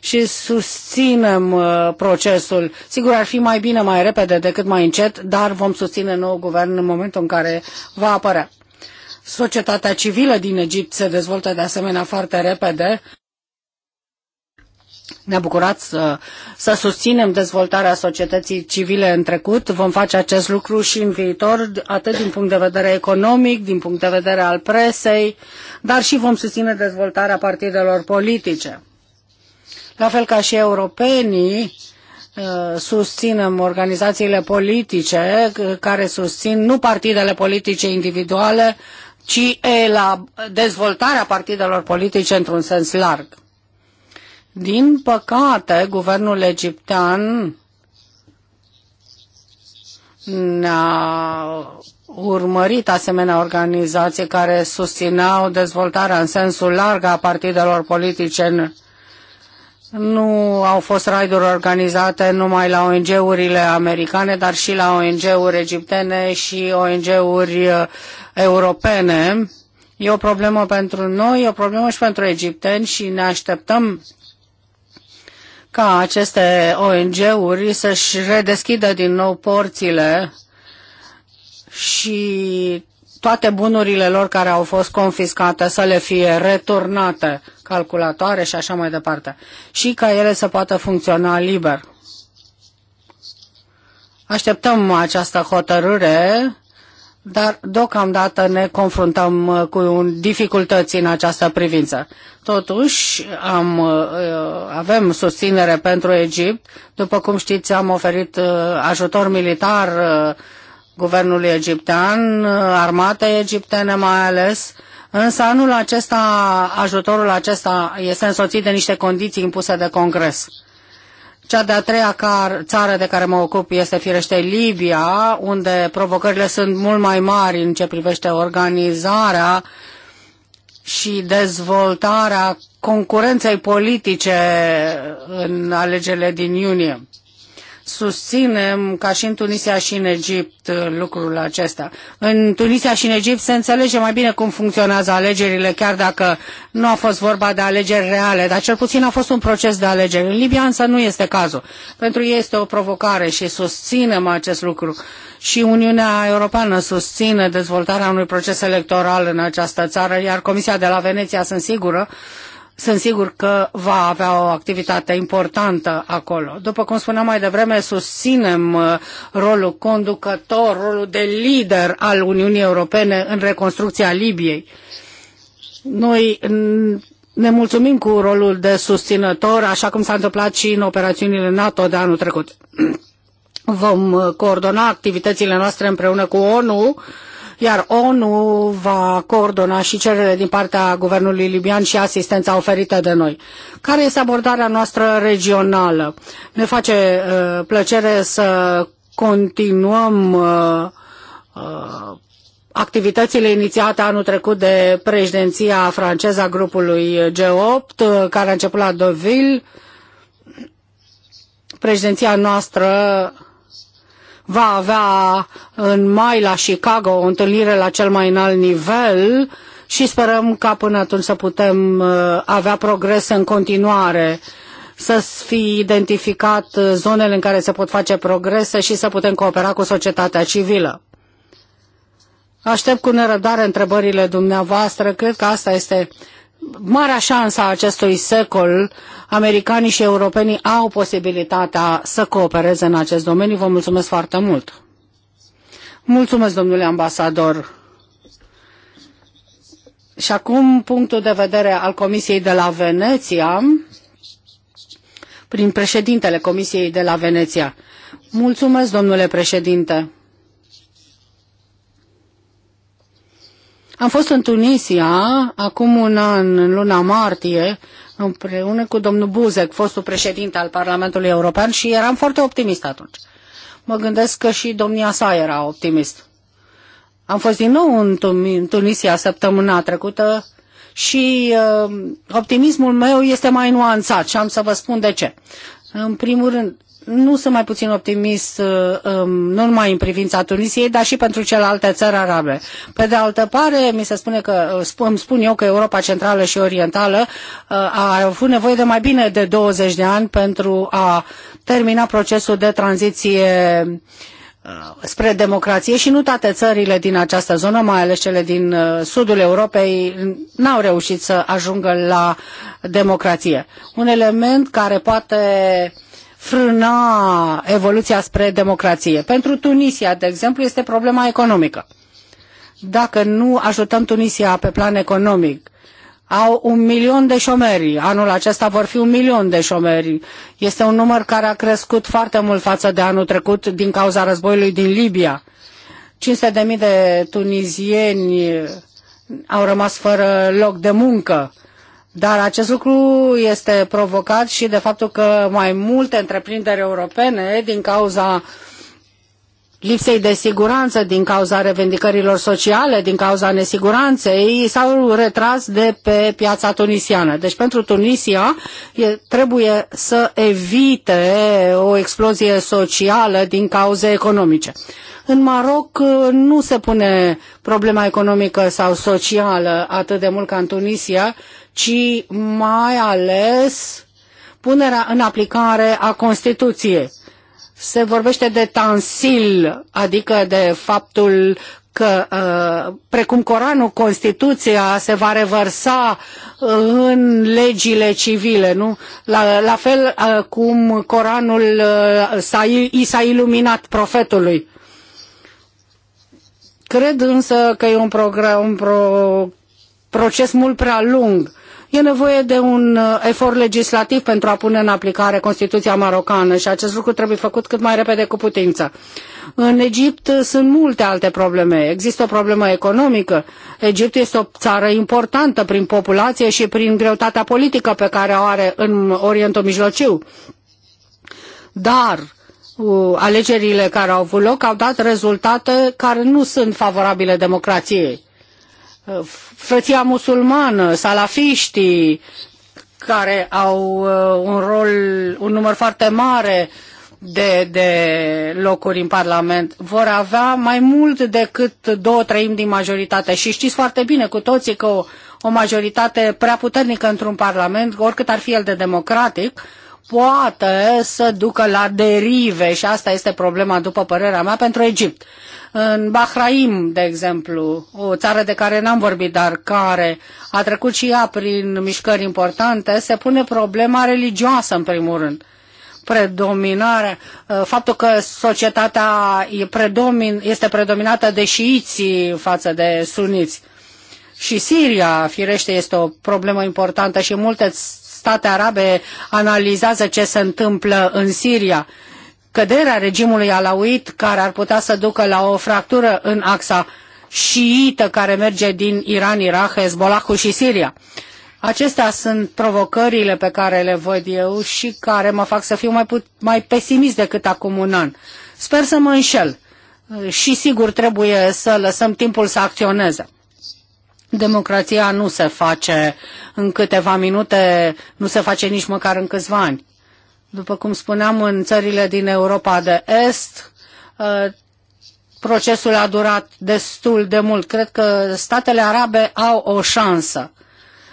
și susținem uh, procesul. Sigur, ar fi mai bine mai repede decât mai încet, dar vom susține nou guvern în momentul în care va apărea. Societatea civilă din Egipt se dezvoltă de asemenea foarte repede. Ne-a bucurat să, să susținem dezvoltarea societății civile în trecut. Vom face acest lucru și în viitor, atât din punct de vedere economic, din punct de vedere al presei, dar și vom susține dezvoltarea partidelor politice. La fel ca și europenii, uh, susținem organizațiile politice uh, care susțin nu partidele politice individuale, ci e la dezvoltarea partidelor politice într-un sens larg. Din păcate, guvernul egiptean ne-a urmărit asemenea organizații care susțineau dezvoltarea în sensul larg a partidelor politice în nu au fost raiduri organizate numai la ONG-urile americane, dar și la ONG-uri egiptene și ONG-uri uh, europene. E o problemă pentru noi, e o problemă și pentru egipteni și ne așteptăm ca aceste ONG-uri să-și redeschidă din nou porțile și toate bunurile lor care au fost confiscate să le fie returnate, calculatoare și așa mai departe, și ca ele să poată funcționa liber. Așteptăm această hotărâre, dar deocamdată ne confruntăm uh, cu dificultăți în această privință. Totuși, am, uh, uh, avem susținere pentru Egipt. După cum știți, am oferit ajutor militar guvernului egiptean, armata egiptene mai ales, însă anul acesta, ajutorul acesta este însoțit de niște condiții impuse de Congres. Cea de-a treia car, țară de care mă ocup este firește Libia, unde provocările sunt mult mai mari în ce privește organizarea și dezvoltarea concurenței politice în alegerile din iunie susținem ca și în Tunisia și în Egipt uh, lucrul acesta. În Tunisia și în Egipt se înțelege mai bine cum funcționează alegerile, chiar dacă nu a fost vorba de alegeri reale, dar cel puțin a fost un proces de alegeri. În Libia însă nu este cazul. Pentru ei este o provocare și susținem acest lucru. Și Uniunea Europeană susține dezvoltarea unui proces electoral în această țară, iar Comisia de la Veneția, sunt sigură, sunt sigur că va avea o activitate importantă acolo. După cum spuneam mai devreme, susținem uh, rolul conducător, rolul de lider al Uniunii Europene în reconstrucția Libiei. Noi ne mulțumim cu rolul de susținător, așa cum s-a întâmplat și în operațiunile NATO de anul trecut. Vom uh, coordona activitățile noastre împreună cu ONU iar ONU va coordona și cererile din partea guvernului libian și asistența oferită de noi. Care este abordarea noastră regională? Ne face uh, plăcere să continuăm uh, uh, activitățile inițiate anul trecut de președinția franceză a grupului G8, uh, care a început la Deauville. Președinția noastră va avea în mai la Chicago o întâlnire la cel mai înalt nivel și sperăm ca până atunci să putem uh, avea progrese în continuare să fi identificat uh, zonele în care se pot face progrese și să putem coopera cu societatea civilă. Aștept cu nerăbdare întrebările dumneavoastră. Cred că asta este marea șansă a acestui secol, americanii și europenii au posibilitatea să coopereze în acest domeniu. Vă mulțumesc foarte mult! Mulțumesc, domnule ambasador! Și acum punctul de vedere al Comisiei de la Veneția, prin președintele Comisiei de la Veneția. Mulțumesc, domnule președinte! Am fost în Tunisia acum un an, în luna martie, împreună cu domnul Buzek, fostul președinte al Parlamentului European și eram foarte optimist atunci. Mă gândesc că și domnia sa era optimist. Am fost din nou în, în Tunisia săptămâna trecută și uh, optimismul meu este mai nuanțat și am să vă spun de ce. În primul rând, nu sunt mai puțin optimist uh, um, nu numai în privința Tunisiei, dar și pentru celelalte țări arabe. Pe de altă parte, mi se spune că, uh, îmi spun eu că Europa Centrală și Orientală uh, a avut nevoie de mai bine de 20 de ani pentru a termina procesul de tranziție spre democrație și nu toate țările din această zonă, mai ales cele din sudul Europei, n-au reușit să ajungă la democrație. Un element care poate uh, frâna evoluția spre democrație. Pentru Tunisia, de exemplu, este problema economică. Dacă nu ajutăm Tunisia pe plan economic, au un milion de șomeri. Anul acesta vor fi un milion de șomeri. Este un număr care a crescut foarte mult față de anul trecut din cauza războiului din Libia. 500.000 de tunizieni au rămas fără loc de muncă dar acest lucru este provocat și de faptul că mai multe întreprinderi europene, din cauza lipsei de siguranță, din cauza revendicărilor sociale, din cauza nesiguranței, s-au retras de pe piața tunisiană. Deci pentru Tunisia e, trebuie să evite o explozie socială din cauze economice. În Maroc uh, nu se pune problema economică sau socială atât de mult ca în Tunisia, ci mai ales punerea în aplicare a Constituției. Se vorbește de tansil, adică de faptul că, uh, precum Coranul, Constituția se va revărsa în legile civile, nu? La, la fel uh, cum Coranul uh, i s-a iluminat profetului. Cred însă că e un, progr- un pro, proces mult prea lung E nevoie de un uh, efort legislativ pentru a pune în aplicare Constituția marocană și acest lucru trebuie făcut cât mai repede cu putință. În Egipt uh, sunt multe alte probleme. Există o problemă economică. Egiptul este o țară importantă prin populație și prin greutatea politică pe care o are în Orientul Mijlociu. Dar uh, alegerile care au avut loc au dat rezultate care nu sunt favorabile democrației frăția musulmană, salafiștii, care au uh, un rol, un număr foarte mare de, de locuri în Parlament vor avea mai mult decât două treimi din majoritate. Și știți foarte bine cu toții că o, o majoritate prea puternică într-un Parlament, oricât ar fi el de democratic, poate să ducă la derive și asta este problema, după părerea mea, pentru Egipt. În Bahraim, de exemplu, o țară de care n-am vorbit, dar care a trecut și ea prin mișcări importante, se pune problema religioasă, în primul rând predominare, uh, faptul că societatea este predominată de șiiții față de suniți. Și Siria, firește, este o problemă importantă și multe state arabe analizează ce se întâmplă în Siria. Căderea regimului alauit, care ar putea să ducă la o fractură în axa șiită care merge din Iran, Irak, Hezbollah și Siria. Acestea sunt provocările pe care le văd eu și care mă fac să fiu mai, put, mai pesimist decât acum un an. Sper să mă înșel și sigur trebuie să lăsăm timpul să acționeze. Democrația nu se face în câteva minute, nu se face nici măcar în câțiva ani. După cum spuneam, în țările din Europa de Est, ă, procesul a durat destul de mult. Cred că statele arabe au o șansă.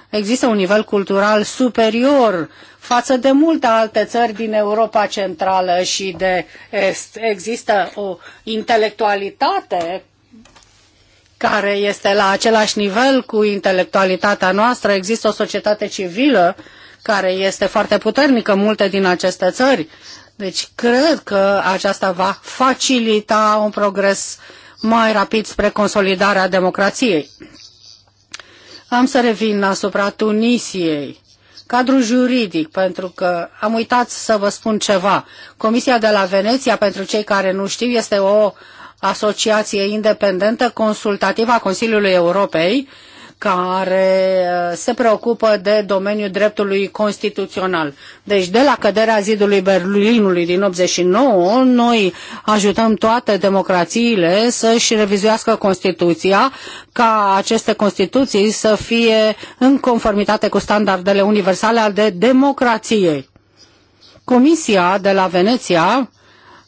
Există un nivel cultural superior față de multe alte țări din Europa Centrală și de Est. Există o intelectualitate care este la același nivel cu intelectualitatea noastră. Există o societate civilă care este foarte puternică în multe din aceste țări. Deci cred că aceasta va facilita un progres mai rapid spre consolidarea democrației. Am să revin asupra Tunisiei. Cadrul juridic, pentru că am uitat să vă spun ceva. Comisia de la Veneția, pentru cei care nu știu, este o uh, asociație independentă consultativă a Consiliului Europei care uh, se preocupă de domeniul dreptului constituțional. Deci de la căderea zidului Berlinului din 89, noi ajutăm toate democrațiile să-și revizuiască Constituția ca aceste Constituții să fie în conformitate cu standardele universale ale de democrației. Comisia de la Veneția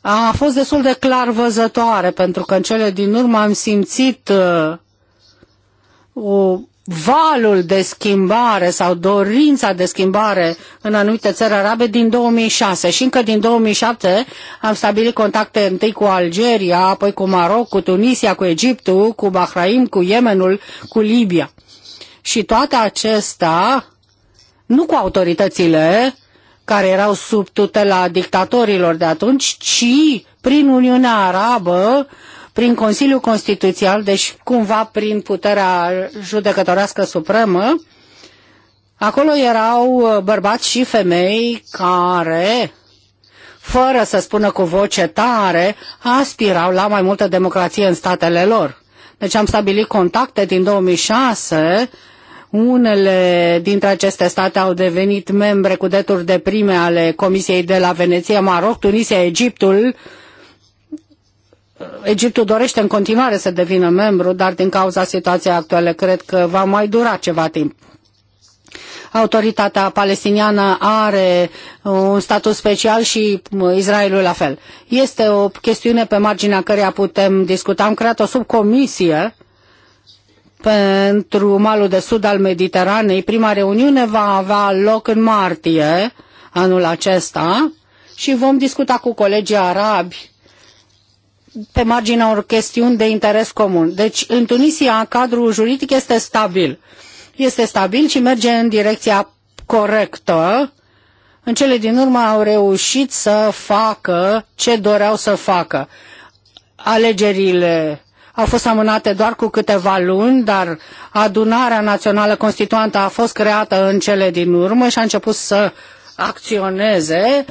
a fost destul de clar văzătoare, pentru că în cele din urmă am simțit uh, o, valul de schimbare sau dorința de schimbare în anumite țări arabe din 2006 și încă din 2007 am stabilit contacte întâi cu Algeria, apoi cu Maroc, cu Tunisia, cu Egiptul, cu Bahrain, cu Yemenul, cu Libia. Și toate acestea, nu cu autoritățile, care erau sub tutela dictatorilor de atunci, ci prin Uniunea Arabă, prin Consiliul Constituțional, deci cumva prin puterea judecătorească supremă, acolo erau uh, bărbați și femei care, fără să spună cu voce tare, aspirau la mai multă democrație în statele lor. Deci am stabilit contacte din 2006 unele dintre aceste state au devenit membre cu deturi de prime ale Comisiei de la Veneția, Maroc, Tunisia, Egiptul. Egiptul dorește în continuare să devină membru, dar din cauza situației actuale cred că va mai dura ceva timp autoritatea palestiniană are un statut special și Israelul la fel. Este o chestiune pe marginea căreia putem discuta. Am creat o subcomisie uh, pentru malul de sud al Mediteranei. Prima reuniune va avea loc în martie anul acesta și vom discuta cu colegii arabi pe marginea unor chestiuni de interes comun. Deci, în Tunisia, cadrul juridic este stabil. Este stabil și merge în direcția corectă. În cele din urmă au reușit să facă ce doreau să facă. Alegerile au fost amânate doar cu câteva luni, dar adunarea națională constituantă a fost creată în cele din urmă și a început să acționeze.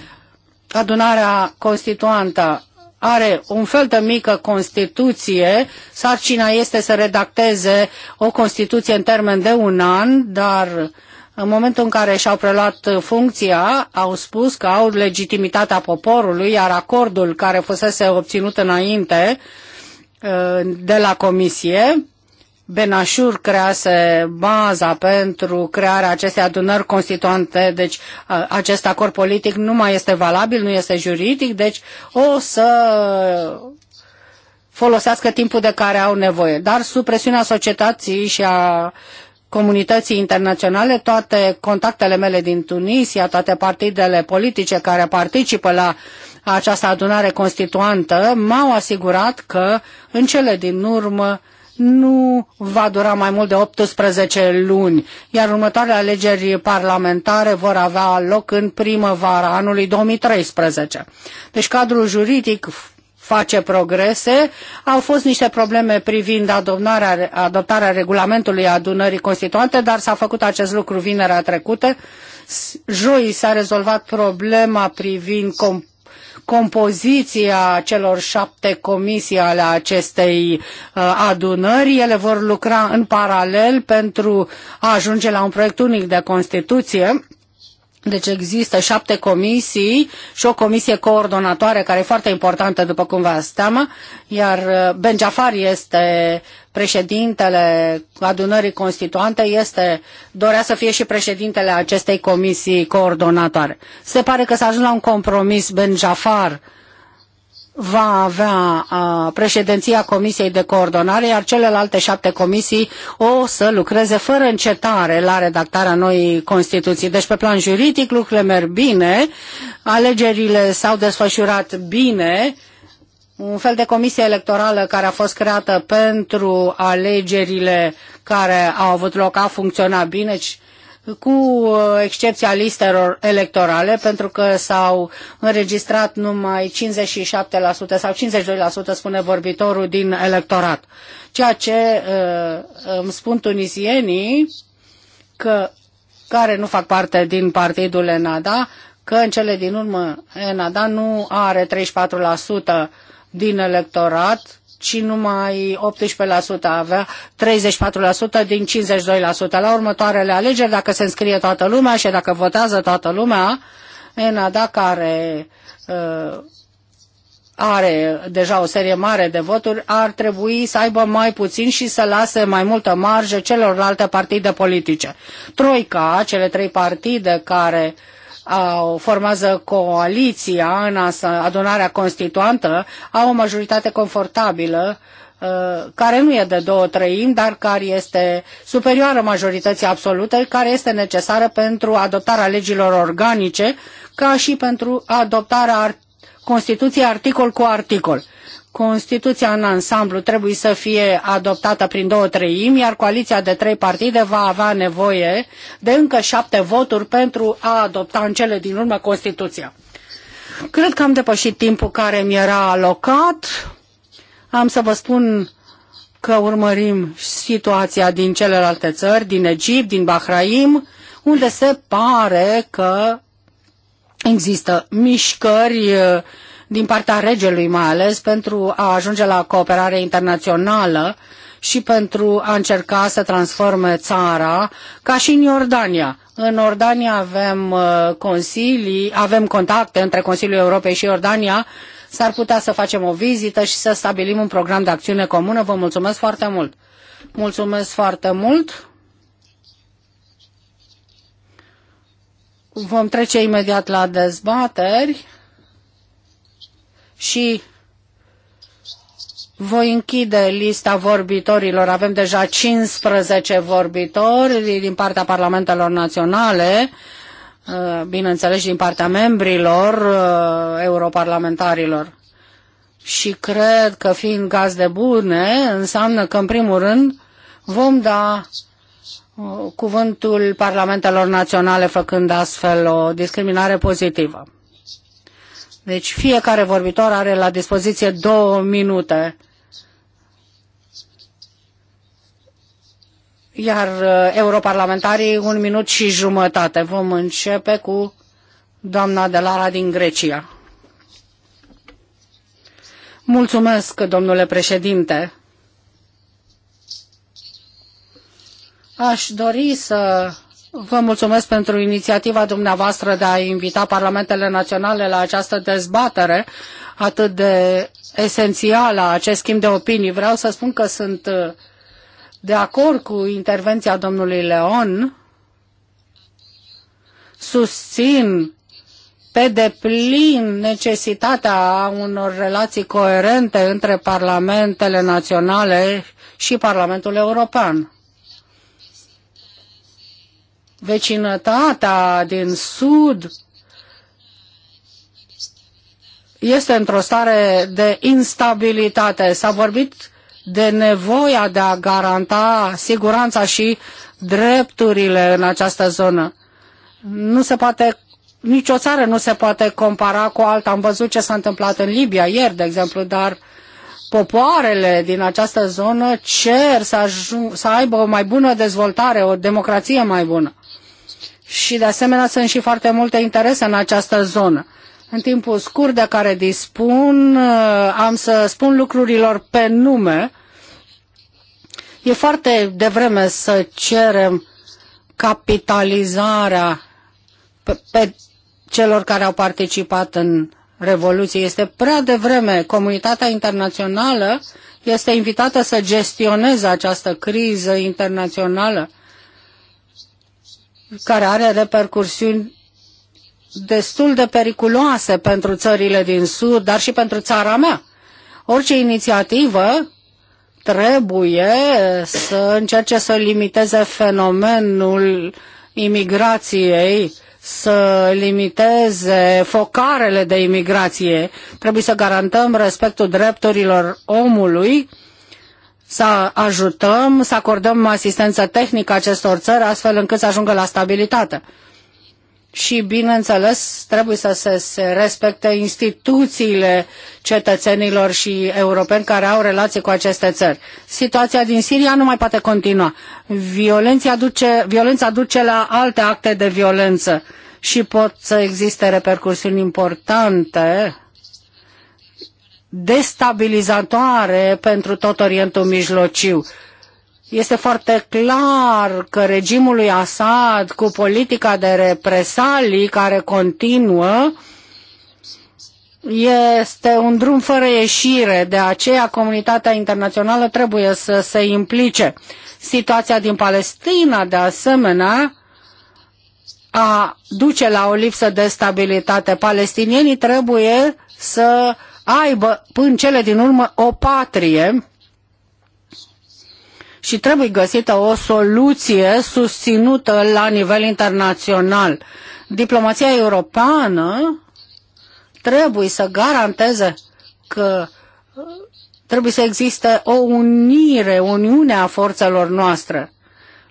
Adunarea constituantă are un fel de mică Constituție, sarcina este să redacteze o Constituție în termen de un an, dar în momentul în care și-au preluat funcția, au spus că au legitimitatea poporului, iar acordul care fusese obținut înainte de la comisie. Benașur crease baza pentru crearea acestei adunări constituante, deci acest acord politic nu mai este valabil, nu este juridic, deci o să folosească timpul de care au nevoie. Dar sub presiunea societății și a comunității internaționale, toate contactele mele din Tunisia, toate partidele politice care participă la uh, această adunare constituantă m-au asigurat că în cele din urmă nu va dura mai mult de 18 luni, iar următoarele alegeri parlamentare vor avea loc în primăvara anului 2013. Deci cadrul juridic face progrese. Au fost niște probleme privind adoptarea, adoptarea regulamentului adunării constituante, dar s-a făcut acest lucru vinerea trecută. Joi s-a rezolvat problema privind comp compoziția celor șapte comisii ale acestei uh, adunări. Ele vor lucra în paralel pentru a ajunge la un proiect unic de Constituție. Deci există șapte comisii și o comisie coordonatoare care e foarte importantă, după cum vă seama, iar uh, Ben Jafar este președintele adunării constituante este, dorea să fie și președintele acestei comisii coordonatoare. Se pare că s-a ajuns la un compromis, Ben Jafar va avea a, președinția Comisiei de Coordonare, iar celelalte șapte comisii o să lucreze fără încetare la redactarea noii Constituții. Deci, pe plan juridic, lucrurile merg bine, alegerile s-au desfășurat bine, un fel de comisie electorală care a fost creată pentru alegerile care au avut loc, a funcționat bine, cu uh, excepția listelor electorale, pentru că s-au înregistrat numai 57% sau 52%, spune vorbitorul, din electorat. Ceea ce uh, îmi spun tunisienii că, care nu fac parte din partidul Enada, că în cele din urmă Enada nu are 34% din electorat, ci numai 18% avea 34% din 52%. La următoarele alegeri, dacă se înscrie toată lumea și dacă votează toată lumea, Enada care uh, are deja o serie mare de voturi, ar trebui să aibă mai puțin și să lase mai multă marjă celorlalte partide politice. Troica, cele trei partide care uh, au, formează coaliția în adunarea constituantă, au o majoritate confortabilă uh, care nu e de două treimi, dar care este superioară majorității absolute, care este necesară pentru adoptarea legilor organice, ca și pentru adoptarea Constituției articol cu articol. Constituția în ansamblu trebuie să fie adoptată prin două treimi, iar coaliția de trei partide va avea nevoie de încă șapte voturi pentru a adopta în cele din urmă Constituția. Cred că am depășit timpul care mi era alocat. Am să vă spun că urmărim situația din celelalte țări, din Egipt, din Bahraim, unde se pare că există mișcări uh, din partea regelui mai ales, pentru a ajunge la cooperare internațională și pentru a încerca să transforme țara, ca și în Iordania. În Iordania avem uh, consilii, avem contacte între Consiliul Europei și Iordania, s-ar putea să facem o vizită și să stabilim un program de acțiune comună. Vă mulțumesc foarte mult! Mulțumesc foarte mult! Vom trece imediat la dezbateri și voi închide lista vorbitorilor. Avem deja 15 vorbitori din partea Parlamentelor Naționale, uh, bineînțeles din partea membrilor uh, europarlamentarilor. Și cred că fiind gaz de bune, înseamnă că în primul rând vom da uh, cuvântul Parlamentelor Naționale făcând astfel o discriminare pozitivă. Deci fiecare vorbitor are la dispoziție două minute. Iar uh, europarlamentarii un minut și jumătate. Vom începe cu doamna Delara din Grecia. Mulțumesc, domnule președinte. Aș dori să Vă mulțumesc pentru inițiativa dumneavoastră de a invita parlamentele naționale la această dezbatere atât de esențială, acest schimb de opinii. Vreau să spun că sunt uh, de acord cu intervenția domnului Leon. Susțin pe deplin necesitatea unor relații coerente între parlamentele naționale și Parlamentul European vecinătatea din sud este într-o stare de instabilitate. S-a vorbit de nevoia de a garanta siguranța și drepturile în această zonă. Nu se poate, nicio țară nu se poate compara cu alta. Am văzut ce s-a întâmplat în Libia ieri, de exemplu, dar popoarele din această zonă cer să, ajung, să aibă o mai bună dezvoltare, o democrație mai bună și de asemenea sunt și foarte multe interese în această zonă. În timpul scurt de care dispun, uh, am să spun lucrurilor pe nume. E foarte devreme să cerem capitalizarea pe, pe celor care au participat în Revoluție. Este prea devreme. Comunitatea internațională este invitată să gestioneze această criză internațională care are repercursiuni destul de periculoase pentru țările din Sud, dar și pentru țara mea. Orice inițiativă trebuie să încerce să limiteze fenomenul imigrației, să limiteze focarele de imigrație. Trebuie să garantăm respectul drepturilor omului să ajutăm, să acordăm asistență tehnică acestor țări astfel încât să ajungă la stabilitate. Și, bineînțeles, trebuie să se, se respecte instituțiile cetățenilor și europeni care au relații cu aceste țări. Situația din Siria nu mai poate continua. Violența duce, violența duce la alte acte de violență și pot să existe repercursiuni importante destabilizatoare pentru tot Orientul Mijlociu. Este foarte clar că regimul lui Assad, cu politica de represalii care continuă, este un drum fără ieșire, de aceea comunitatea internațională trebuie să se implice. Situația din Palestina, de asemenea, a duce la o lipsă de stabilitate. Palestinienii trebuie să uh, aibă până cele din urmă o patrie și trebuie găsită o soluție susținută la nivel internațional. Diplomația europeană trebuie să garanteze că trebuie să existe o unire, uniune a forțelor noastre.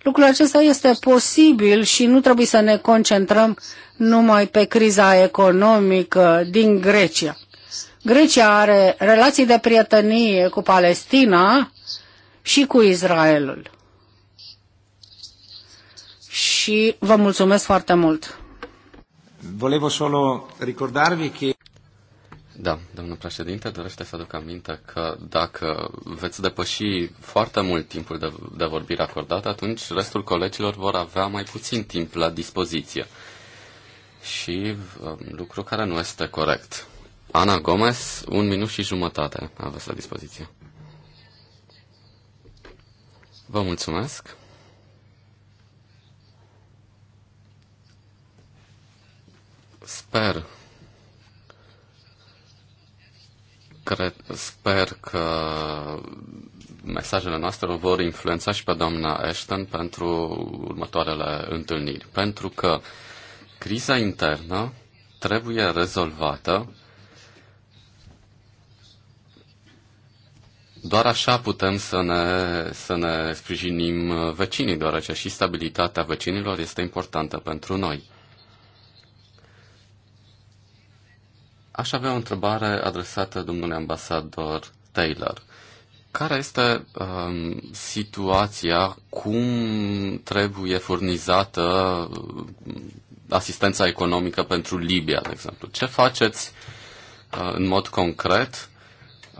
Lucrul acesta este posibil și nu trebuie să ne concentrăm numai pe criza economică din Grecia. Grecia are relații de prietenie cu Palestina și cu Israelul. Și vă mulțumesc foarte mult. Volevo solo ricordarvi che... Da, domnul președinte, dorește să aduc aminte că dacă veți depăși foarte mult timpul de, de vorbire acordat, atunci restul colegilor vor avea mai puțin timp la dispoziție. Și um, lucru care nu este corect. Ana Gomez, un minut și jumătate aveți la dispoziție. Vă mulțumesc. Sper cred, sper că mesajele noastre vor influența și pe doamna Ashton pentru următoarele întâlniri. Pentru că criza internă trebuie rezolvată Doar așa putem să ne, să ne sprijinim vecinii, deoarece și stabilitatea vecinilor este importantă pentru noi. Aș avea o întrebare adresată domnului ambasador Taylor. Care este um, situația, cum trebuie furnizată uh, asistența economică pentru Libia, de exemplu? Ce faceți uh, în mod concret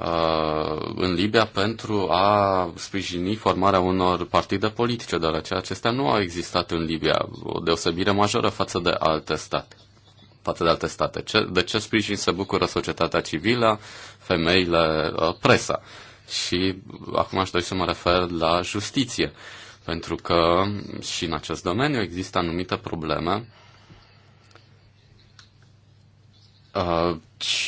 Uh, în Libia pentru a sprijini formarea unor partide politice, dar acestea nu au existat în Libia, o deosebire majoră față de alte state. Față de alte state. Ce, de ce sprijin se bucură societatea civilă, femeile, uh, presa? Și acum aș dori să mă refer la justiție, pentru că și în acest domeniu există anumite probleme Uh,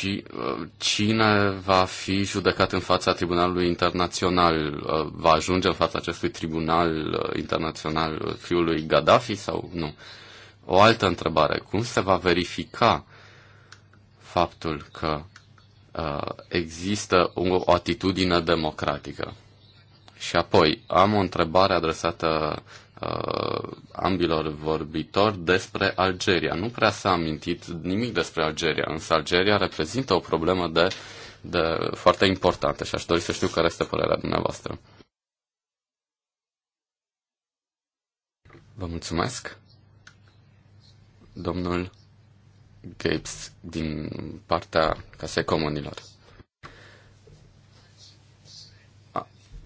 uh, cine va fi judecat în fața Tribunalului Internațional? Uh, va ajunge în fața acestui Tribunal Internațional fiul lui Gaddafi sau nu? O altă întrebare. Cum se va verifica faptul că există o, o atitudine democratică? Și apoi am o întrebare adresată uh, ambilor vorbitori despre Algeria. Nu prea s-a amintit nimic despre Algeria, însă Algeria reprezintă o problemă de, de foarte importantă și aș dori să știu care este părerea dumneavoastră. Vă mulțumesc. Domnul Gapes din partea Casei Comunilor.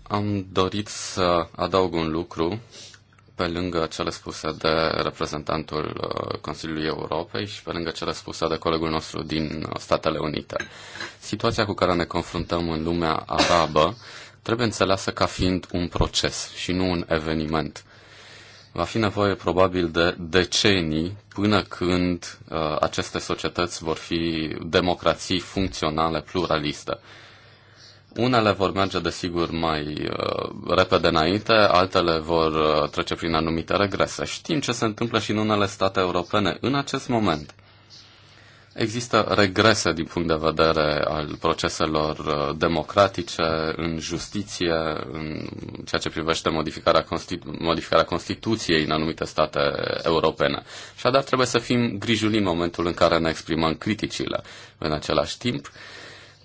Am dorit să adaug un lucru pe lângă cele spuse de reprezentantul uh, Consiliului Europei și pe lângă cele spuse de colegul nostru din uh, Statele Unite. Situația cu care ne confruntăm în lumea arabă trebuie înțeleasă ca fiind un proces și nu un eveniment. Va fi nevoie probabil de decenii până când uh, aceste societăți vor fi democrații funcționale, pluraliste. Unele vor merge, desigur, mai uh, repede înainte, altele vor uh, trece prin anumite regrese. Știm ce se întâmplă și în unele state europene în acest moment. Există regrese din punct de vedere al proceselor uh, democratice, în justiție, în ceea ce privește modificarea, Constitu- modificarea Constituției în anumite state europene. Și adar trebuie să fim grijuli în momentul în care ne exprimăm criticile. În același timp, uh,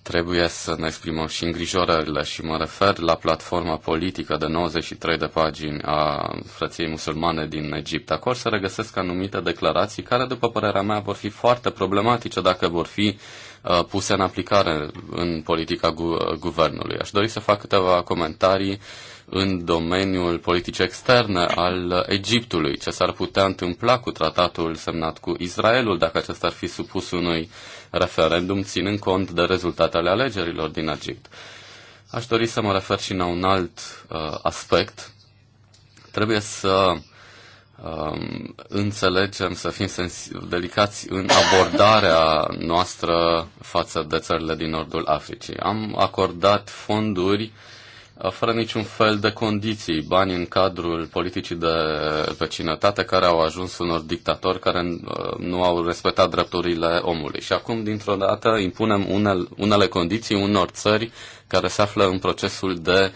Trebuie să ne exprimăm și îngrijorările și mă refer la platforma politică de 93 de pagini a frăției musulmane din Egipt. Acolo se regăsesc anumite declarații care, după părerea mea, vor fi foarte problematice dacă vor fi uh, puse în aplicare în politica gu- guvernului. Aș dori să fac câteva comentarii în domeniul politice externe al Egiptului, ce s-ar putea întâmpla cu tratatul semnat cu Israelul dacă acesta ar fi supus unui uh, referendum, ținând cont de rezultatele alegerilor din Egipt. Aș dori să mă refer și la un alt uh, aspect. Trebuie să uh, înțelegem, să fim delicați în abordarea noastră față de țările din nordul Africii. Am acordat fonduri uh, fără niciun fel de condiții, bani în cadrul politicii de vecinătate care au ajuns unor dictatori care nu au respectat drepturile omului. Și acum, dintr-o dată, impunem unele, unele condiții unor țări care se află în procesul de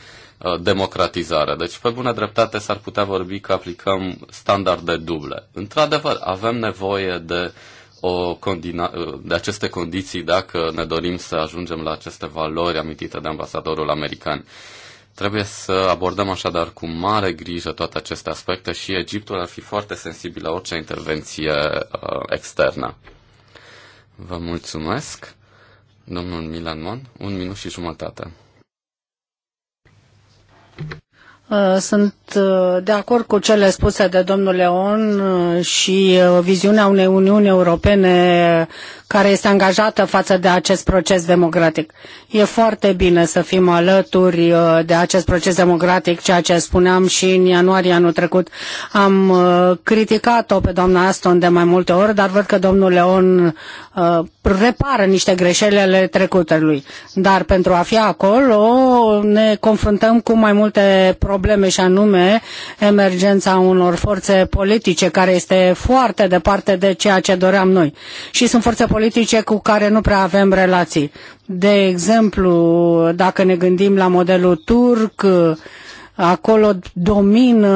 democratizare. Deci, pe bună dreptate, s-ar putea vorbi că aplicăm standarde duble. Într-adevăr, avem nevoie de, o condina- de aceste condiții dacă ne dorim să ajungem la aceste valori amintite de ambasadorul american. Uh, Trebuie să abordăm așadar cu mare grijă toate aceste aspecte și Egiptul ar fi foarte sensibil la orice intervenție uh, externă. Vă mulțumesc, domnul Milan Mon, un minut și jumătate. Uh, sunt uh, de acord cu cele spuse de domnul Leon uh, și viziunea unei Uniuni Europene care este angajată față de acest proces democratic. E foarte bine să fim alături uh, de acest proces democratic, ceea ce spuneam și în ianuarie anul trecut. Am uh, criticat-o pe doamna Aston de mai multe ori, dar văd că domnul Leon uh, repară niște greșeli ale trecutului. Dar pentru a fi acolo ne confruntăm cu mai multe probleme și anume emergența unor forțe politice care este foarte departe de ceea ce doream noi. Și sunt forțe politice cu care nu prea avem relații. De exemplu, dacă ne gândim la modelul turc, acolo domină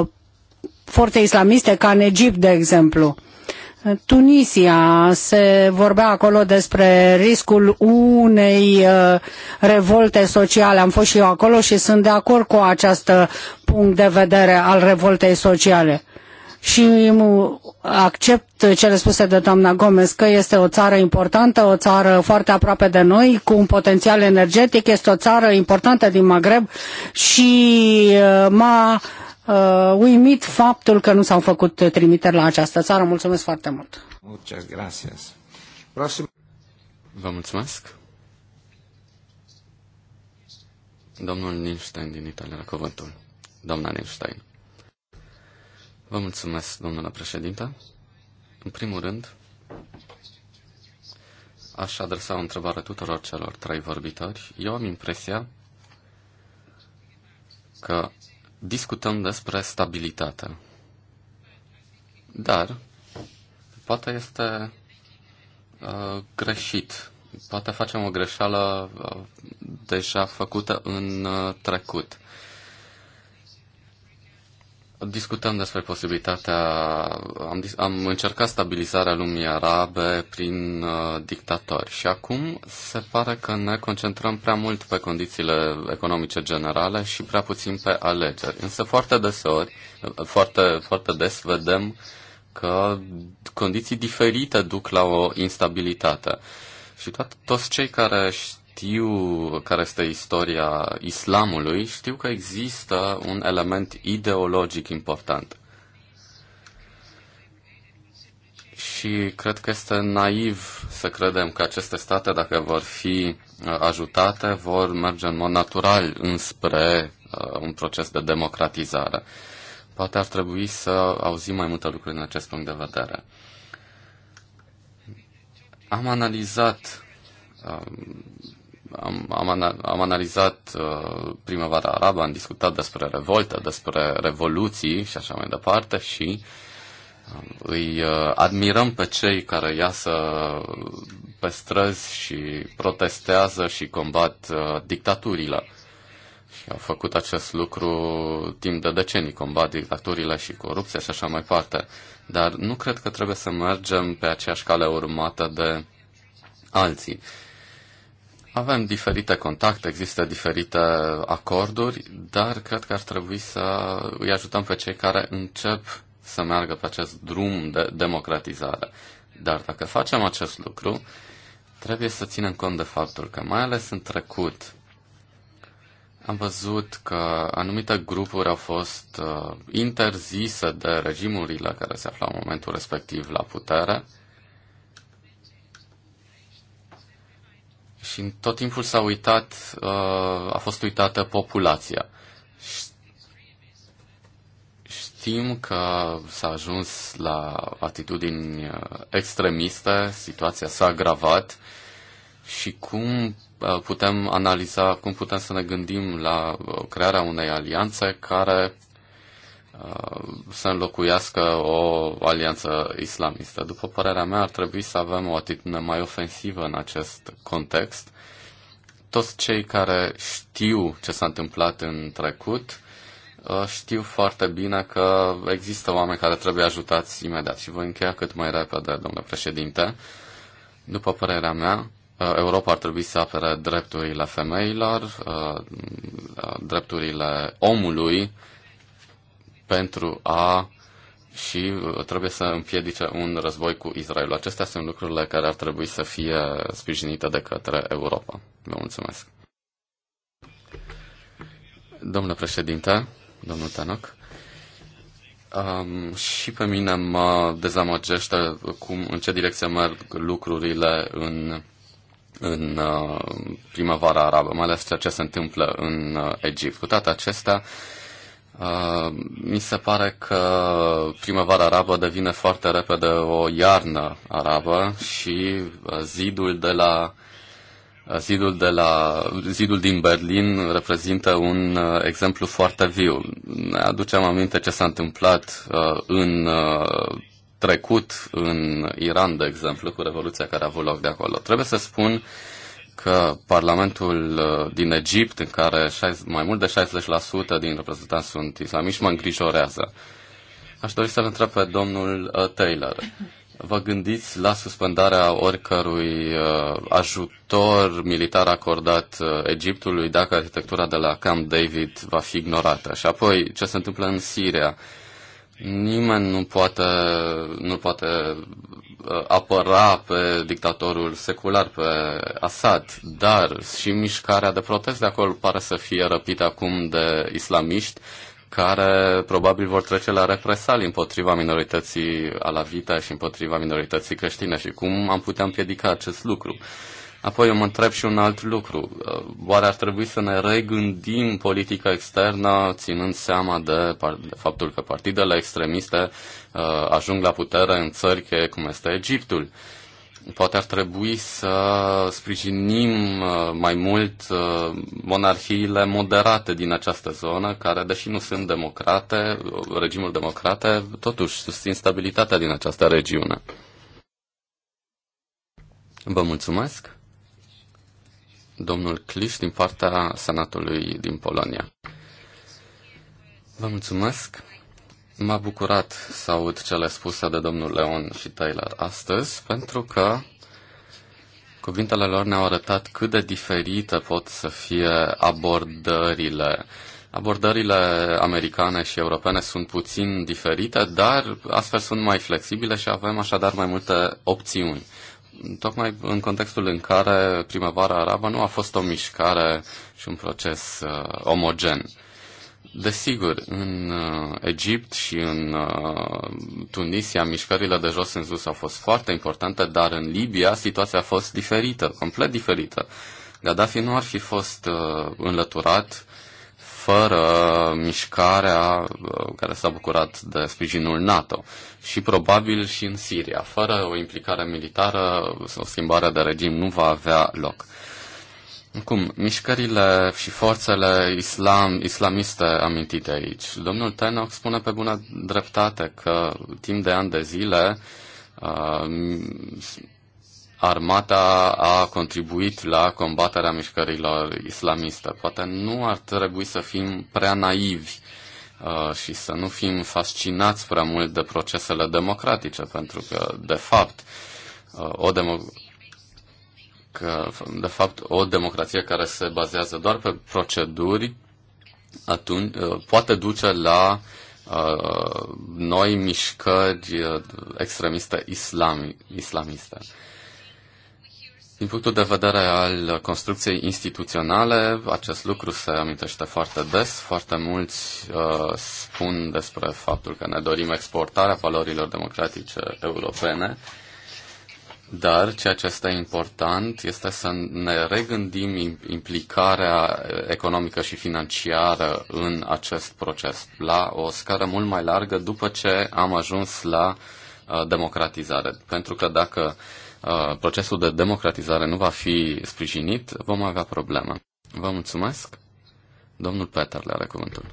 uh, forțe islamiste ca în Egipt, de exemplu. Tunisia se vorbea acolo despre riscul unei uh, revolte sociale. Am fost și eu acolo și sunt de acord cu acest punct de vedere al revoltei sociale și accept cele spuse de doamna Gomes că este o țară importantă, o țară foarte aproape de noi, cu un potențial energetic, este o țară importantă din Maghreb și uh, m-a uh, uimit faptul că nu s-au făcut trimiteri la această țară. Mulțumesc foarte mult! Muchas gracias. Prosim... Vă mulțumesc! Domnul Nilstein din Italia, la cuvântul. Doamna Nilstein. Vă mulțumesc, domnule președinte. În primul rând, aș adresa o întrebare tuturor celor trei vorbitori. Eu am impresia că discutăm despre stabilitate. Dar, poate este uh, greșit. Poate facem o greșeală uh, deja făcută în uh, trecut. Discutăm despre posibilitatea, am, am încercat stabilizarea lumii arabe prin uh, dictatori și acum se pare că ne concentrăm prea mult pe condițiile economice generale și prea puțin pe alegeri. Însă foarte deseori, uh, foarte, foarte des vedem că condiții diferite duc la o instabilitate. Și toți cei care știu care este istoria islamului, știu că există un element ideologic important. și cred că este naiv să credem că aceste state, dacă vor fi uh, ajutate, vor merge în mod natural înspre uh, un proces de democratizare. Poate ar trebui să auzim mai multe lucruri din acest punct de vedere. Am analizat um, am, am, am analizat uh, primăvara arabă, am discutat despre revoltă, despre revoluții și așa mai departe și uh, îi uh, admirăm pe cei care iasă pe străzi și protestează și combat uh, dictaturile. Și au făcut acest lucru timp de decenii, combat dictaturile și corupția și așa mai departe. Dar nu cred că trebuie să mergem pe aceeași cale urmată de alții. Uh, avem diferite contacte, există diferite acorduri, dar cred că ar trebui să îi ajutăm pe cei care încep să meargă pe acest drum de democratizare. Dar dacă facem acest lucru, trebuie să ținem cont de faptul că, mai ales în trecut, am văzut că anumite grupuri au fost uh, interzise de regimurile care se aflau în momentul respectiv la putere, uh, și în tot timpul s-a uitat, uh, a fost uitată populația. Știm că s-a ajuns la atitudini uh, extremiste, situația s-a agravat și cum uh, putem analiza, cum putem să ne gândim la crearea unei alianțe care Uh, să înlocuiască o alianță islamistă. După părerea mea, ar trebui să avem o atitudine mai ofensivă în acest context. Toți cei care știu ce s-a întâmplat în trecut uh, știu foarte bine că există oameni care trebuie ajutați imediat și voi încheia cât mai repede, domnule președinte. După părerea mea, uh, Europa ar trebui să apere drepturile femeilor, drepturile omului, pentru a și uh, trebuie să împiedice un război cu Israelul. Acestea sunt lucrurile care ar trebui să fie sprijinite de către Europa. Vă mulțumesc. Domnule președinte, domnul Tanoc, um, și pe mine mă dezamăgește cum, în ce direcție merg lucrurile în, în uh, primăvara arabă, mai ales ceea ce se întâmplă în uh, Egipt. Cu toate acestea, uh, Uh, mi se pare că primăvara arabă devine foarte repede o iarnă arabă și uh, zidul de la uh, Zidul, de la, zidul din Berlin reprezintă un exemplu foarte viu. Ne aducem aminte ce s-a întâmplat uh, în uh, trecut, în Iran, de exemplu, cu revoluția care a avut loc de acolo. Trebuie să spun uh, că Parlamentul uh, din Egipt, în care mai mult de 60% din reprezentanți sunt islamiști, mă îngrijorează. Aș dori să-l întreb pe domnul uh, Taylor. Vă gândiți la suspendarea oricărui uh, ajutor militar acordat Egiptului dacă arhitectura de la Camp David va fi ignorată? Și apoi, ce se întâmplă în Siria? Nimeni nu poate, nu poate uh, apăra pe dictatorul secular, pe Assad, dar și mișcarea de protest de acolo pare să fie răpită acum de islamiști care probabil vor trece la represali împotriva minorității alavita și împotriva minorității creștine și cum am putea împiedica acest lucru. Apoi eu mă întreb și un alt lucru. Uh, oare ar trebui să ne regândim politica externă ținând seama de, de faptul că partidele extremiste uh, ajung la putere în țări cum este Egiptul? Poate ar trebui să sprijinim uh, mai mult uh, monarhiile moderate din această zonă, care, deși nu sunt democrate, regimul democrate, totuși susțin stabilitatea din această regiune. Vă mulțumesc domnul Cliș din partea Senatului din Polonia. Vă mulțumesc. M-a bucurat să aud cele spuse de domnul Leon și Taylor astăzi, pentru că cuvintele lor ne-au arătat cât de diferite pot să fie abordările. Abordările americane și europene sunt puțin diferite, dar astfel sunt mai flexibile și avem așadar mai multe opțiuni tocmai în contextul în care primăvara arabă nu a fost o mișcare și un proces uh, omogen. Desigur, în uh, Egipt și în uh, Tunisia mișcările de jos în sus au fost foarte importante, dar în Libia situația a fost diferită, complet diferită. Gaddafi nu ar fi fost uh, înlăturat fără mișcarea uh, care s-a bucurat de sprijinul NATO și probabil și în Siria. Fără o implicare militară, o schimbare de regim nu va avea loc. Cum? Mișcările și forțele islam, islamiste amintite aici. Domnul Tenoch spune pe bună dreptate că timp de ani de zile uh, armata a contribuit la combaterea mișcărilor islamiste. Poate nu ar trebui să fim prea naivi Uh, și să nu fim fascinați prea mult de procesele democratice, pentru că, de fapt, uh, o democ- că, de fapt, o democrație care se bazează doar pe proceduri atunci, uh, poate duce la uh, noi mișcări extremiste islami, islamiste. Din punctul de vedere al construcției instituționale, acest lucru se amintește foarte des. Foarte mulți uh, spun despre faptul că ne dorim exportarea valorilor democratice europene, dar ceea ce este important este să ne regândim implicarea economică și financiară în acest proces la o scară mult mai largă după ce am ajuns la uh, democratizare. Pentru că dacă uh, Uh, procesul de democratizare nu va fi sprijinit, vom avea probleme. Vă mulțumesc. Domnul Peter le are cuvântul.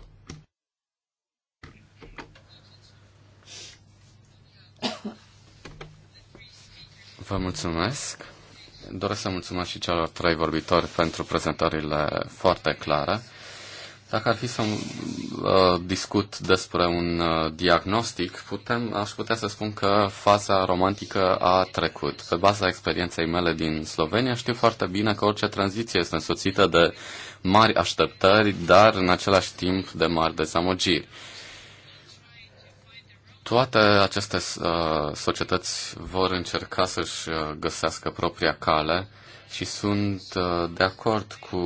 Vă mulțumesc. Doresc să mulțumesc și celor trei vorbitori pentru prezentările foarte clare. Dacă ar fi să uh, discut despre un uh, diagnostic, putem, aș putea să spun că faza romantică a trecut. Pe baza experienței mele din Slovenia știu foarte bine că orice tranziție este însoțită de mari așteptări, dar în același timp de mari dezamăgiri. Toate aceste uh, societăți vor încerca să-și uh, găsească propria cale uh, și sunt uh, de acord cu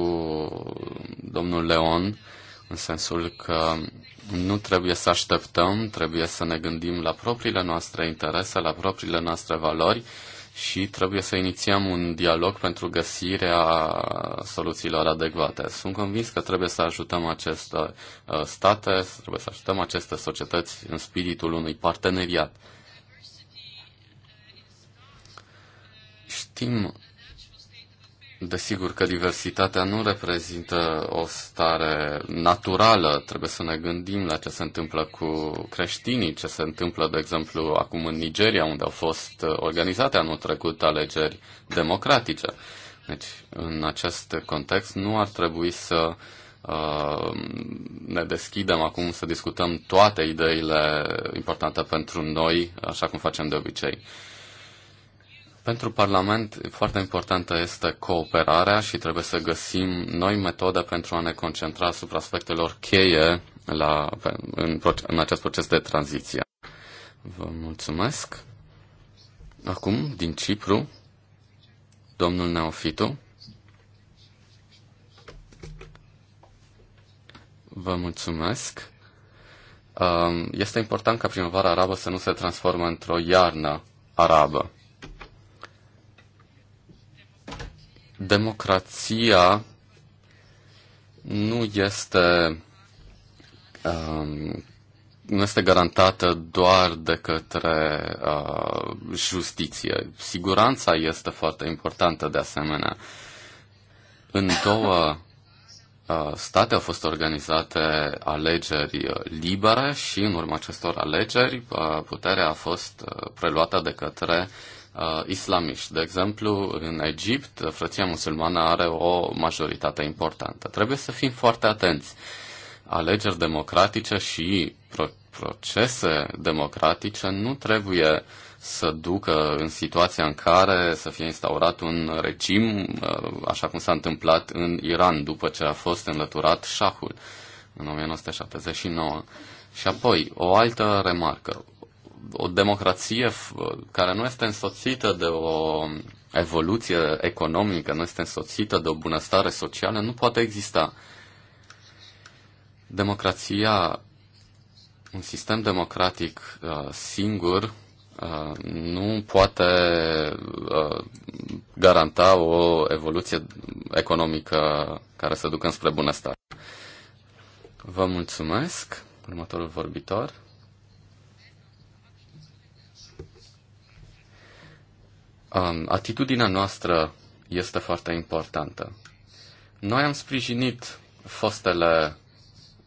domnul Leon în sensul că nu trebuie să așteptăm, trebuie să ne gândim la propriile noastre interese, la propriile noastre valori și trebuie să inițiem un dialog pentru găsirea soluțiilor adecvate. Sunt convins că trebuie să ajutăm aceste uh, state, trebuie să ajutăm aceste societăți în spiritul unui parteneriat. Știm Desigur că diversitatea nu reprezintă o stare naturală. Trebuie să ne gândim la ce se întâmplă cu creștinii, ce se întâmplă, de exemplu, acum în Nigeria, unde au fost uh, organizate anul trecut alegeri democratice. Deci, în acest context, nu ar trebui să uh, ne deschidem acum să discutăm toate ideile importante pentru noi, așa cum facem de obicei. Pentru Parlament foarte importantă este cooperarea și trebuie să găsim noi metode pentru a ne concentra asupra aspectelor cheie la, în, în acest proces de tranziție. Vă mulțumesc. Acum, din Cipru, domnul Neofitu. Vă mulțumesc. Um, este important ca primăvara arabă să nu se transformă într-o iarnă arabă. democrația nu este, um, nu este garantată doar de către uh, justiție. Siguranța este foarte importantă de asemenea. În două uh, state au fost organizate alegeri libere și în urma acestor alegeri uh, puterea a fost uh, preluată de către uh, uh, islamiști. De exemplu, în Egipt, uh, frăția musulmană are o majoritate importantă. Trebuie să fim foarte atenți. Alegeri democratice și pro- procese democratice nu trebuie să ducă în situația în care să fie instaurat un regim, uh, așa cum s-a întâmplat în Iran după ce a fost înlăturat șahul în 1979. Și apoi, o altă remarcă o democrație care nu este însoțită de o evoluție economică, nu este însoțită de o bunăstare socială, nu poate exista. Democrația, un sistem democratic uh, singur, uh, nu poate uh, garanta o evoluție economică care să ducă înspre bunăstare. Vă mulțumesc. Următorul vorbitor. um, atitudinea noastră este foarte importantă. Noi am sprijinit fostele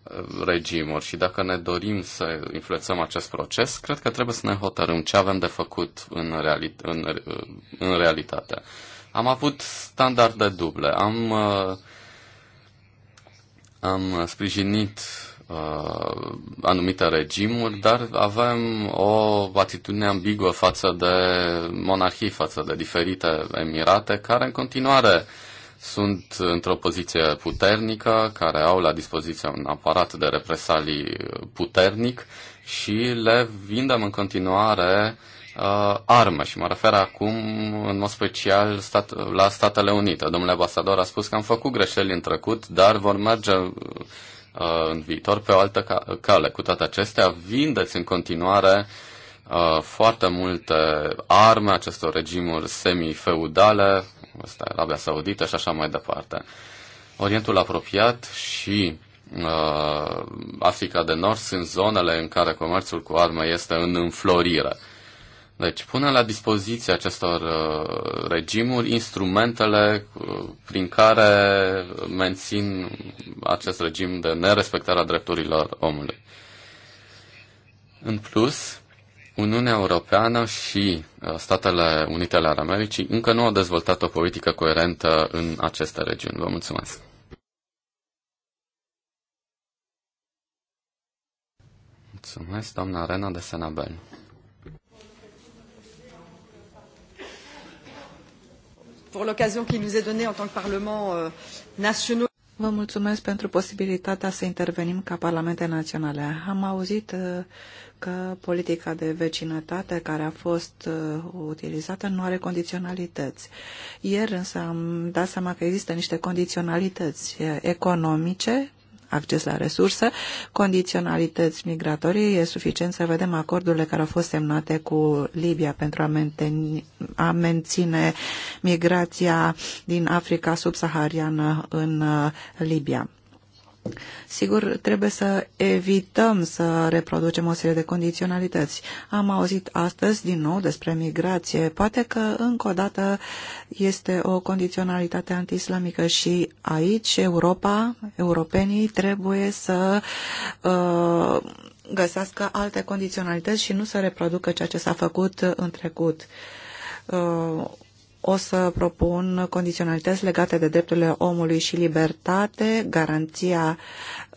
uh, regimuri și dacă ne dorim să influențăm acest proces, cred că trebuie să ne hotărâm ce avem de făcut în, reali- în, uh, în realitate. Am avut standarde duble, am, uh, am sprijinit Uh, anumite regimuri, dar avem o atitudine ambiguă față de monarhii, față de diferite emirate, care în continuare sunt într-o poziție puternică, care au la dispoziție un aparat de represalii puternic și le vindem în continuare uh, arme și mă refer acum în mod special stat, la Statele Unite. Domnule ambasador a spus că am făcut greșeli în trecut, dar vor merge uh, Uh, în viitor pe o altă cale. Cu toate acestea, vindeți în continuare uh, foarte multe arme acestor regimuri semi-feudale, asta Arabia Saudită și așa mai departe. Orientul apropiat și uh, Africa de Nord sunt zonele în care comerțul cu arme este în înflorire. Deci pune la dispoziție acestor uh, regimuri instrumentele uh, prin care mențin acest regim de nerespectare a drepturilor omului. În plus, Uniunea Europeană și uh, Statele Unite ale Americii încă nu au dezvoltat o politică coerentă în aceste regiuni. Vă mulțumesc! Mulțumesc, doamna Arena de Senabel. pour l'occasion qui nous est donnée en tant que Parlement euh, national. Vă mulțumesc pentru posibilitatea să intervenim ca Parlamente Naționale. Am auzit uh, că politica de vecinătate care a fost uh, utilizată nu are condiționalități. Ieri însă am dat seama că există niște condiționalități economice acces la resurse, condiționalități migratorii, e suficient să vedem acordurile care au fost semnate cu Libia pentru a, menteni, a menține migrația din Africa subsahariană în uh, Libia. Sigur, trebuie să evităm să reproducem o serie de condiționalități. Am auzit astăzi din nou despre migrație. Poate că încă o dată este o condiționalitate antiislamică și aici Europa, europenii trebuie să uh, găsească alte condiționalități și nu să reproducă ceea ce s-a făcut în trecut. Uh, o să propun condiționalități legate de drepturile omului și libertate, garanția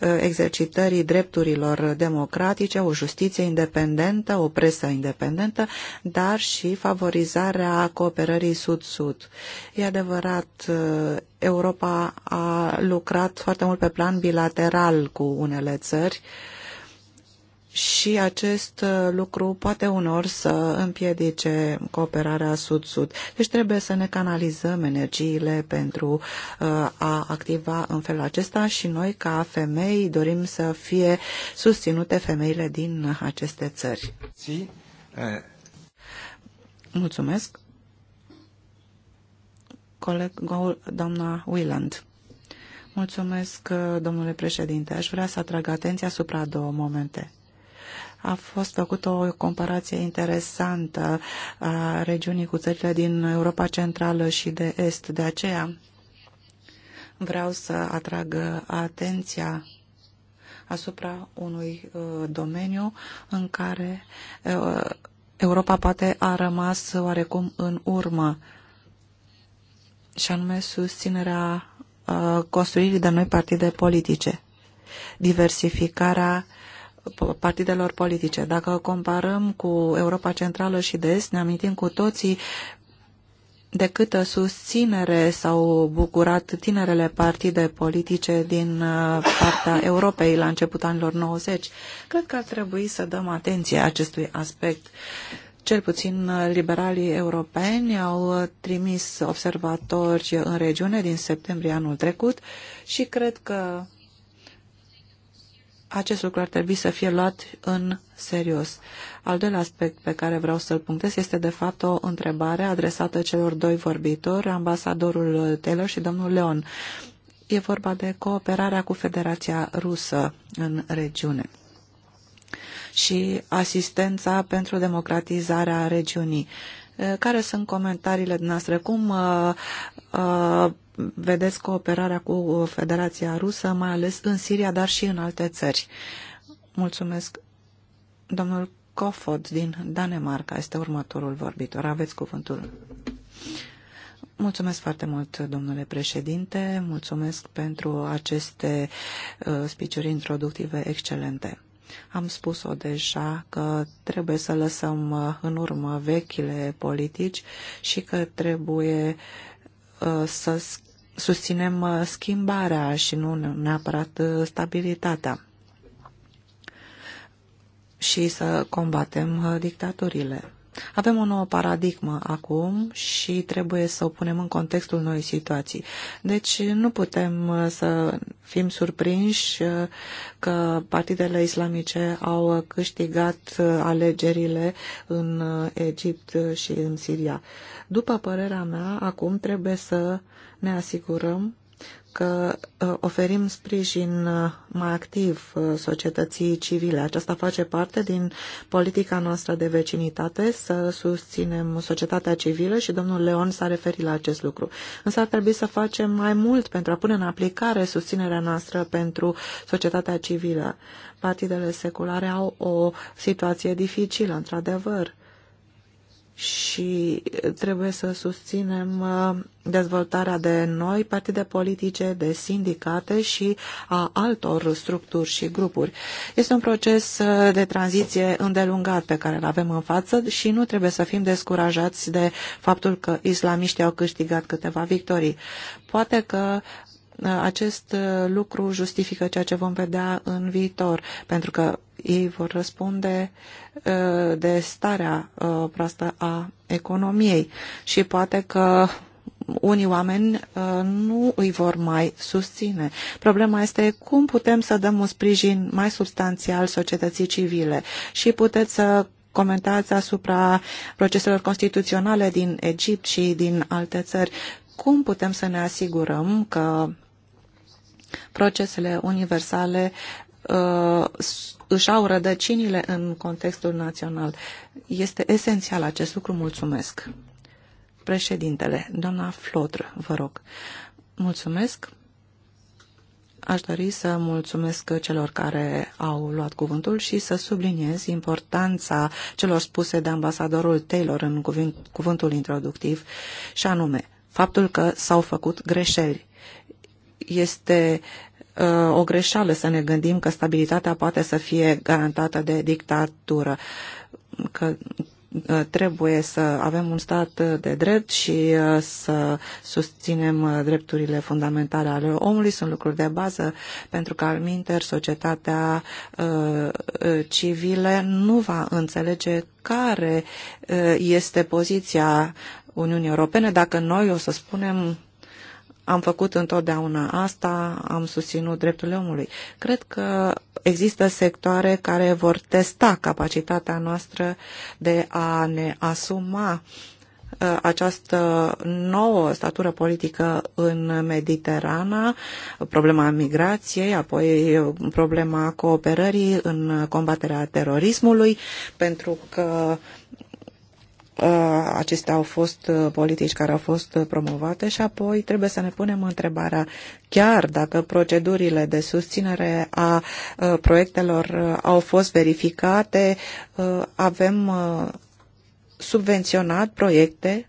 ă, exercitării drepturilor democratice, o justiție independentă, o presă independentă, dar și favorizarea cooperării sud-sud. E adevărat, ă, Europa a lucrat foarte mult pe plan bilateral cu unele țări, și acest uh, lucru poate unor să împiedice cooperarea sud-sud. Deci trebuie să ne canalizăm energiile pentru uh, a activa în felul acesta și noi ca femei dorim să fie susținute femeile din aceste țări. Si, eh. Mulțumesc. Coleg, doamna Willand. Mulțumesc, domnule președinte. Aș vrea să atrag atenția asupra două momente. A fost făcută o comparație interesantă a regiunii cu țările din Europa Centrală și de Est. De aceea vreau să atrag atenția asupra unui uh, domeniu în care uh, Europa poate a rămas oarecum în urmă și anume susținerea uh, construirii de noi partide politice, diversificarea partidelor politice. Dacă comparăm cu Europa Centrală și de Est, ne amintim cu toții de câtă susținere s-au bucurat tinerele partide politice din uh, partea Europei la începutul anilor 90. Cred că ar trebui să dăm atenție acestui aspect. Cel puțin uh, liberalii europeni au trimis observatori în regiune din septembrie anul trecut și cred că acest lucru ar trebui să fie luat în serios. Al doilea aspect pe care vreau să-l punctez este de fapt o întrebare adresată celor doi vorbitori, ambasadorul Taylor și domnul Leon. E vorba de cooperarea cu Federația Rusă în regiune și asistența pentru democratizarea regiunii. Care sunt comentariile noastre? Cum uh, uh, vedeți cooperarea cu Federația Rusă, mai ales în Siria, dar și în alte țări. Mulțumesc. Domnul Kofod din Danemarca este următorul vorbitor. Aveți cuvântul. Mulțumesc foarte mult, domnule președinte. Mulțumesc pentru aceste uh, spiciuri introductive excelente. Am spus-o deja că trebuie să lăsăm uh, în urmă vechile politici și că trebuie uh, Uh, să susținem uh, schimbarea și nu neapărat uh, stabilitatea și să combatem dictaturile. Avem o nouă paradigmă acum și trebuie să o punem în contextul noii situații. Deci nu putem uh, să fim surprinși uh, că partidele islamice au câștigat uh, alegerile în Egipt și în Siria. După părerea mea, acum trebuie să ne asigurăm că uh, oferim sprijin uh, mai activ uh, societății civile. Aceasta face parte din politica noastră de vecinitate, să susținem societatea civilă și domnul Leon s-a referit la acest lucru. Însă ar trebui să facem mai mult pentru a pune în aplicare susținerea noastră pentru societatea civilă. Partidele seculare au o situație dificilă, într-adevăr și trebuie să susținem uh, dezvoltarea de noi partide politice, de sindicate și a altor structuri și grupuri. Este un proces uh, de tranziție îndelungat pe care îl avem în față și nu trebuie să fim descurajați de faptul că islamiștii au câștigat câteva victorii. Poate că uh, acest lucru justifică ceea ce vom vedea în viitor, pentru că ei vor răspunde uh, de starea uh, proastă a economiei și poate că unii oameni uh, nu îi vor mai susține. Problema este cum putem să dăm un sprijin mai substanțial societății civile și puteți să comentați asupra proceselor constituționale din Egipt și din alte țări. Cum putem să ne asigurăm că procesele universale uh, își au rădăcinile în contextul național. Este esențial acest lucru. Mulțumesc. Președintele, doamna Flodr, vă rog. Mulțumesc. Aș dori să mulțumesc celor care au luat cuvântul și să subliniez importanța celor spuse de ambasadorul Taylor în cuvânt, cuvântul introductiv, și anume faptul că s-au făcut greșeli. Este Uh, o greșeală să ne gândim că stabilitatea poate să fie garantată de dictatură, că uh, trebuie să avem un stat de drept și uh, să susținem drepturile fundamentale ale omului. Sunt lucruri de bază pentru că, alminter, societatea civile nu va înțelege care este poziția Uniunii Europene dacă noi o să spunem am făcut întotdeauna asta, am susținut drepturile omului. Cred că există sectoare care vor testa capacitatea noastră de a ne asuma uh, această nouă statură politică în Mediterana, problema migrației, apoi problema cooperării în combaterea terorismului, pentru că Uh, acestea au fost uh, politici care au fost uh, promovate și apoi trebuie să ne punem întrebarea chiar dacă procedurile de susținere a proiectelor au fost verificate, avem subvenționat proiecte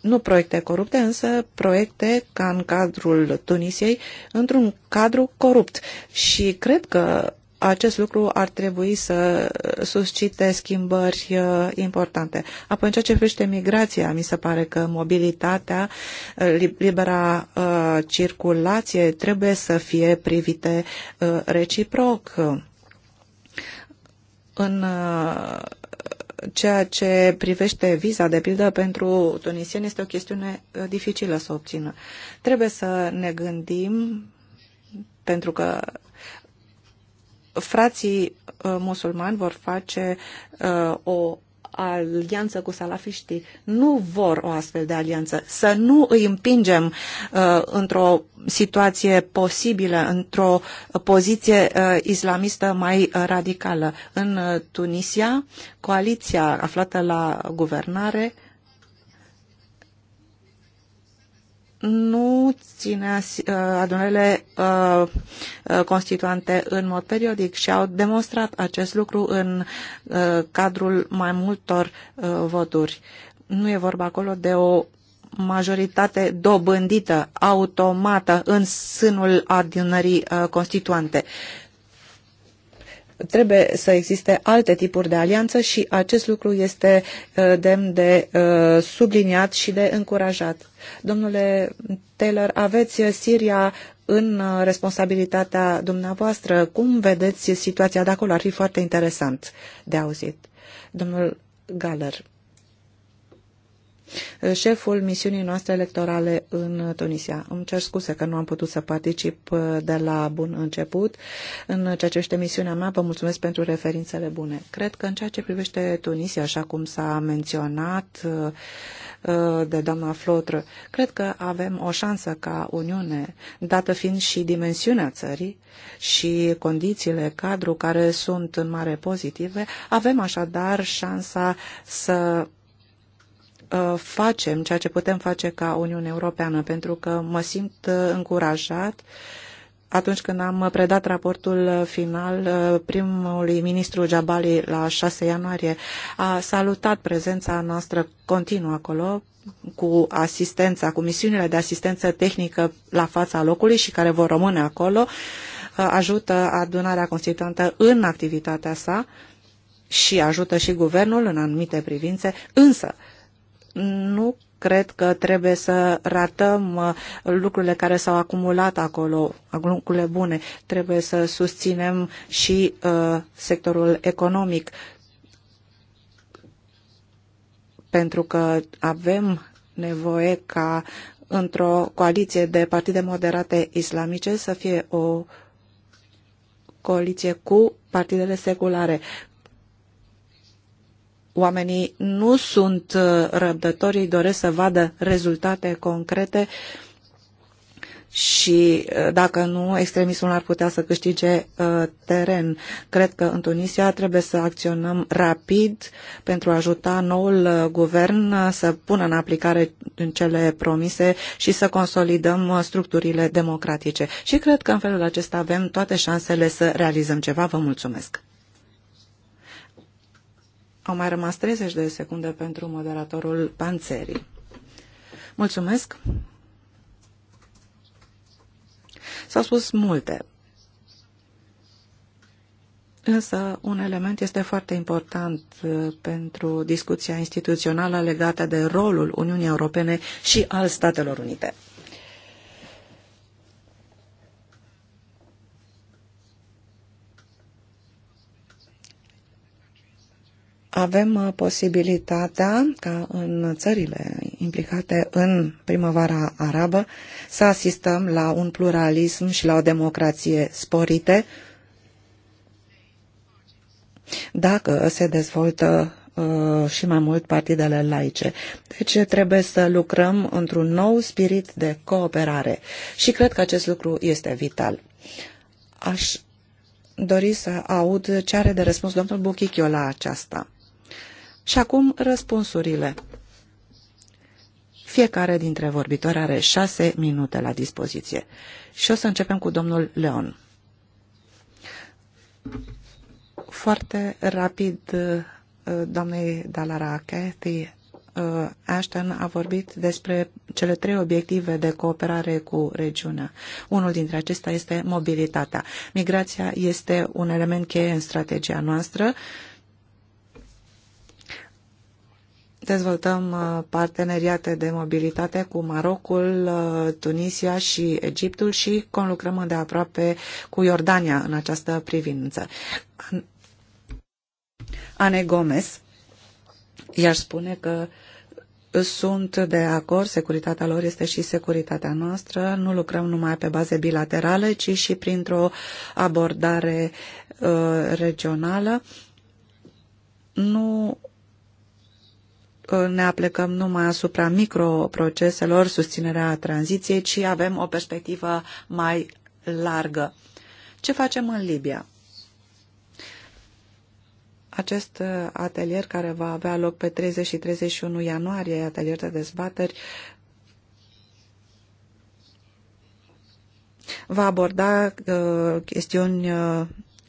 nu proiecte corupte, însă proiecte ca în cadrul Tunisiei, într-un cadru corupt. Și cred că acest lucru ar trebui să suscite schimbări uh, importante. Apoi, în ceea ce privește migrația, mi se pare că mobilitatea, uh, libera uh, circulație trebuie să fie privite reciproc. În ceea ce privește viza, de pildă, pentru tunisieni este o chestiune dificilă să obțină. Trebuie să ne gândim pentru că frații uh, musulmani vor face uh, o alianță cu salafiștii. Nu vor o astfel de alianță. Să nu îi împingem uh, într-o situație posibilă, într-o poziție uh, islamistă mai uh, radicală. În uh, Tunisia, coaliția aflată la guvernare nu ținea uh, adunările uh, uh, constituante în mod periodic și au demonstrat acest lucru în cadrul mai multor voturi. Nu e vorba acolo de o majoritate dobândită, automată, în sânul adunării constituante trebuie să existe alte tipuri de alianță și acest lucru este uh, demn de uh, subliniat și de încurajat. Domnule Taylor, aveți Siria în uh, responsabilitatea dumneavoastră. Cum vedeți situația de acolo? Ar fi foarte interesant de auzit. Domnul Galler șeful misiunii noastre electorale în Tunisia. Îmi cer scuze că nu am putut să particip uh, de la bun început. În ceea ce este misiunea mea, vă mulțumesc pentru referințele bune. Cred că în ceea ce privește Tunisia, așa cum s-a menționat uh, uh, de doamna Flotră, cred că avem o șansă ca Uniune, dată fiind și dimensiunea țării și condițiile, cadru care sunt în mare pozitive, avem așadar șansa să Uh, facem ceea ce putem face ca Uniune Europeană, pentru că mă simt uh, încurajat atunci când am predat raportul final uh, primului ministru Jabali la 6 ianuarie, a salutat prezența noastră continuă acolo cu asistența, cu misiunile de asistență tehnică la fața locului și care vor rămâne acolo, ajută adunarea constituantă în activitatea sa și ajută și guvernul în anumite privințe, însă nu cred că trebuie să ratăm uh, lucrurile care s-au acumulat acolo, lucrurile bune. Trebuie să susținem și uh, sectorul economic, pentru că avem nevoie ca într-o coaliție de partide moderate islamice să fie o coaliție cu partidele seculare. Oamenii nu sunt uh, răbdători, ei doresc să vadă rezultate concrete și uh, dacă nu, extremismul ar putea să câștige uh, teren. Cred că în Tunisia trebuie să acționăm rapid pentru a ajuta noul uh, guvern uh, să pună în aplicare în cele promise și să consolidăm uh, structurile democratice. Și cred că în felul acesta avem toate șansele să realizăm ceva. Vă mulțumesc! Au mai rămas 30 de secunde pentru moderatorul Panțerii. Mulțumesc! S-au spus multe, Însă, un element este foarte important uh, pentru discuția instituțională legată de rolul Uniunii Europene și al Statelor Unite. avem uh, posibilitatea ca în țările implicate în primăvara arabă să asistăm la un pluralism și la o democrație sporite dacă se dezvoltă uh, și mai mult partidele laice. Deci trebuie să lucrăm într-un nou spirit de cooperare și cred că acest lucru este vital. Aș dori să aud ce are de răspuns domnul Buchichio la aceasta. Și acum răspunsurile. Fiecare dintre vorbitori are șase minute la dispoziție. Și o să începem cu domnul Leon. Foarte rapid, uh, doamnei Dalara Cathy uh, Ashton a vorbit despre cele trei obiective de cooperare cu regiunea. Unul dintre acestea este mobilitatea. Migrația este un element cheie în strategia noastră. dezvoltăm uh, parteneriate de mobilitate cu Marocul, uh, Tunisia și Egiptul și conlucrăm îndeaproape cu Iordania în această privință. Ane Gomez i-aș spune că sunt de acord, securitatea lor este și securitatea noastră, nu lucrăm numai pe baze bilaterale, ci și printr-o abordare uh, regională. Nu ne aplecăm numai asupra microproceselor, susținerea tranziției, ci avem o perspectivă mai largă. Ce facem în Libia? Acest uh, atelier care va avea loc pe 30 și 31 ianuarie, atelier de dezbateri, va aborda uh, chestiuni uh,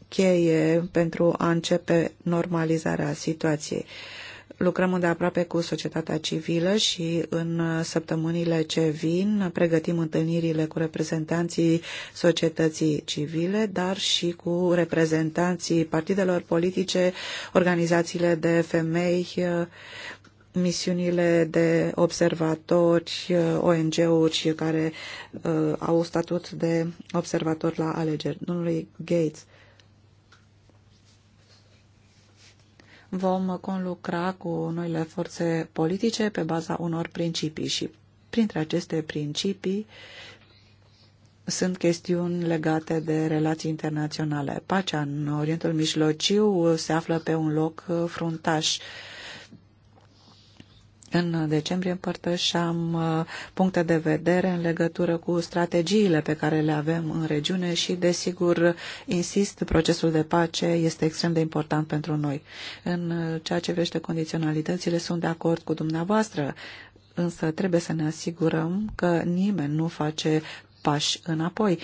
cheie pentru a începe normalizarea situației. Uh, Lucrăm îndeaproape cu societatea civilă și în săptămânile ce vin pregătim întâlnirile cu reprezentanții societății civile, dar și cu reprezentanții partidelor politice, organizațiile de femei, misiunile de observatori, ONG-uri care uh, au statut de observator la alegeri. Domnului Gates, vom conlucra cu noile forțe politice pe baza unor principii și printre aceste principii sunt chestiuni legate de relații internaționale. Pacea în Orientul Mijlociu se află pe un loc fruntaș în decembrie împărtășeam uh, puncte de vedere în legătură cu strategiile pe care le avem în regiune și, desigur, insist, procesul de pace este extrem de important pentru noi. În uh, ceea ce vrește condiționalitățile, sunt de acord cu dumneavoastră, însă trebuie să ne asigurăm că nimeni nu face pași înapoi.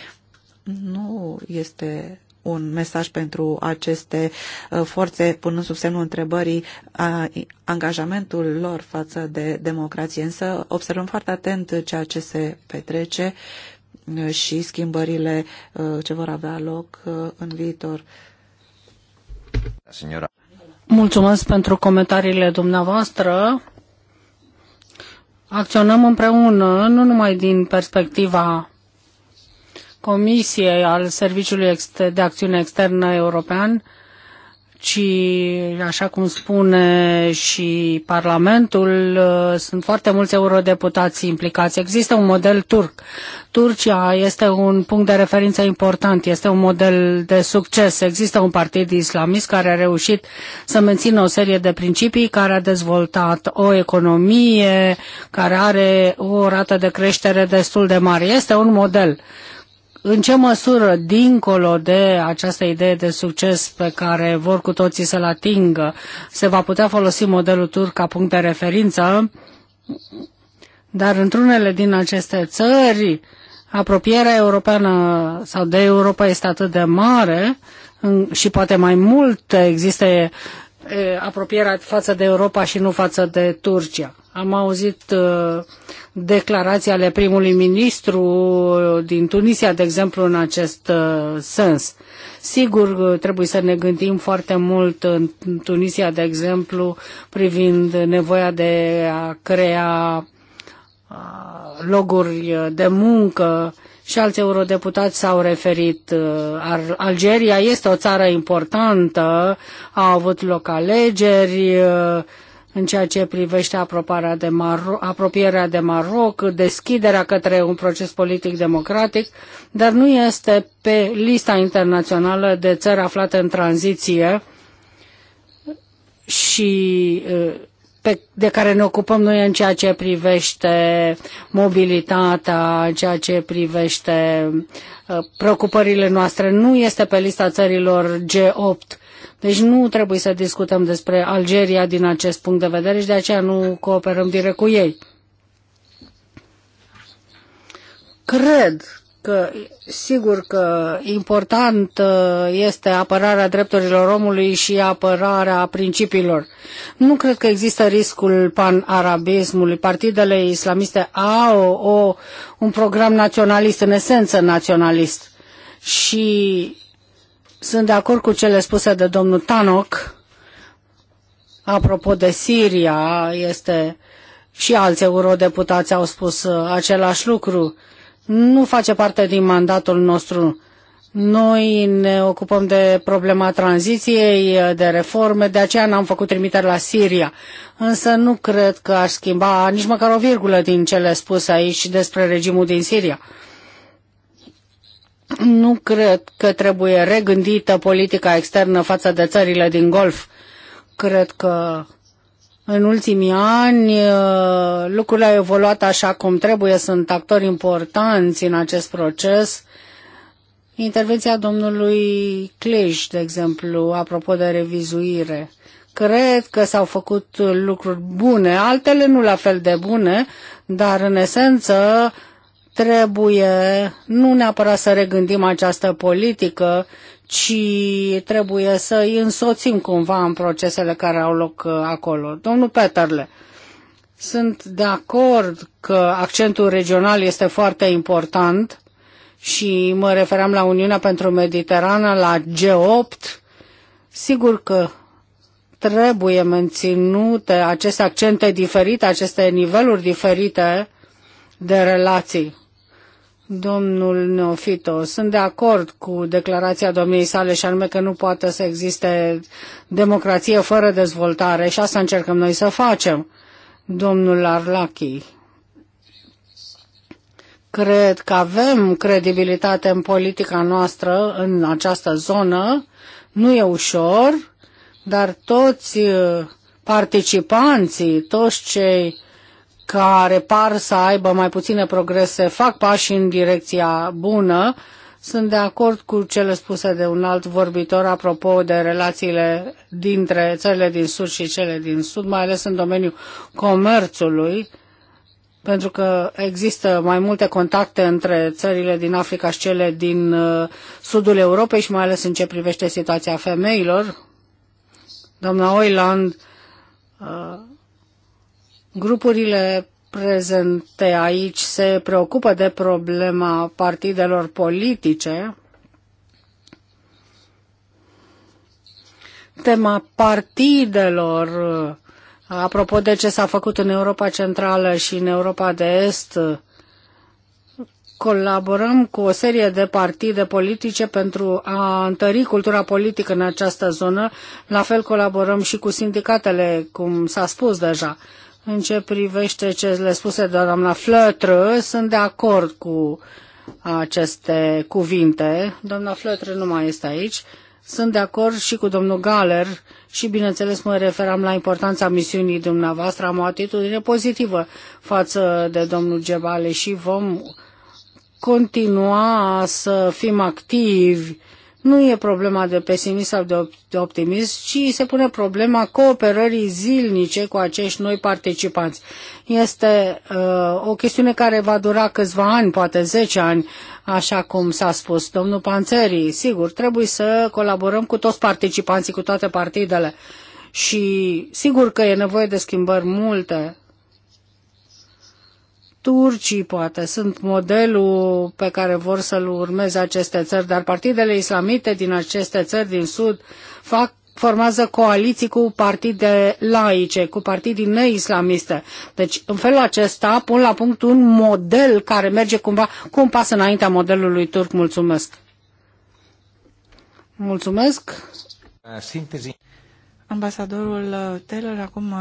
Nu este un mesaj pentru aceste uh, forțe, punând sub semnul întrebării a, angajamentul lor față de democrație. Însă observăm foarte atent ceea ce se petrece uh, și schimbările uh, ce vor avea loc în viitor. Mulțumesc pentru comentariile dumneavoastră. Acționăm împreună, nu numai din perspectiva Comisiei al Serviciului de Acțiune Externă European, ci, așa cum spune și Parlamentul, uh, sunt foarte mulți eurodeputați implicați. Există un model turc. Turcia este un punct de referință important, este un model de succes. Există un partid islamist care a reușit să mențină o serie de principii, care a dezvoltat o economie, care are o rată de creștere destul de mare. Este un model în ce măsură, dincolo de această idee de succes pe care vor cu toții să-l atingă, se va putea folosi modelul turc ca punct de referință, dar într-unele din aceste țări, apropierea europeană sau de Europa este atât de mare și poate mai mult există apropierea față de Europa și nu față de Turcia. Am auzit declarații ale primului ministru din Tunisia, de exemplu, în acest sens. Sigur, trebuie să ne gândim foarte mult în Tunisia, de exemplu, privind nevoia de a crea locuri de muncă și alți eurodeputați s-au referit. Uh, Algeria este o țară importantă, au avut loc alegeri uh, în ceea ce privește apropierea de, Maro- apropierea de Maroc, deschiderea către un proces politic democratic, dar nu este pe lista internațională de țări aflate în tranziție și uh, pe, de care ne ocupăm noi în ceea ce privește mobilitatea, în ceea ce privește uh, preocupările noastre, nu este pe lista țărilor G8. Deci nu trebuie să discutăm despre Algeria din acest punct de vedere și de aceea nu cooperăm direct cu ei. Cred că sigur că important uh, este apărarea drepturilor omului și apărarea principiilor. Nu cred că există riscul panarabismului. Partidele islamiste au o, un program naționalist, în esență naționalist. Și sunt de acord cu cele spuse de domnul Tanok. Apropo de Siria, este și alți eurodeputați au spus uh, același lucru nu face parte din mandatul nostru. Noi ne ocupăm de problema tranziției, de reforme, de aceea n-am făcut trimitere la Siria. Însă nu cred că aș schimba nici măcar o virgulă din cele spuse aici despre regimul din Siria. Nu cred că trebuie regândită politica externă față de țările din Golf. Cred că în ultimii ani uh, lucrurile au evoluat așa cum trebuie, sunt actori importanți în acest proces. Intervenția domnului Cleș, de exemplu, apropo de revizuire. Cred că s-au făcut lucruri bune, altele nu la fel de bune, dar în esență trebuie nu neapărat să regândim această politică, ci trebuie să îi însoțim cumva în procesele care au loc uh, acolo. Domnul Peterle, sunt de acord că accentul regional este foarte important și mă referam la Uniunea pentru Mediterană, la G8. Sigur că trebuie menținute aceste accente diferite, aceste niveluri diferite de relații domnul Neofito. Sunt de acord cu declarația domniei sale și anume că nu poate să existe democrație fără dezvoltare și asta încercăm noi să facem. Domnul Arlachi, cred că avem credibilitate în politica noastră în această zonă. Nu e ușor, dar toți uh, participanții, toți cei care par să aibă mai puține progrese fac pași în direcția bună. Sunt de acord cu cele spuse de un alt vorbitor apropo de relațiile dintre țările din sud și cele din sud, mai ales în domeniul comerțului, pentru că există mai multe contacte între țările din Africa și cele din uh, sudul Europei și mai ales în ce privește situația femeilor. Doamna Oiland uh, Grupurile prezente aici se preocupă de problema partidelor politice. Tema partidelor, apropo de ce s-a făcut în Europa Centrală și în Europa de Est, colaborăm cu o serie de partide politice pentru a întări cultura politică în această zonă. La fel colaborăm și cu sindicatele, cum s-a spus deja. În ce privește ce le spuse doamna Flătră, sunt de acord cu aceste cuvinte. Doamna Flătră nu mai este aici. Sunt de acord și cu domnul Galer și, bineînțeles, mă referam la importanța misiunii dumneavoastră. Am o atitudine pozitivă față de domnul Gebale și vom continua să fim activi nu e problema de pesimist sau de optimist, ci se pune problema cooperării zilnice cu acești noi participanți. Este uh, o chestiune care va dura câțiva ani, poate 10 ani, așa cum s-a spus domnul Panțării. Sigur, trebuie să colaborăm cu toți participanții, cu toate partidele. Și sigur că e nevoie de schimbări multe Turcii poate sunt modelul pe care vor să-l urmeze aceste țări, dar partidele islamite din aceste țări din Sud fac formează coaliții cu partide laice, cu partidii neislamiste. Deci, în felul acesta, pun la punct un model care merge cumva cu un pas înaintea modelului turc. Mulțumesc! Mulțumesc! Sintezi. Ambasadorul Taylor, acum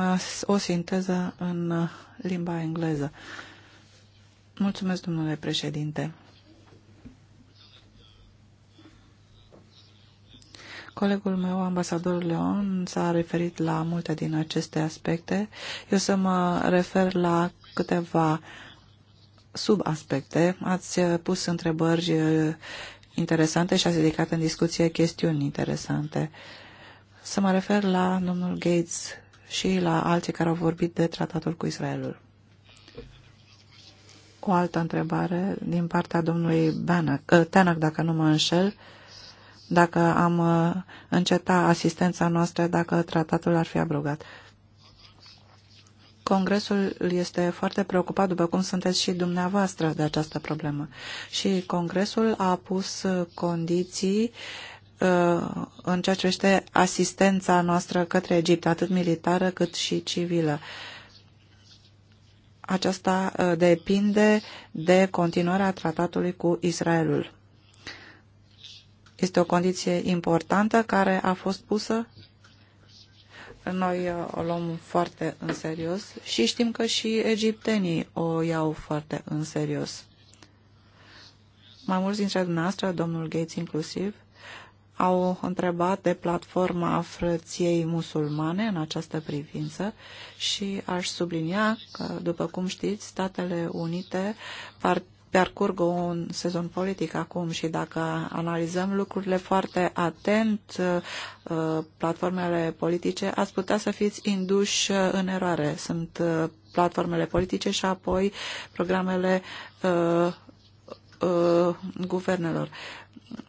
o sinteză în limba engleză. Mulțumesc, domnule președinte. Colegul meu, ambasador Leon, s-a referit la multe din aceste aspecte. Eu să mă refer la câteva subaspecte. Ați pus întrebări uh, interesante și ați dedicat în discuție chestiuni interesante. Să mă refer la domnul Gates și la alții care au vorbit de tratatul cu Israelul o altă întrebare din partea domnului eh, Tenac, dacă nu mă înșel, dacă am eh, înceta asistența noastră dacă tratatul ar fi abrogat. Congresul este foarte preocupat, după cum sunteți și dumneavoastră, de această problemă. Și Congresul a pus condiții eh, în ceea ce este asistența noastră către Egipt, atât militară cât și civilă. Uh, aceasta ă, depinde de continuarea tratatului cu Israelul. Este o condiție importantă care a fost pusă. Noi ă, o luăm foarte în serios și știm că și egiptenii o iau foarte în serios. Mai mulți dintre dumneavoastră, domnul Gates inclusiv, au întrebat de platforma frăției musulmane în această privință și aș sublinia că, după cum știți, Statele Unite par parcurg un sezon politic acum și dacă analizăm lucrurile foarte atent, uh, platformele politice, ați putea să fiți induși uh, în eroare. Sunt uh, platformele politice și apoi programele guvernelor.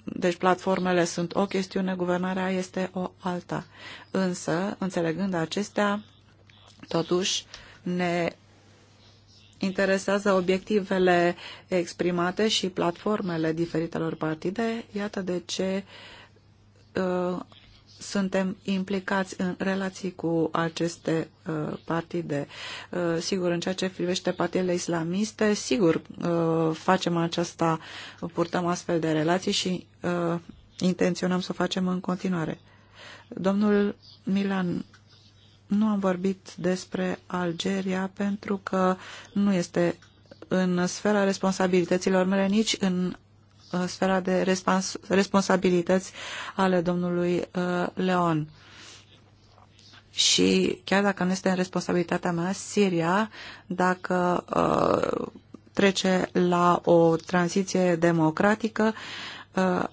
Deci platformele sunt o chestiune, guvernarea este o alta. Însă, înțelegând acestea, totuși ne interesează obiectivele exprimate și platformele diferitelor partide. Iată de ce uh, suntem implicați în relații cu aceste uh, partide. Uh, sigur, în ceea ce privește partidele islamiste, sigur, uh, facem aceasta, purtăm astfel de relații și uh, intenționăm să o facem în continuare. Domnul Milan, nu am vorbit despre Algeria pentru că nu este în sfera responsabilităților mele, nici în Uh, sfera de respons responsabilități ale domnului uh, Leon. Și chiar dacă nu este în responsabilitatea mea, Siria, dacă uh, trece la o tranziție democratică, uh,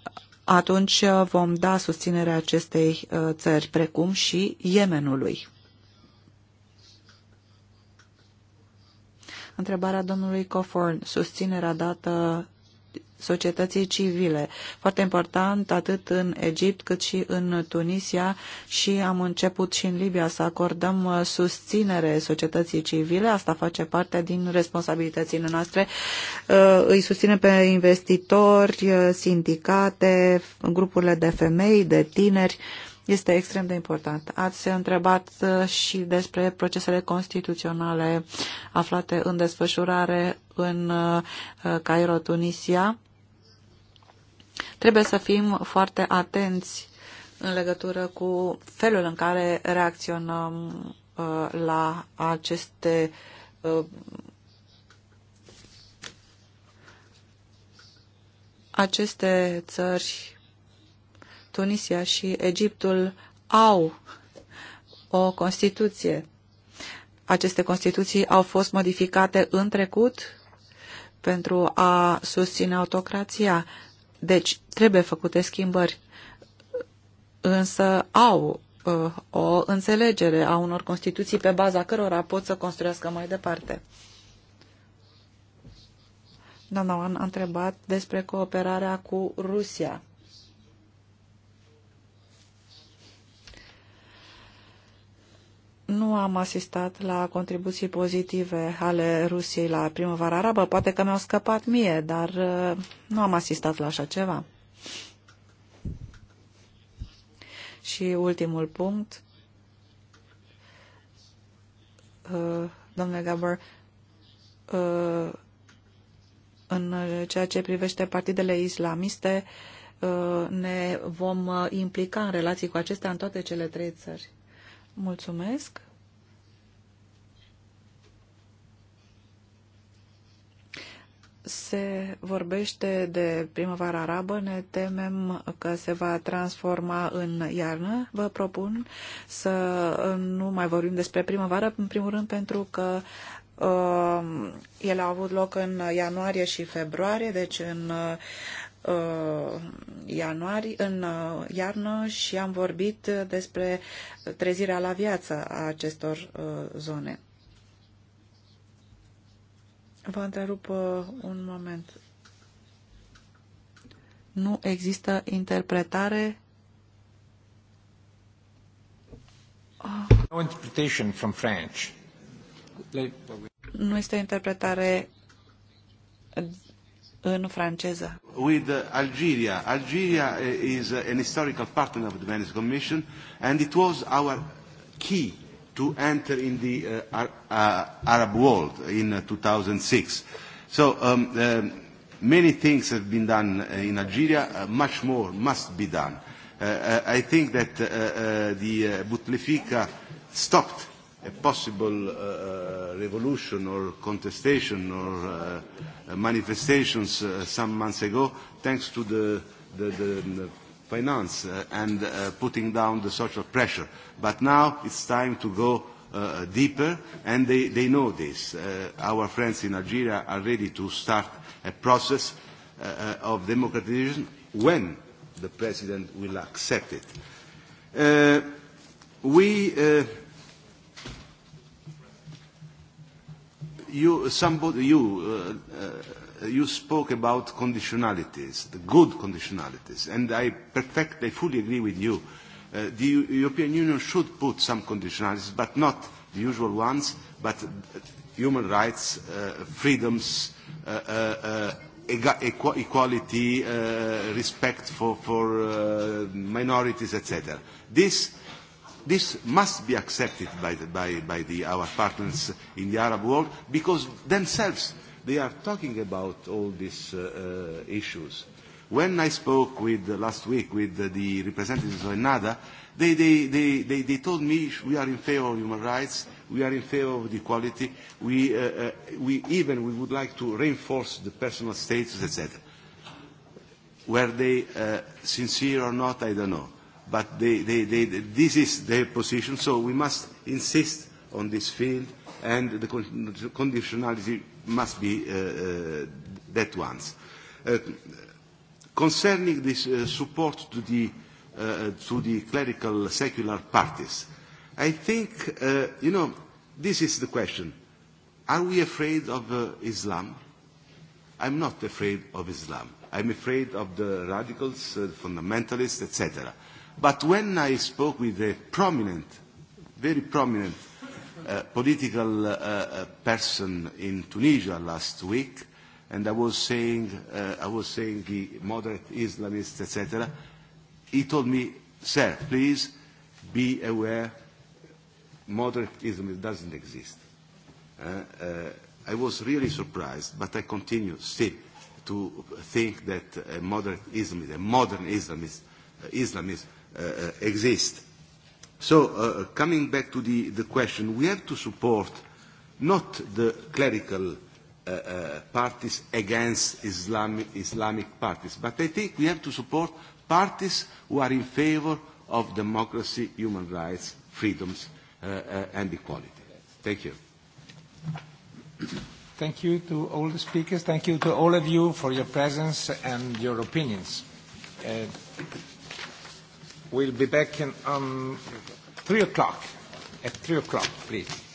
atunci vom da susținere acestei uh, țări, precum și Yemenului. Întrebarea domnului Coforn, susținerea dată societății civile. Foarte important atât în Egipt cât și în Tunisia și am început și în Libia să acordăm uh, susținere societății civile. Asta face parte din responsabilitățile noastre. Uh, îi susținem pe investitori, uh, sindicate, grupurile de femei, de tineri este extrem de important. Ați întrebat uh, și despre procesele constituționale aflate în desfășurare în uh, uh, Cairo, Tunisia. Trebuie să fim foarte atenți în legătură cu felul în care reacționăm la aceste aceste țări Tunisia și Egiptul au o Constituție. Aceste Constituții au fost modificate în trecut pentru a susține autocrația. Deci trebuie făcute schimbări. Însă au uh, o înțelegere a unor Constituții pe baza cărora pot să construiască mai departe. Doamna Oan a întrebat despre cooperarea cu Rusia. nu am asistat la contribuții pozitive ale Rusiei la primăvara arabă. Poate că mi-au scăpat mie, dar uh, nu am asistat la așa ceva. Și ultimul punct. Uh, domnule Gabor, uh, în ceea ce privește partidele islamiste, ne vom implica în relații cu acestea în toate cele trei țări. Mulțumesc. se vorbește de primăvara arabă, ne temem că se va transforma în iarnă. Vă propun să nu mai vorbim despre primăvară, în primul rând pentru că uh, ele au avut loc în ianuarie și februarie, deci în uh, Uh, ianuarie, în uh, iarnă și am vorbit despre trezirea la viață a acestor uh, zone. Vă întrerup un moment. Nu există interpretare. No interpretation from French. Nu este interpretare în franceză. With uh, Algeria. Algeria uh, is uh, an historical partner of the Venice Commission and it was our key to enter in the uh, Arab world in 2006. So um, um, many things have been done in Algeria, uh, much more must be done. Uh, I think that uh, uh, the uh, Bouteflika stopped a possible uh, uh, revolution or contestation or uh, uh, manifestations uh, some months ago, thanks to the, the, the, the finance uh, and uh, putting down the social pressure. But now it's time to go uh, deeper, and they, they know this. Uh, our friends in Algeria are ready to start a process uh, uh of democratization when the president will accept it. Uh, we uh, you, somebody, you, uh, uh, you spoke about conditionalities, the good conditionalities, and I perfectly, fully agree with you. Uh, the European Union should put some conditionalities, but not the usual ones, but human rights, uh, freedoms, uh, uh, uh equ equality, uh, respect for, for uh, minorities, etc. This This must be accepted by, the, by, by the, our partners in the Arab world because themselves they are talking about all these uh, uh, issues. When I spoke with, uh, last week with uh, the representatives of NADA, they, they, they, they, they told me we are in favor of human rights, we are in favor of equality, we, uh, uh, we even we would like to reinforce the personal status, etc. Were they uh, sincere or not, I don't know but they, they, they, this is their position, so we must insist on this field, and the conditionality must be uh, uh that one. Uh, concerning this uh, support to the, uh, to the clerical secular parties, I think, uh, you know, this is the question. Are we afraid of uh, Islam? I'm not afraid of Islam. I'm afraid of the radicals, uh, fundamentalists, etc. But when I spoke with a prominent, very prominent uh, political uh, uh, person in Tunisia last week, and I was saying, uh, I was saying the moderate Islamists, etc., he told me, sir, please be aware, moderate Islamism doesn't exist. Uh, uh, I was really surprised, but I continue still to think that a moderate Islamist, a modern Islamist, uh, Islamist Uh, uh, exist. So uh, coming back to the, the question, we have to support not the clerical Uh, parties against Islamic, Islamic parties. But I think we have to support parties who are in favor of democracy, human rights, freedoms uh, uh, and equality. Thank you. Thank you to all the speakers. Thank you to all of you for your presence and your opinions. Uh, We'll be back in, um, 3 o'clock. At three o'clock, please.